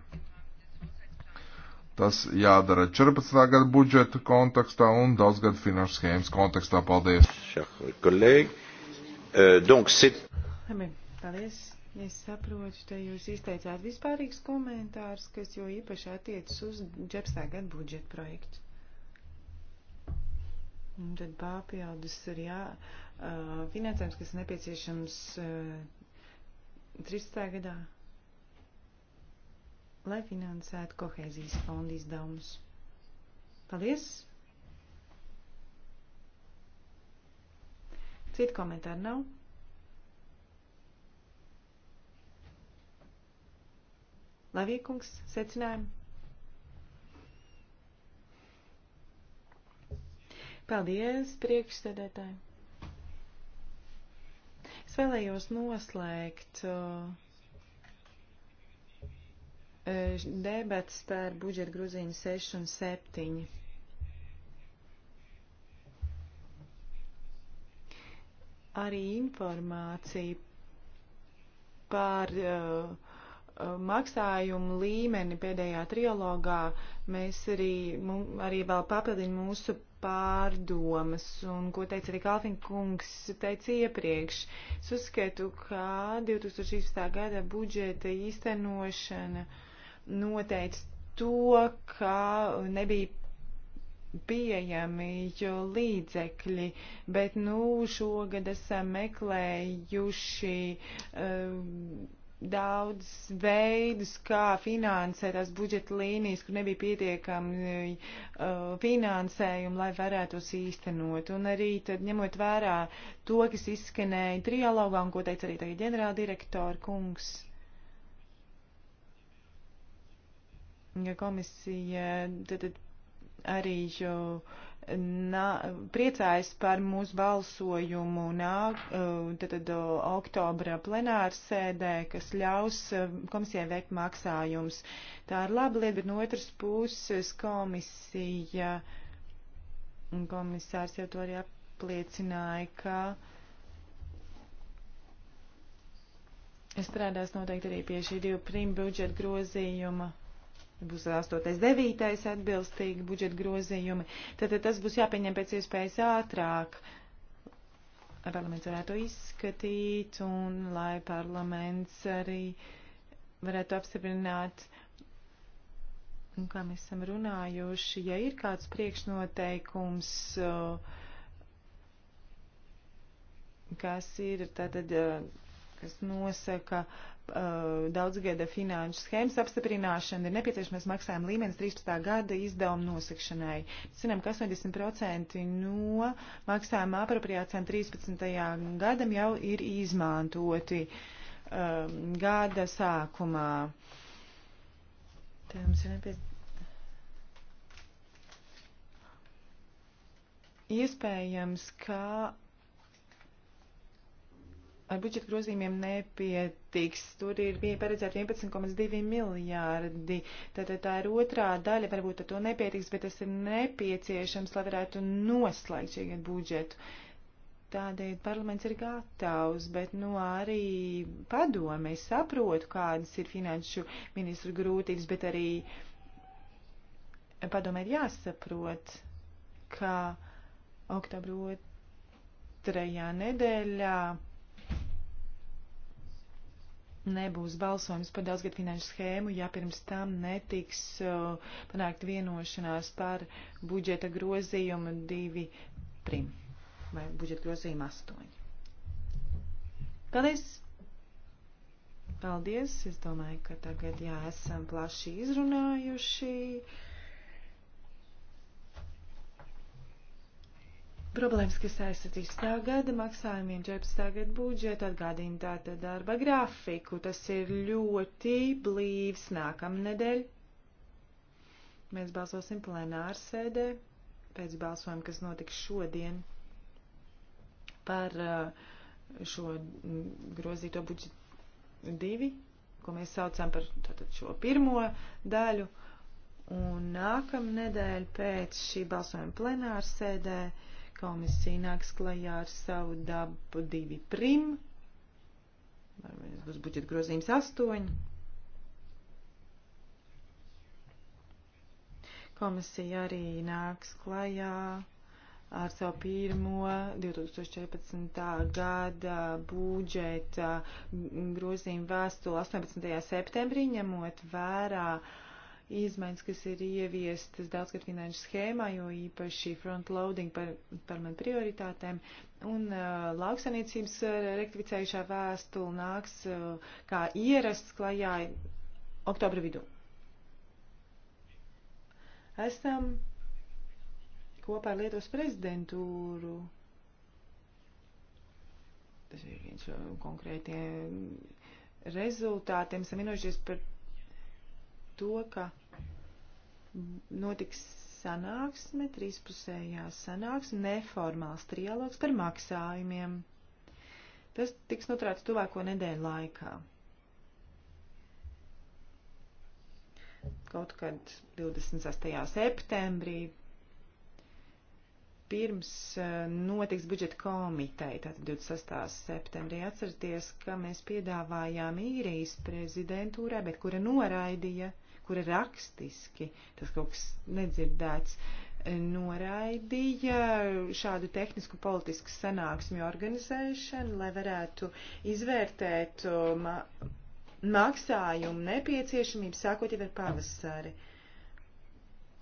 Tas jādara 14. gada budžeta kontekstā un daudzgada finanšu schēmas kontekstā. Paldies! Kolēģi, uh, donc, sit... Paldies! Es saprotu, te jūs izteicāt vispārīgs komentārs, kas jo īpaši attiecas uz džepstā gadu budžetu projektu. Un tad papildus ir jā, finansējums, kas nepieciešams 30. gadā, lai finansētu kohēzijas fonda izdevumus. Paldies! Citu komentāru nav. Lavīkungs, secinājumi. Paldies, priekšsēdētāji. Es vēlējos noslēgt uh, debats par budžetu grūziņu 6 un 7. Arī informācija par uh, Uh, maksājumu līmeni pēdējā trilogā mēs arī, mums, arī vēl papildinām mūsu pārdomas un ko teica arī Kalfina kungs teica iepriekš. Es uzskatu, ka 2016. gada budžeta īstenošana noteica to, ka nebija pieejami līdzekļi, bet nu šogad esam meklējuši uh, daudz veidus, kā finansēt tās budžeta līnijas, kur nebija pietiekami uh, finansējumi, lai varētu tos īstenot. Un arī tad ņemot vērā to, kas izskanēja trialogā un ko teica arī tagad ģenerāla direktora kungs. Ja komisija tad, tad arī jau nā, priecājas par mūsu balsojumu nāk, eh, tad, tad, eh, oktobra plenārsēdē, kas ļaus eh, komisijai veikt maksājums. Tā ir laba lieta, bet no otras puses komisija, komisārs jau to arī apliecināja, ka. Strādās noteikti arī pie šī divu primu budžeta grozījuma būs 8. 9. atbilstīgi budžeta grozījumi. Tad, tad tas būs jāpieņem pēc iespējas ātrāk. Parlaments varētu izskatīt un lai parlaments arī varētu apstiprināt, un kā mēs esam runājuši, ja ir kāds priekšnoteikums, uh, kas ir tātad, uh, kas nosaka Uh, daudzgada finanšu schēmas apstiprināšana ir nepieciešamais maksājuma līmenis 13. gada izdevuma nosakšanai. Zinām, ka 80% no maksājuma apropriācijām 13. gadam jau ir izmantoti um, gada sākumā. Tā mums ir nepieciešams. Iespējams, ka ar budžeta grozījumiem nepietiks. Tur ir paredzēta 11,2 miljārdi. Tātad tā ir otrā daļa, varbūt ar to nepietiks, bet tas ir nepieciešams, lai varētu noslēgt šī gada budžetu. Tādēļ parlaments ir gatavs, bet nu arī padome, es saprotu, kādas ir finanšu ministru grūtības, bet arī padome ir jāsaprot, ka oktobra otrajā nedēļā nebūs balsojums par daudzgad finanšu schēmu, ja pirms tam netiks uh, panākt vienošanās par budžeta grozījumu divi prim vai budžeta grozījumu astoņi. Paldies! Paldies! Es domāju, ka tagad jā, esam plaši izrunājuši. Problēmas, kas aizsat 13. gada maksājumiem, 14. gada budžetu atgādina tātad darba grafiku. Tas ir ļoti blīvs nākamnedēļ. Mēs balsosim plenāru sēdē pēc balsojuma, kas notiks šodien par uh, šo mm, grozīto budžetu divi, ko mēs saucam par tātad šo pirmo daļu. Un nākamnedēļ pēc šī balsojuma plenāru sēdē Komisija nāks klajā ar savu dabu divi prim. Varbūt būs budžeta grozījums astoņi. Komisija arī nāks klajā ar savu pirmo 2014. gada budžeta grozījumu vēstuli 18. septembrī, ņemot vērā uh, izmaiņas, kas ir ieviestas daudzgad finanšu schēmā, jo īpaši front-loading par, par man prioritātēm un uh, lauksanīcības uh, rektificējušā vēstule nāks uh, kā ierasts klajā oktobra vidū. Esam kopā ar Lietuvas prezidentūru. Tas ir viens no konkrētiem rezultātiem. Esam vienojušies par to, ka notiks sanāksme, trīspusējā sanāksme, neformāls trialogs par maksājumiem. Tas tiks noturēts tuvāko nedēļu laikā. Kaut kad 26. septembrī pirms eh, notiks budžeta komiteja, tātad 26. septembrī atcerieties, ka mēs piedāvājām īrijas prezidentūrai, bet kura noraidīja uh, kur ir rakstiski, tas kaut kas nedzirdēts, noraidīja šādu tehnisku politisku sanāksmju organizēšanu, lai varētu izvērtēt ma maksājumu nepieciešamību sākot jau ar pavasari.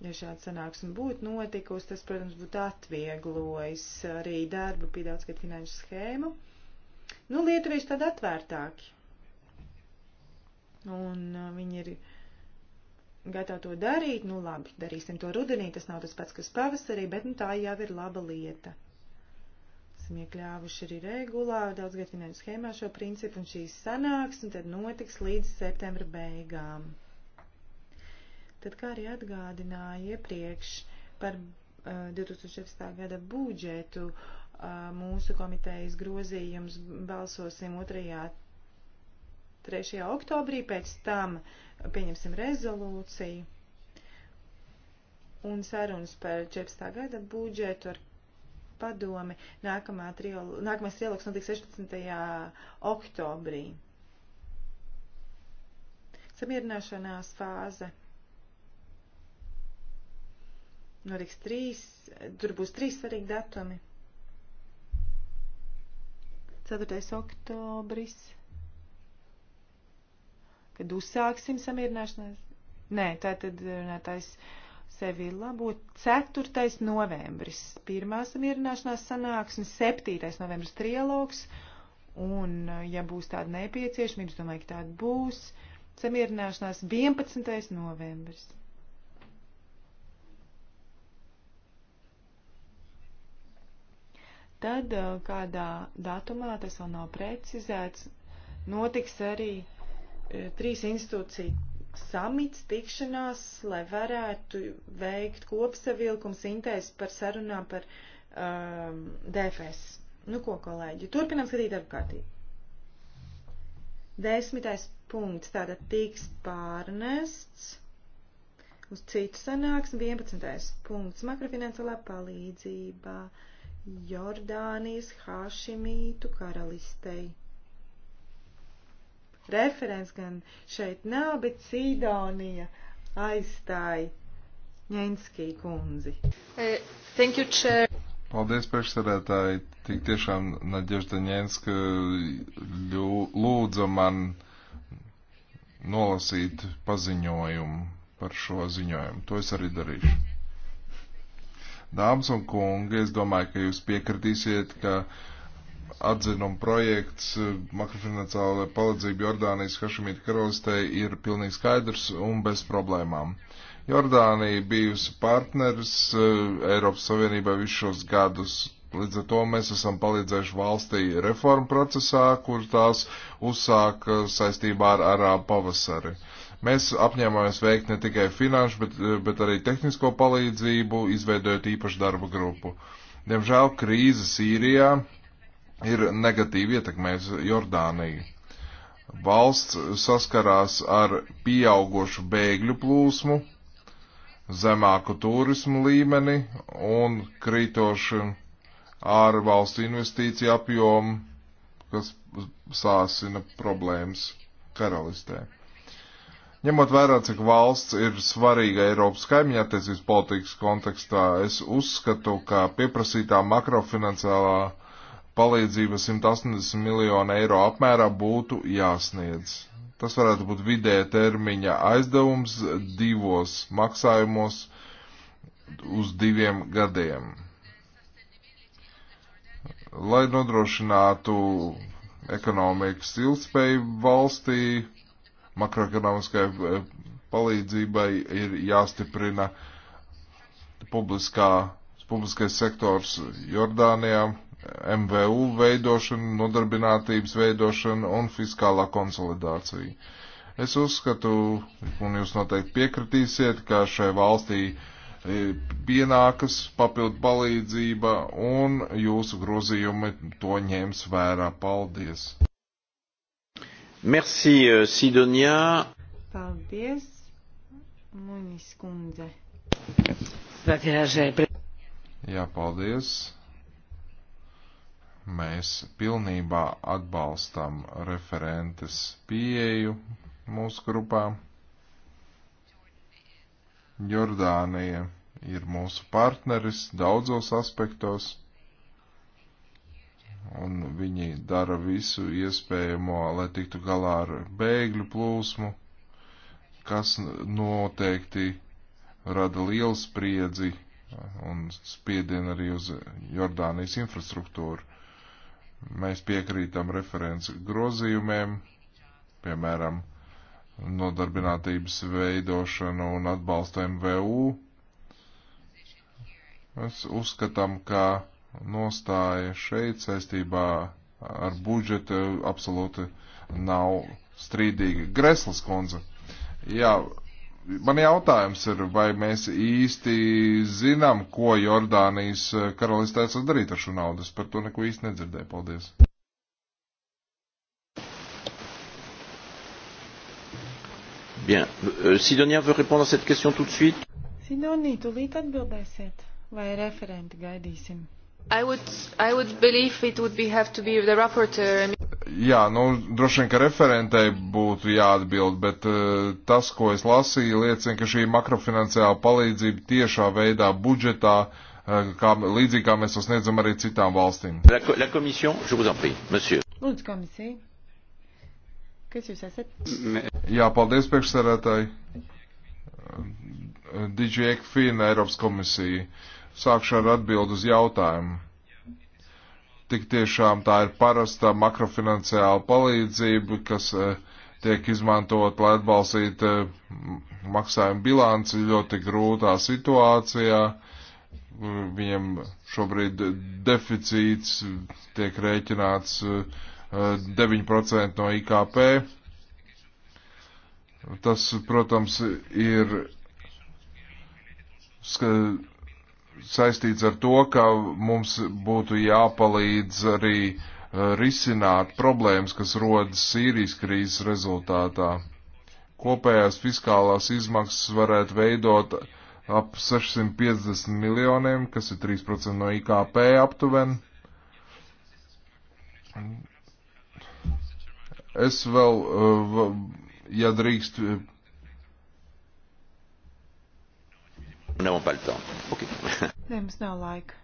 Ja šāda sanāksme būtu notikusi, tas, protams, būtu atvieglojis arī darbu pie daudzgad finanšu schēmu. Nu, lietuvieši tad atvērtāki. Un uh, viņi ir uh, gatavi to darīt, nu labi, darīsim to rudenī, tas nav tas pats, kas pavasarī, bet nu, tā jau ir laba lieta. Esam iekļāvuši arī regulā, daudz gadu finanšu schēmā šo principu, un šīs sanāks, un tad notiks līdz septembra beigām. Tad kā arī atgādināja iepriekš par uh, eh, 2017. gada budžetu, uh, mūsu komitejas grozījums balsosim 2. 3. oktobrī, pēc tam pieņemsim rezolūciju un sarunas par 14. gada budžetu ar padomi. Nākamā triol, nākamais trialogs notiks 16. oktobrī. Samierināšanās fāze. Notiks trīs, tur būs trīs svarīgi datumi. 4. oktobris. Tad uzsāksim samierināšanās. Nē, tā tad runātājs sevi labo 4. novembris. Pirmā samierināšanās sanāksme, 7. novembris trialogs. Un, ja būs tāda nepieciešamība, domāju, ka tāda būs, samierināšanās 11. novembris. Tad, kādā datumā tas vēl nav precizēts, notiks arī E, trīs institūciju samits, tikšanās, lai varētu veikt kopsavilkumu sintēzi par sarunām par um, DFS. Nu ko, kolēģi, turpinām skatīt apkārtī. Desmitais punkts tātad tiks pārnests uz citu sanāksmi. 11. punkts makrofinansiālā palīdzība Jordānijas Hašimītu karalistei referents gan šeit nav, bet Sīdonija aizstāja Ņenskī kundzi. Eh, thank you, Chair. Paldies, priekšsēdētāji. Tik tiešām Naģežda Ņenska lūdza man nolasīt paziņojumu par šo ziņojumu. To es arī darīšu. Dāmas un kungi, es domāju, ka jūs piekritīsiet, ka uh, atzinuma projekts makrofinanciāla palīdzība Jordānijas Hašamīta karalistē ir pilnīgi skaidrs un bez problēmām. Jordānija bijusi partneris eh, Eiropas Savienībai visus šos gadus. Līdz ar to mēs esam palīdzējuši valstī reformu procesā, kur tās uzsāka eh, saistībā ar Arābu pavasari. Mēs apņēmāmies veikt ne tikai finanšu, bet, eh, bet arī tehnisko palīdzību, izveidojot īpašu darba grupu. Diemžēl krīze Sīrijā ir negatīvi ietekmējis Jordāniju. Valsts saskarās ar pieaugošu bēgļu plūsmu, zemāku turismu līmeni un krītošu ārvalstu investīciju apjomu, kas sāsina problēmas karalistē. Ņemot vērā, cik valsts ir svarīga Eiropas kaimiņattiecības politikas kontekstā, es uzskatu, ka pieprasītā makrofinanciālā palīdzība 180 miljonu eiro apmērā būtu jāsniedz. Tas varētu būt vidē termiņa aizdevums divos maksājumos uz diviem gadiem. Lai nodrošinātu ekonomikas ilgspēju valstī, makroekonomiskai eh, palīdzībai ir jāstiprina publiskā, publiskais sektors Jordānijā, MVU veidošanu, nodarbinātības veidošanu un fiskālā konsolidāciju. Es uzskatu, un jūs noteikti piekritīsiet, ka šai valstī e, pienākas papildu palīdzība un jūsu grozījumi to ņems vērā. Paldies! Merci, e, Sidonia. Paldies, Muņiskundze. Eh, Jā, paldies. Mēs pilnībā atbalstam referentes pieeju mūsu grupā. Jordānija ir mūsu partneris daudzos aspektos, un viņi dara visu iespējamo, lai tiktu galā ar bēgļu plūsmu, kas noteikti rada lielu spriedzi un spiedienu arī uz Jordānijas infrastruktūru. Mēs piekrītam referents grozījumiem, piemēram, nodarbinātības veidošanu un atbalstu MVU. Mēs uzskatām, ka nostāja šeit saistībā ar budžetu absolūti nav strīdīga. Greslas kundze. Jā, Man jautājums ir, vai mēs īsti zinām, ko Jordānijas eh, karalistē esat darīt ar šo naudu? Es par to neko īsti nedzirdēju. Paldies. Bien. Euh, Sidonia veut répondre à cette question tout de suite. Sidonija, tūlīt atbildēsiet, vai referenti gaidīsim? I would, I would believe it would be have to be the rapporteur. Jā, nu, droši vien, ka referentei būtu jāatbild, bet uh, tas, ko es lasīju, liecina, ka šī makrofinanciāla palīdzība tiešā veidā budžetā, uh, kā, līdzīgi kā mēs to sniedzam arī citām valstīm. La, la komisija, je vous en prie, monsieur. Lūdzu, komisija. Kas jūs esat? Jā, paldies priekšsarētāji. Eh, DigiEkfina Eiropas komisija. Sākšu ar atbildu uz jautājumu. Tik tiešām tā ir parasta makrofinanciāla palīdzība, kas e, tiek izmantot, lai atbalstītu e, maksājumu bilanci ļoti grūtā situācijā. Viņiem šobrīd deficīts tiek rēķināts 9% e, no IKP. Tas, protams, ir saistīts ar to, ka mums būtu jāpalīdz arī uh, risināt problēmas, kas rodas Sīrijas krīzes rezultātā. Kopējās fiskālās izmaksas varētu veidot ap 650 miljoniem, kas ir 3% no IKP aptuveni. Es vēl, uh, ja drīkst Okay. <laughs> Nē, mums nav laika.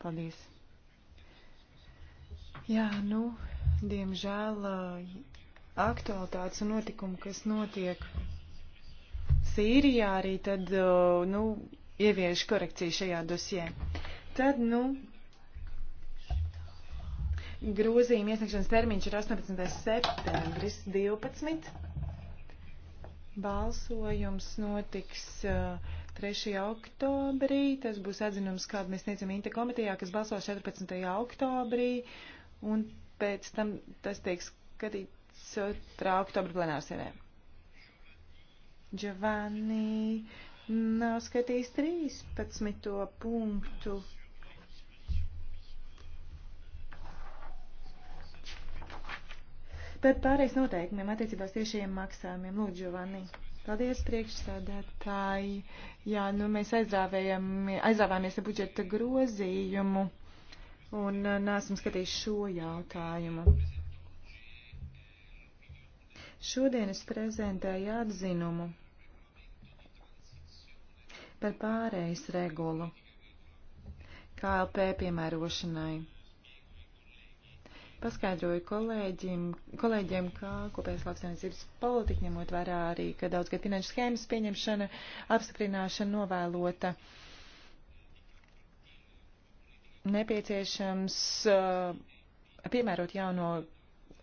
Paldies. Jā, nu, diemžēl aktualitātes un notikumi, kas notiek Sīrijā, arī tad, nu, ievieš korekciju šajā dosjē. Tad, nu, grozījuma iesniegšanas termiņš ir 18. septembris 12. Balsojums notiks 3. Eh, oktobrī. Tas būs atzinums, kādu mēs sniedzam Inte komitejā, kas balsos 14. oktobrī. Un pēc tam tas tiek skatīts 2. oktobra plenārsēdē. Giovanni nav skatījis 13. punktu. Par pārējais noteikumiem attiecībās tiešajiem maksājumiem. Lūdzu, Giovanni. Paldies, priekšsādātāji. Jā, nu mēs aizrāvāmies ar budžeta grozījumu un uh, nesam skatījis šo jautājumu. Šodien es prezentēju atzinumu par pārējais regulu KLP piemērošanai paskaidroju kolēģim, kolēģiem, kā kopējas lauksaimniecības politika ņemot vērā arī, ka daudzgad finanšu schēmas pieņemšana, apstiprināšana novēlota. Nepieciešams uh, piemērot jauno uh,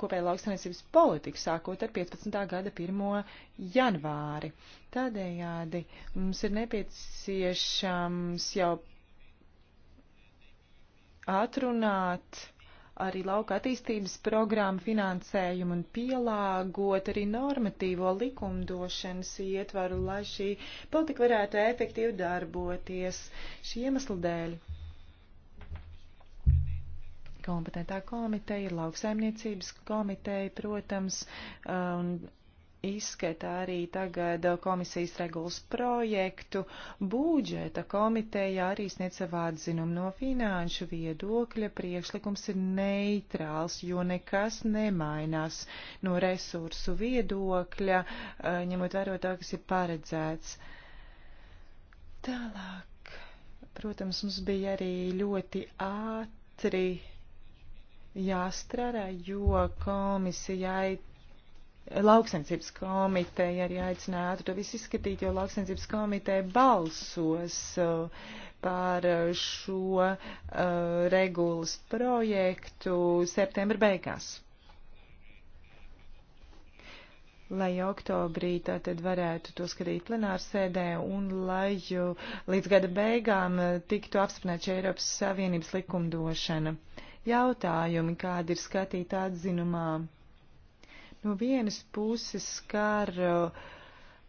kopēju lauksaimniecības politiku, sākot ar 15. gada 1. janvāri. Tādējādi mums ir nepieciešams jau atrunāt arī lauka attīstības programmu finansējumu un pielāgot arī normatīvo likumdošanas ietvaru, lai šī politika varētu efektīvi darboties šī iemesla dēļ. Kompetentā komiteja ir lauksaimniecības komiteja, protams, uh, un izskata arī tagad komisijas regulas projektu. Būdžeta komiteja arī sniedz savu atzinumu no finanšu viedokļa. Priekšlikums ir neitrāls, jo nekas nemainās no resursu viedokļa, eh, ņemot vērā tā, kas ir paredzēts. Tālāk, protams, mums bija arī ļoti ātri jāstrādā, jo komisijai Lauksaimniecības komiteja arī aicinātu to visu izskatīt, jo lauksaimniecības komiteja balsos uh, par šo uh, regulas projektu septembra beigās. Lai oktobrī tātad varētu to skatīt plenārsēdē un lai uh, līdz gada beigām tiktu apstiprināt šī Eiropas Savienības likumdošana. Jautājumi, kādi ir skatīti atzinumā? no vienas puses skar uh,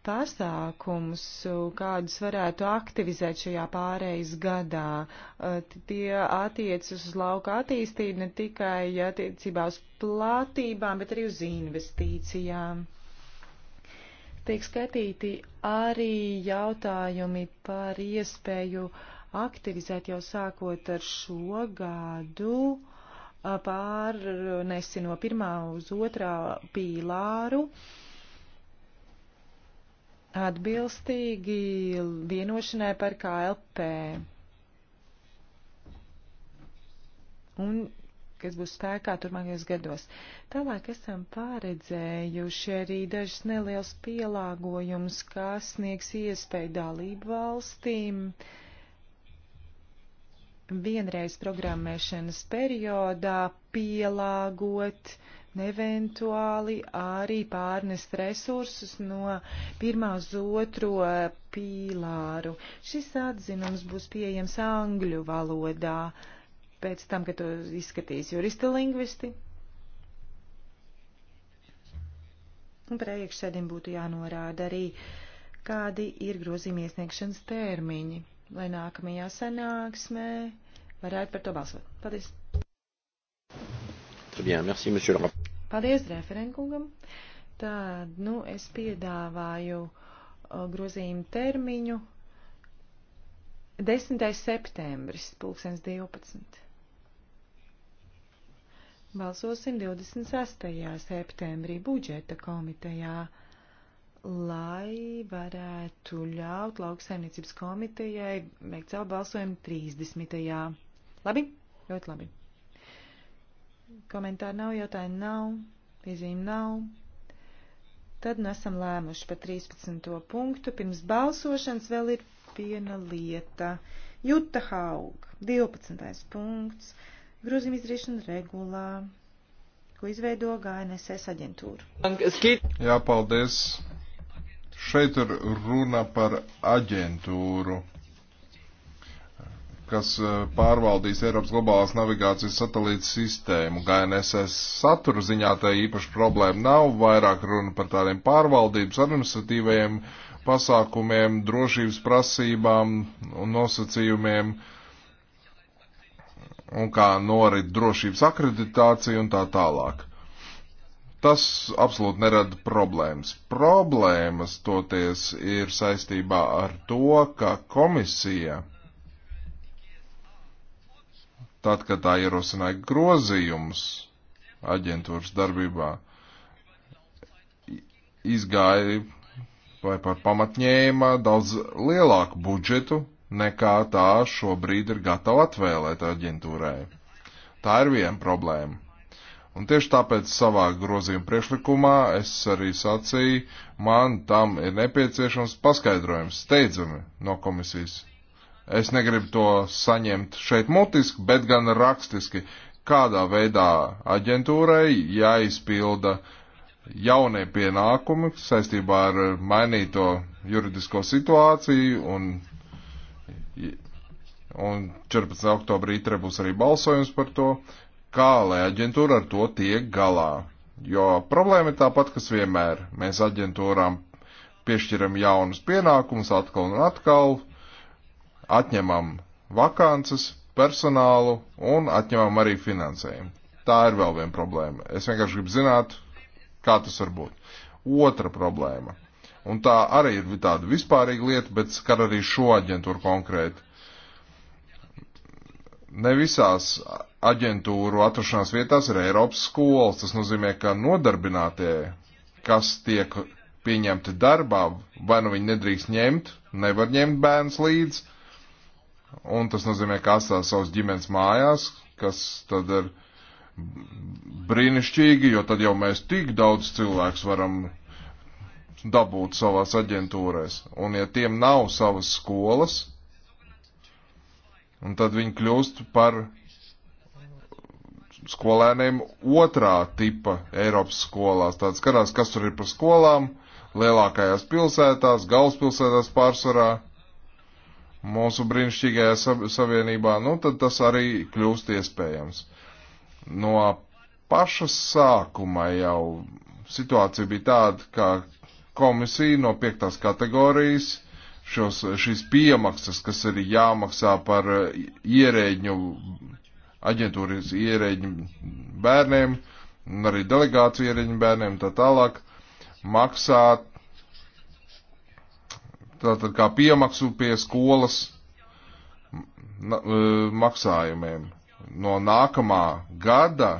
pasākums, uh, kādus varētu aktivizēt šajā pārejas gadā. Uh, tie attiecas uz lauka attīstību ne tikai attiecībā uz platībām, bet arī uz investīcijām. Tiek skatīti arī jautājumi par iespēju aktivizēt jau sākot ar šo gadu uh, pārnesi no pirmā uz otrā pīlāru atbilstīgi vienošanai par KLP. Un kas būs spēkā turmākajos gados. Tālāk esam pāredzējuši arī dažas nelielas pielāgojumus, kas sniegs iespēju dalību valstīm uh, vienreiz programmēšanas periodā pielāgot eventuāli arī pārnest resursus no pirmā uz otro pīlāru. Šis atzinums būs pieejams angļu valodā pēc tam, kad to izskatīs juristi lingvisti. Un priekšsēdim būtu jānorāda arī, kādi ir grozījuma iesniegšanas termiņi lai nākamajā sanāksmē varētu par to balsot. Paldies! Bien, merci, monsieur le Paldies referenkungam. Tad, nu, es piedāvāju grozījumu termiņu 10. septembris, pulkstens 12. Balsosim 26. septembrī budžeta komitejā lai varētu ļaut lauksaimniecības komitejai veikt savu balsojumu 30. Labi? Ļoti labi. Komentāri nav, jautājumu nav, piezīme nav. Tad nu esam lēmuši par 13. punktu. Pirms balsošanas vēl ir viena lieta. Juta Haug, 12. punkts, grozījuma izdarīšana regulā, ko izveido GNSS aģentūra. Jā, paldies. Šeit ir runa par aģentūru, kas eh, pārvaldīs Eiropas globālās navigācijas satelīta sistēmu. GNSS satura ziņā tā īpaši problēma nav, vairāk runa par tādiem pārvaldības administratīvajiem pasākumiem, drošības prasībām un nosacījumiem un kā norit drošības akreditācija un tā tālāk. Tas absolūti nerada problēmas. Problēmas toties ir saistībā ar to, ka komisija, tad, kad tā ierosināja grozījumus aģentūras darbībā, izgāja vai par pamatņēma daudz lielāku budžetu nekā tā šobrīd ir gatava atvēlēt aģentūrai. Tā ir viena problēma. Un tieši tāpēc savā grozījuma priekšlikumā es arī sacīju, man tam ir nepieciešams paskaidrojums steidzami no komisijas. Es negribu to saņemt šeit mutiski, bet gan rakstiski, kādā veidā aģentūrai jāizpilda jaunie pienākumi saistībā ar mainīto juridisko situāciju un, un 14. oktobrī būs arī balsojums par to. Uh, kā lai aģentūra ar to tiek galā. Jo problēma ir tāpat, kas vienmēr. Mēs aģentūrām piešķiram jaunus pienākumus atkal un atkal, atņemam vakances, personālu un atņemam arī finansējumu. Tā ir vēl viena problēma. Es vienkārši gribu zināt, kā tas var būt. Otra problēma. Un tā arī ir tāda vispārīga lieta, bet skar arī šo aģentūru konkrēti. Ne visās aģentūru atrašanās vietās ir Eiropas skolas. Tas nozīmē, ka nodarbinātie, kas tiek pieņemti darbā, vai nu viņi nedrīkst ņemt, nevar ņemt bērns līdzi, un tas nozīmē, ka atstās savus ģimenes mājās, kas tad ir brīnišķīgi, jo tad jau mēs tik daudz cilvēks varam dabūt savās aģentūrēs. Un ja tiem nav savas skolas, un tad viņi kļūst par skolēniem otrā tipa Eiropas skolās. Tāds skatās, kas tur ir par skolām, lielākajās pilsētās, galvaspilsētās pārsvarā, mūsu brīnišķīgajā savienībā, nu tad tas arī kļūst iespējams. No paša sākuma jau situācija bija tāda, ka komisija no piektās kategorijas šos, šīs piemaksas, kas ir jāmaksā par ierēģņu aģentūras ierēģi bērniem, un arī delegāciju ierēģi bērniem tā tālāk maksā tātad kā piemaksu pie skolas na, e, maksājumiem. No nākamā gada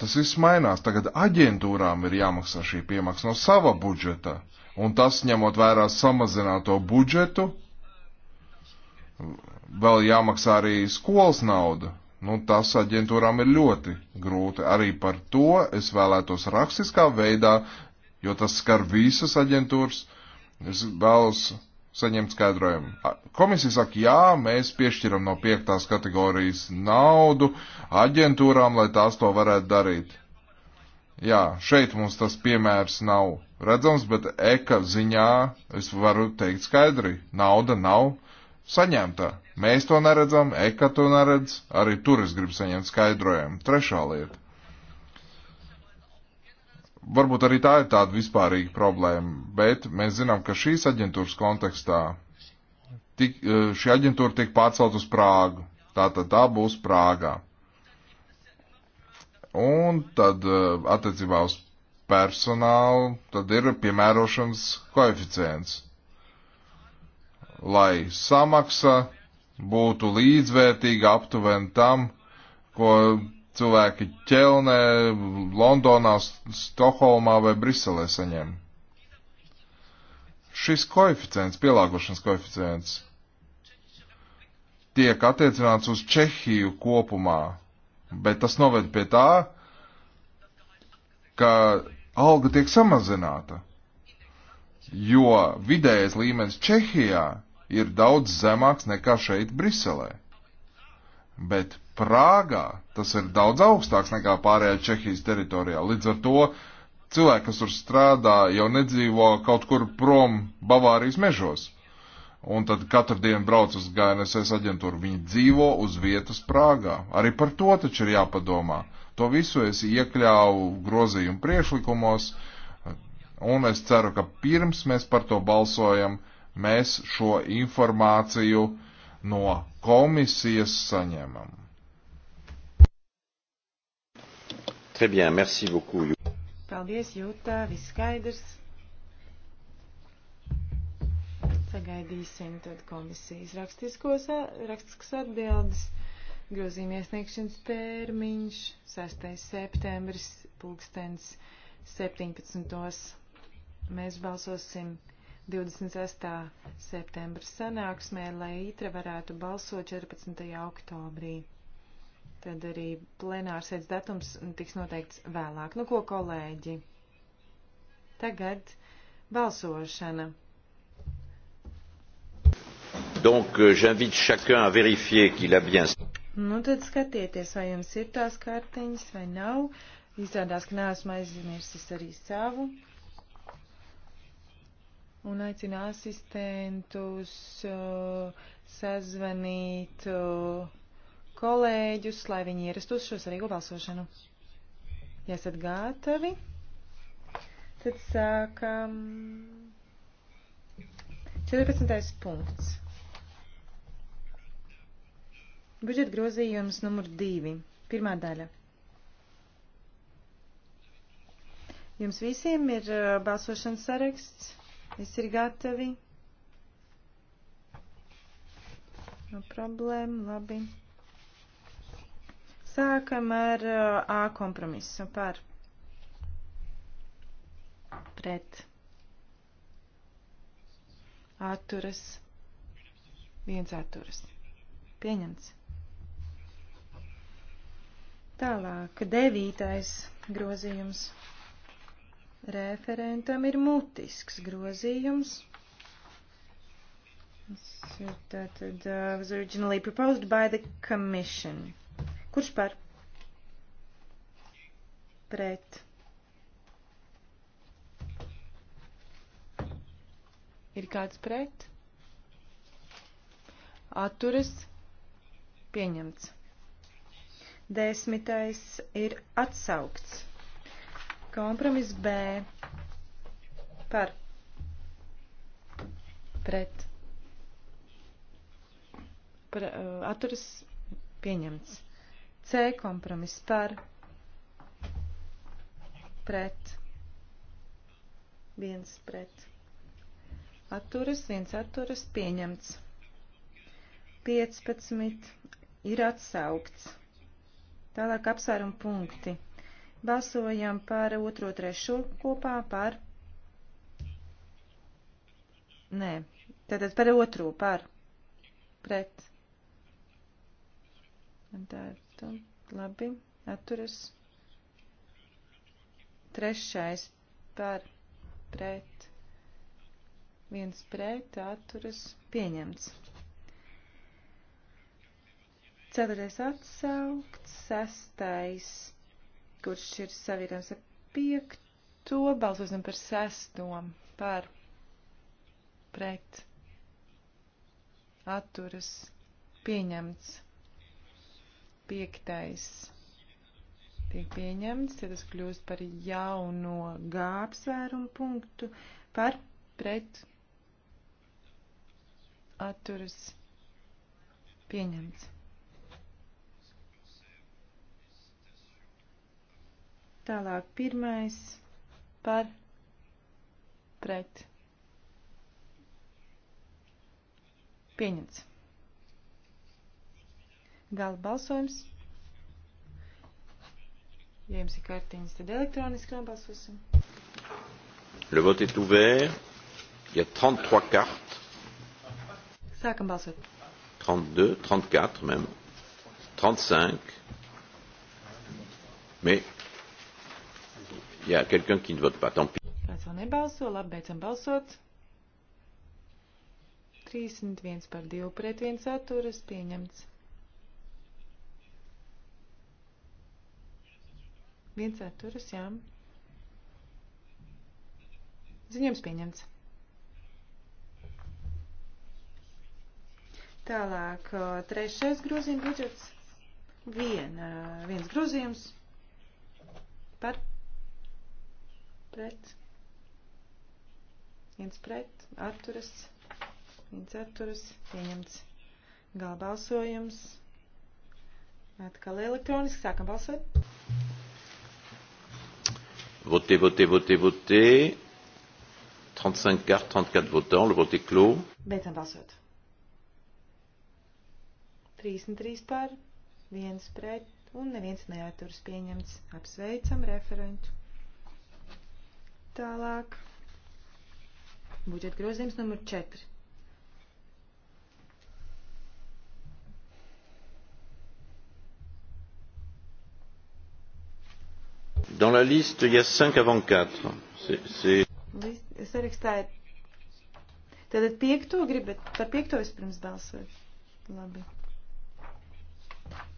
tas viss mainās. Tagad aģentūrām ir jāmaksā šī piemaksa no sava budžeta. Un tas ņemot vērā samazināto budžetu, vēl jāmaksā arī skolas nauda. Nu, tas aģentūrām ir ļoti grūti. Arī par to es vēlētos rakstiskā veidā, jo tas skar visas aģentūras. Es vēlos saņemt skaidrojumu. Komisija saka, jā, mēs piešķiram no piektās kategorijas naudu aģentūrām, lai tās to varētu darīt. Jā, šeit mums tas piemērs nav redzams, bet eka ziņā es varu teikt skaidri, nauda nav saņemta. Mēs to neredzam, Eka to neredz, arī tur es gribu saņemt skaidrojumu. Trešā lieta. Varbūt arī tā ir tāda vispārīga problēma, bet mēs zinām, ka šīs aģentūras kontekstā tik, e, šī aģentūra tiek pārcelt uz Prāgu. Tātad tā būs Prāgā. Un tad e, attiecībā uz personālu, tad ir piemērošanas koeficients lai samaksa būtu līdzvērtīga aptuveni tam, ko cilvēki ķelnē, Londonā, Stokholmā vai Briselē saņem. Šis koeficients, pielāgošanas koeficients, tiek attiecināts uz Čehiju kopumā, bet tas noved pie tā, ka alga tiek samazināta, jo vidējais līmenis Čehijā ir daudz zemāks nekā šeit Briselē. Bet Prāgā tas ir daudz augstāks nekā pārējā Čehijas teritorijā. Līdz ar to cilvēki, kas tur strādā, jau nedzīvo kaut kur prom Bavārijas mežos. Un tad katru dienu brauc uz GNSS aģentūru. Viņi dzīvo uz vietas Prāgā. Arī par to taču ir jāpadomā. To visu es iekļāvu grozījumu priešlikumos, un es ceru, ka pirms mēs par to balsojam, uh, mēs šo informāciju no komisijas saņemam. Très bien, merci beaucoup. Paldies, Jūta, viss skaidrs. Sagaidīsim tad komisijas rakstiskos, rakstiskas atbildes. Grozījuma iesniegšanas termiņš 6. septembris, pulkstens 17. Mēs balsosim 26. septembra sanāksmē, lai ITRE varētu balsot 14. oktobrī. Tad arī plenārsēdz datums tiks noteikts vēlāk. Nu ko, kolēģi? Tagad balsošana. Donc, euh, j'invite chacun à vérifier qu'il a bien. Nu, tad skatieties, vai jums ir tās kartiņas vai nav. Izrādās, ka neesmu aizmirsis arī savu un aicina asistentus uh, sazvanīt uh, kolēģus, lai viņi ierastos šo svarīgo balsošanu. Ja esat gatavi, tad sākam 14. punkts. Budžeta grozījums numur 2. Pirmā daļa. Jums visiem ir uh, balsošanas saraksts. Visi ir gatavi? No problēma, labi. Sākam ar uh, A kompromisu par pret atturas, viens atturas. Pieņemts. Tālāk, devītais grozījums referentam ir mutisks grozījums. Tātad, uh, was originally proposed by the commission. Kurš par? Pret. Ir kāds pret? Atturas. Pieņemts. Desmitais ir atsaukts. Kompromiss B par pret par, uh, atturas pieņemts. C kompromiss par pret viens pret atturas, viens atturas pieņemts. 15 ir atsaukts. Tālāk apsvērumu punkti. Balsojam par otro trešo kopā par. Nē, tātad par otro par. Pret. Tā ir tā. Labi. Atturas. Trešais par. Pret. Viens pret. Atturas. Pieņemts. Ceturtais atsaukts. Sestais kurš ir savietojams ar piekto, balsosim par sesto, par pret atturas pieņemts piektais. Tiek pieņemts, ja tas kļūst par jauno gāpsvērumu punktu par pret atturas pieņemts. Tālāk pirmais par pret. Pieņemts. Gala balsojums. Ja jums ir kartiņas, tad elektroniski nobalsosim. Le vote est ouvert. Il y a 33 cartes. Sākam balsot. 32, 34 même. 35. Mais Il y a quelqu'un qui ne vote pas, tant pis. Kāds vēl nebalso, labi, beidzam balsot. 31 par 2 pret 1 atturas pieņemts. 1 atturas, jā. Ziņojums pieņemts. Tālāk, trešais grozījums budžets. Vien, viens grozījums par pret, viens pret, atturas, viens atturas, pieņemts gala balsojums. Atkal elektroniski sākam balsot. Votez, votez, votez, votez. 35 cartes, 34 votants. Le vote est clos. Beidzam balsot. 33 par, 1 pret un neviens neaturas pieņemts. Apsveicam referentu. Tālāk. Budžeta grozījums numur 4. Dans la liste, il y a 5 avant 4. C'est. Sarakstā ir. Tātad piekto gribat, par piekto vispirms balsot. Labi.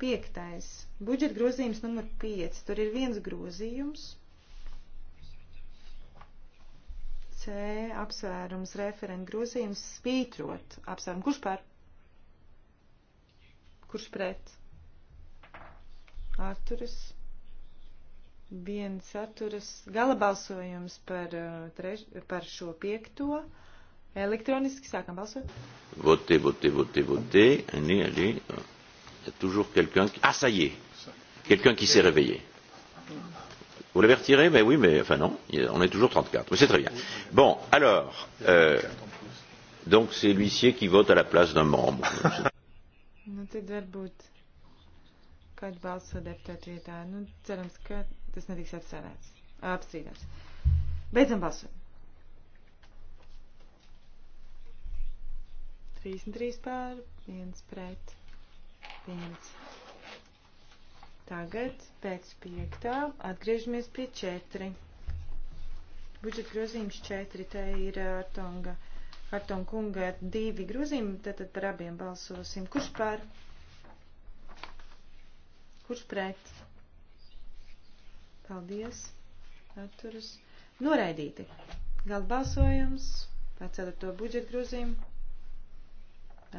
Piektais. Budžeta grozījums numur 5. Tur ir viens grozījums. C apsvērums referenta grozījums spītrot apsvērumu. Kurš par? Kurš pret? Atturas. Viens atturas. Gala balsojums par, uh, trež, par šo piekto. Elektroniski sākam balsot. Votez, votez, votez, votez. Allez, allez. Il y a toujours quelqu'un qui... Ah, ça y est. Quelqu'un qui s'est réveillé. Vous l'avez retiré Mais oui, mais enfin non, on est toujours 34. Mais c'est très bien. Bon, alors, euh, donc c'est l'huissier qui vote à la place d'un membre. Nu, tad varbūt kāda balss deputāta vietā. Nu, cerams, ka tas netiks apsvērts. Apstrīdās. Beidzam balsot. 33 pār, 1 pret, 1 Tagad pēc piektā atgriežamies pie četri. Budžeta grozījums četri, te ir uh, Artonga, Artonga kunga divi grozījumi, tad par abiem balsosim. Kurš par? Kurš pret? Paldies. Atturas. Noraidīti. Galda balsojums par ceturto budžeta grozījumu.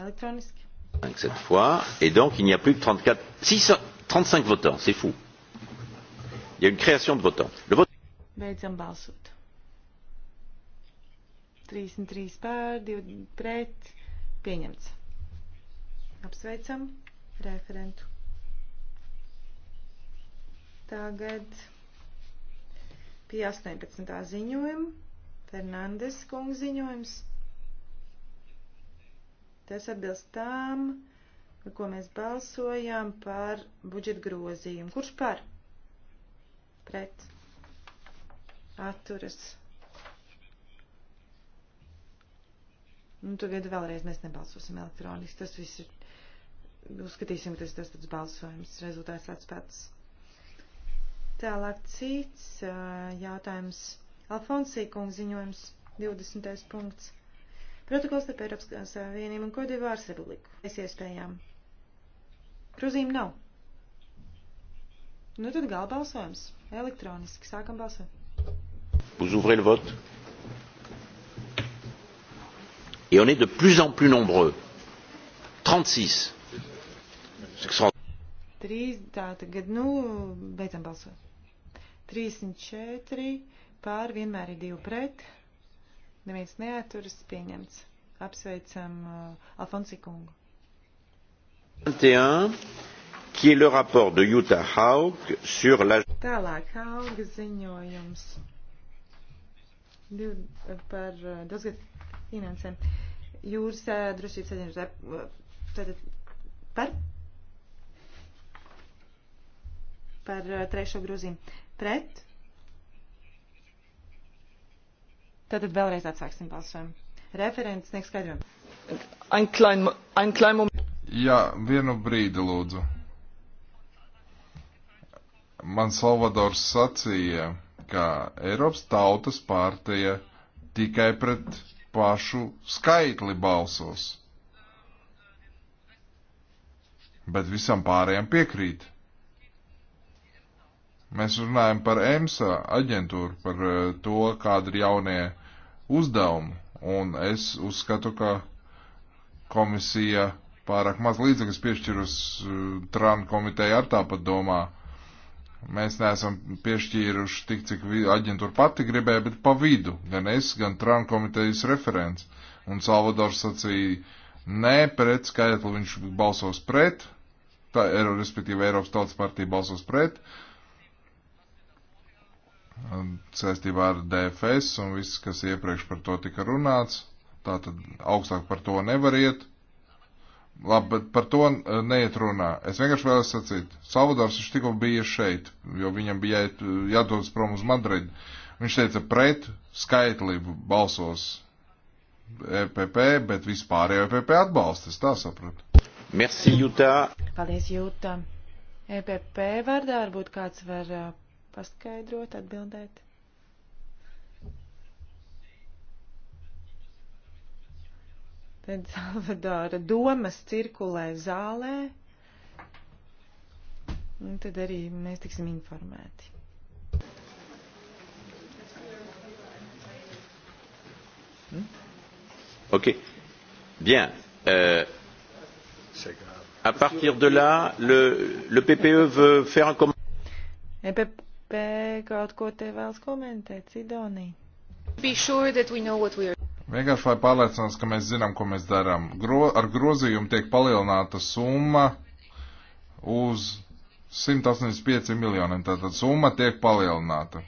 Elektroniski. 5 cette fois, et donc il n'y a plus que 34, 6, 35 votants, c'est fou. Il y a une création de votants. Le vote... Beidzam balsot. 33 pār, 2 pret, pieņemts. Apsveicam referentu. Tagad pie 18. ziņojuma, Fernandes kungu ziņojums. Tas atbilst tām, ko mēs balsojām par budžeta grozījumu. Kurš par? Pret. Atturas. Nu, tagad vēlreiz mēs nebalsosim elektroniski. Tas viss ir. Uzskatīsim, ka tas tas pats balsojums. Rezultāts tāds pats. Tālāk cits jautājums. Alfonsī kungs ziņojums 20. punkts. Protokols starp Eiropas Savienību un Kodivārs Republiku. Es iespējām. Grozījumu nav. Nu tad gala balsojums. Elektroniski. Sākam balsot. Vous ouvrez le vote. Et on est de plus en plus nombreux. 36. Trīs, tā tagad, nu, beidzam balsot. 34 pār, vienmēr ir divi pret. Neviens neaturas pieņemts. Apsveicam uh, Alfonsi Kungu. 21, qui est le rapport de Jutta Haug sur la... Tālāk, Haug ziņojums Div, par uh, daudzgad finansēm. Jūras uh, drošības aģentūra. Uh, tātad par? Par uh, trešo grozīmu. Pret? Tātad vēlreiz atsāksim balsojumu. Referents sniegs skaidrojumu. Jā, vienu brīdi lūdzu. Man Salvadors sacīja, ka Eiropas tautas pārteja tikai pret pašu skaitli balsos. Bet visam pārējiem piekrīt. Mēs runājam par EMSA aģentūru, par eh, to, kāda ir jaunie uh, uzdevumi, un es uzskatu, ka komisija pārāk maz līdzekļus piešķirus eh, Trānu komiteja ar tāpat domā. Mēs neesam piešķīruši tik, cik aģentūra pati gribēja, bet pa vidu, gan es, gan Trānu komitejas referents. Un Salvadors sacīja, nē, pret skaitli viņš balsos pret, tā, respektīvi Eiropas tautas partija balsos pret, uh, saistībā ar DFS un viss, kas iepriekš par to tika runāts. Tātad augstāk par to nevar iet. Labi, bet par to eh, neiet runā. Es vienkārši vēlos sacīt, Salvadors viņš tikko bija šeit, jo viņam bija eh, jādodas prom uz Madridu. Viņš teica, pret skaitlību balsos EPP, bet vispārējo EPP atbalsta, es tā sapratu. Merci, Jūtā. Paldies, Jūtā. EPP vārdā varbūt kāds var eh, paskaidrot, atbildēt. Tad Salvadora domas cirkulē zālē, un tad arī mēs tiksim informēti. Hm? Ok. Bien. Euh, à partir de là, le, le PPE veut faire un commentaire. ETP kaut ko te vēlas komentēt, Sidonija. Sure Vienkārši lai pārliecinātos, ka mēs zinām, ko mēs darām. Gro, ar grozījumu tiek palielināta summa uz 185 miljoniem. Tātad summa tiek palielināta.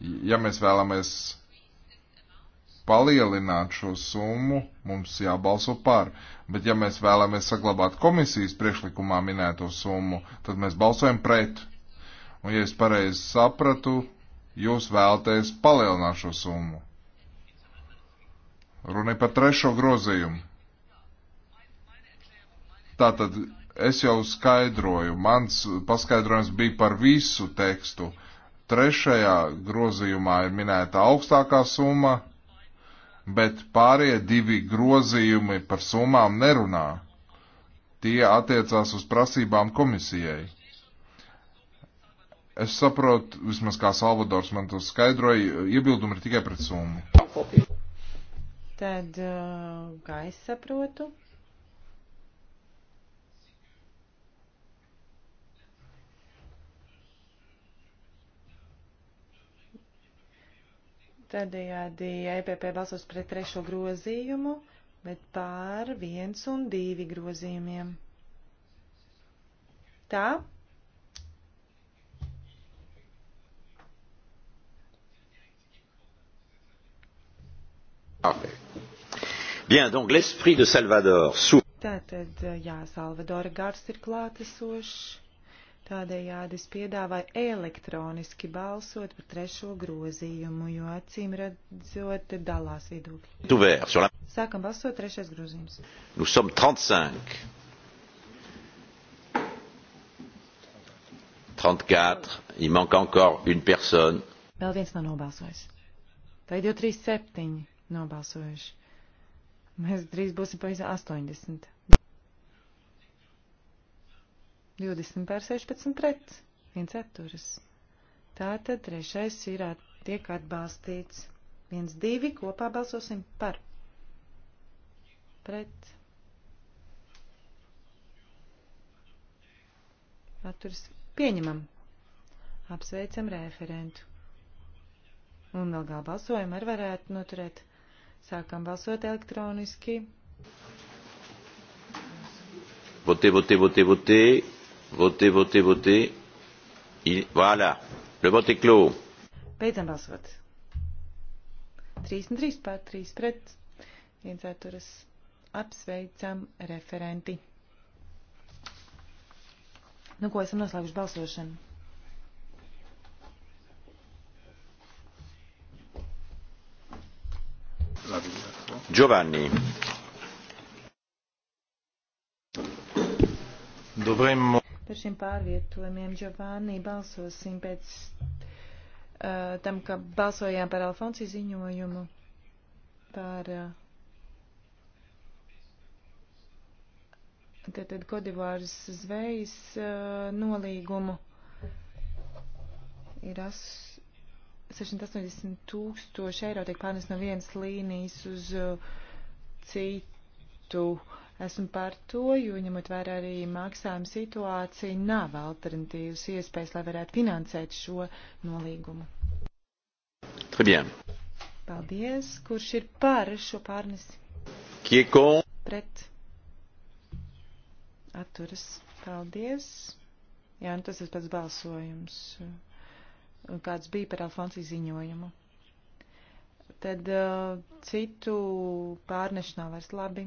Ja mēs vēlamies palielināt šo summu, mums jābalso par. Bet ja mēs vēlamies saglabāt komisijas priekšlikumā minēto summu, tad mēs balsojam pret. Un, ja es pareizi sapratu, jūs vēlaties palielināt šo summu. Runa ir par trešo grozījumu. Tātad es jau skaidroju, mans paskaidrojums bija par visu tekstu. Trešajā grozījumā ir minēta augstākā summa, bet pārējie divi grozījumi par summām nerunā. Tie attiecās uz prasībām komisijai. Es saprotu, vismaz kā Salvadors man to skaidroja, iebildumi ir tikai pret summu. Tad, uh, kā es saprotu? Tādējādi EPP balsos pret trešo grozījumu, bet pār viens un divi grozījumiem. Tā? Bien, donc l'esprit de Salvador sous. Tātad, jā, Salvadora gars ir klātesošs. Tādējādi es piedāvāju elektroniski balsot par trešo grozījumu, jo acīm redzot dalās viedokļi. Sākam balsot trešais grozījums. Nous sommes 35. 34. Il manque encore une personne. Vēl viens nav nobalsojis. Tagad jau 37 nobalsojuši. Mēs drīz būsim pavisam 80. 20 pār 16 pret, viens atturas. Tātad trešais ir at, tiek atbalstīts. Viens, divi, kopā balsosim par. Pret. Atturas pieņemam. Apsveicam referentu. Un vēl galā balsojumu arī varētu noturēt Sākam balsot elektroniski. Votez, votez, votez, votez. Votez, votez, votez. Il... Voilà. Le vote est clos. Beidzam balsot. 33 pār 3 pret. Viens atturas. Apsveicam referenti. Nu, ko esam noslēguši balsošanu? Giovanni. Dovremmo. Par šiem pārvietojumiem Giovanni balsosim pēc uh, tam, ka balsojām par Alfonsi ziņojumu par uh, tātad Kodivāras zvejas uh, nolīgumu. Ir as, 680 tūkstoši eiro tiek pārnes no vienas līnijas uz uh, citu. Esmu par to, jo ņemot vērā arī maksājuma situāciju, nav alternatīvas iespējas, lai varētu finansēt šo nolīgumu. Tribien. Paldies. Kurš ir par šo pārnesi? Kieko. Pret. Atturas. Paldies. Jā, nu tas ir pats balsojums kāds bija par Alfonsiju ziņojumu. Tad uh, citu pārnešanā vairs labi.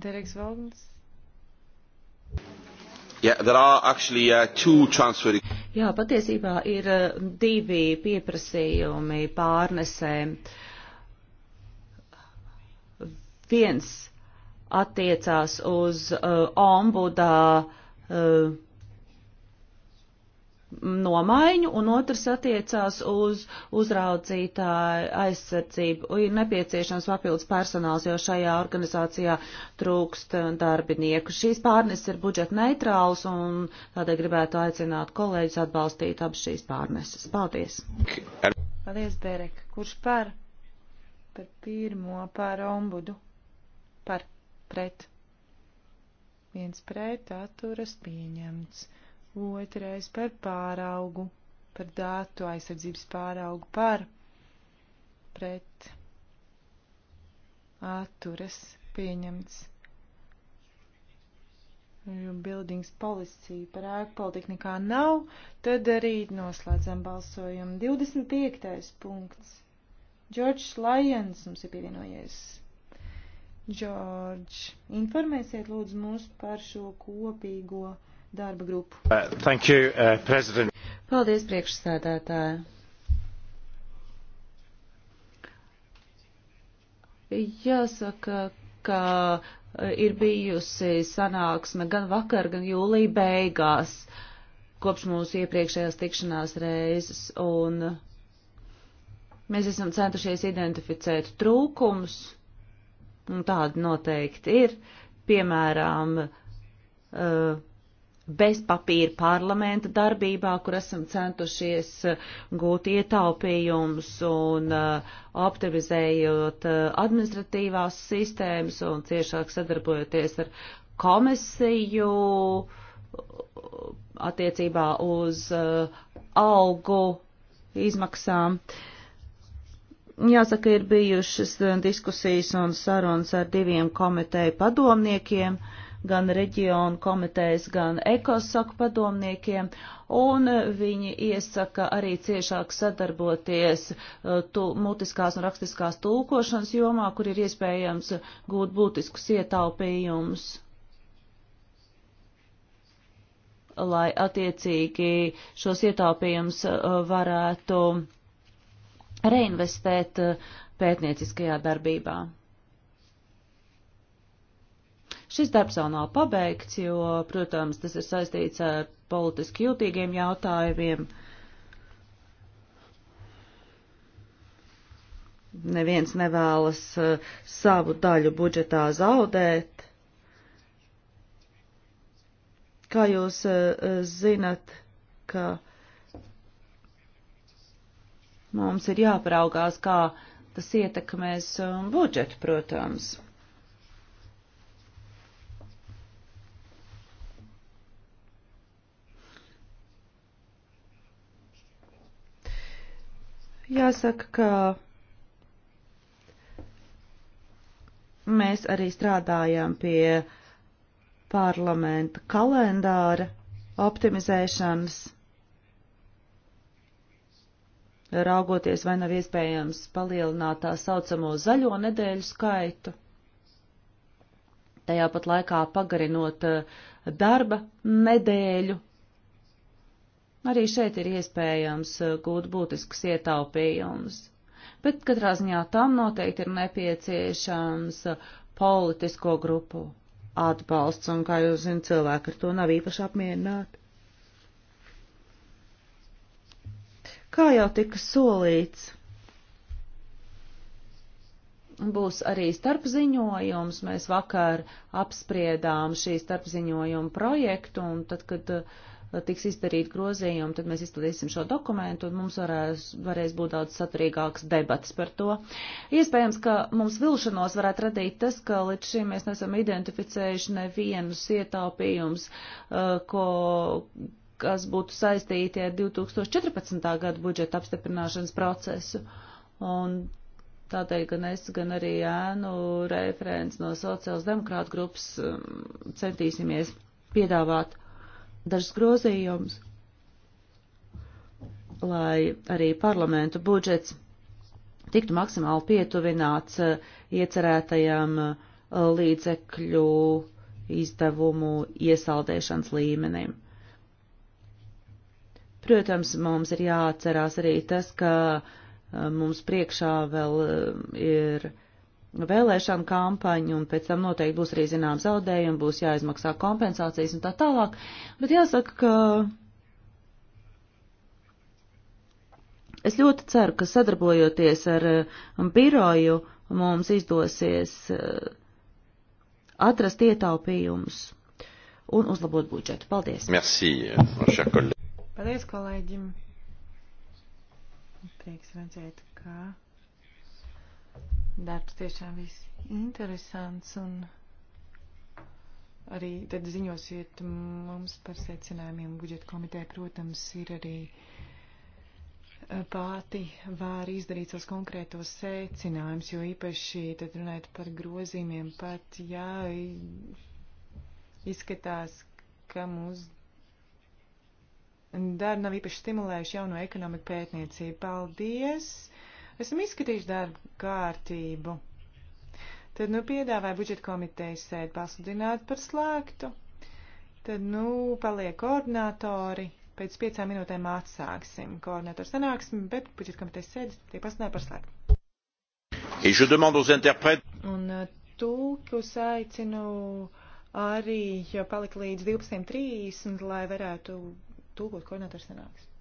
Dereks Vogns. Yeah, there are actually uh, two transfer. Jā, patiesībā ir uh, divi pieprasījumi pārnesēm. Viens attiecās uz uh, ombudā uh, nomaiņu, un otrs attiecās uz uzraudzītāju aizsardzību. Ir nepieciešams papildus personāls, jo šajā organizācijā trūkst darbinieku. Šīs pārnes ir budžeta neitrāls, un tādēļ gribētu aicināt kolēģis atbalstīt abas šīs pārneses. Paldies! Paldies, Berek! Kurš par? Par pirmo, par ombudu? Par pret? Viens pret, atturas pieņemts. Otrais par pāraugu, par dātu aizsardzības pāraugu, par pret atturas pieņemts. Buildings policija par ēku politiku nekā nav, tad arī noslēdzam balsojumu. 25. punkts. Džordžs Lajens mums ir pievienojies. Džordž, informēsiet lūdzu mūs par šo kopīgo darba grupu. Uh, thank you, uh, President. Paldies, priekšsēdētāji. Jāsaka, ka uh, ir bijusi sanāksme gan vakar, gan jūlija beigās kopš mūsu iepriekšējās tikšanās reizes, un mēs esam centušies identificēt trūkums, un tādi noteikti ir, piemēram, uh, bez papīra parlamenta darbībā, kur esam centušies uh, gūt ietaupījumus un uh, optimizējot uh, administratīvās sistēmas un ciešāk sadarbojoties ar komisiju attiecībā uz algu izmaksām. Jāsaka, ir bijušas diskusijas un sarunas ar diviem komiteju padomniekiem. Uh, gan reģionu komitejas, gan ekosoku padomniekiem, un eh, viņi iesaka arī ciešāk sadarboties eh, tu, mutiskās un rakstiskās tulkošanas jomā, kur ir iespējams gūt būtiskus ietaupījumus lai attiecīgi šos ietaupījumus eh, varētu reinvestēt pētnieciskajā darbībā. Šis darbs vēl nav pabeigts, jo, protams, tas ir saistīts ar politiski jūtīgiem jautājumiem. Neviens nevēlas eh, savu daļu budžetā zaudēt. Kā jūs eh, zinat, ka mums ir jāparaugās, kā tas ietekmēs eh, budžetu, protams. Jāsaka, ka mēs arī strādājam pie parlamenta kalendāra optimizēšanas, raugoties, vai nav iespējams palielināt tā saucamo zaļo nedēļu skaitu, tajā pat laikā pagarinot eh, darba nedēļu Arī šeit ir iespējams eh, gūt būtisks ietaupījums. Bet katrā ziņā tam noteikti ir nepieciešams eh, politisko grupu atbalsts, un, kā jūs zināt, cilvēki ar to nav īpaši apmierināti. Kā jau tika solīts, būs arī starpziņojums. Mēs vakar apspriedām šī starpziņojuma projektu, un tad, kad uh, tiks izdarīt grozījumi, tad mēs izstudēsim šo dokumentu un mums varēs, varēs būt daudz saturīgāks debats par to. Iespējams, ka mums vilšanos varētu radīt tas, ka līdz šim mēs nesam identificējuši nevienus ietaupījums, uh, ko kas būtu saistīti ar 2014. gada budžeta apstiprināšanas procesu. Un Tādēļ gan es, gan arī ēnu referents no sociāls demokrāta grupas um, centīsimies piedāvāt dažas grozījumus, lai arī parlamentu budžets tiktu maksimāli pietuvināts eh, iecerētajam eh, līdzekļu izdevumu iesaldēšanas līmenim. Protams, mums ir jāatcerās arī tas, ka eh, mums priekšā vēl ir vēlēšanu kampaņu, un pēc tam noteikti būs arī zinām zaudējumi, būs jāizmaksā kompensācijas un tā tālāk. Bet jāsaka, ka es ļoti ceru, ka sadarbojoties ar um, biroju mums izdosies uh, atrast ietaupījumus un uzlabot budžetu. Paldies! Merci, Paldies kolēģim! Prieks redzēt, ka. Kā... Darbs tiešām viss interesants un arī tad ziņosiet mums par secinājumiem. Budžeta komiteja, protams, ir arī e, pāti var izdarīt savus konkrētos secinājumus, jo īpaši tad runājot par grozījumiem, pat jā, izskatās, ka mūs darbi nav īpaši stimulējuši jauno ekonomiku pētniecību. Paldies! Esam izskatījuši darbu kārtību. Tad, nu, piedāvāja budžeta komitejas sēdi pasludināt par slēgtu. Tad, nu, paliek koordinātori. Pēc piecām minūtēm atsāksim koordinātoru sanāksmi, bet budžeta komitejas sēdes tiek pasludināta par slēgtu. Un uh, tūkus aicinu arī palikt līdz 12.30, lai varētu tūkot koordinātoru sanāksmi.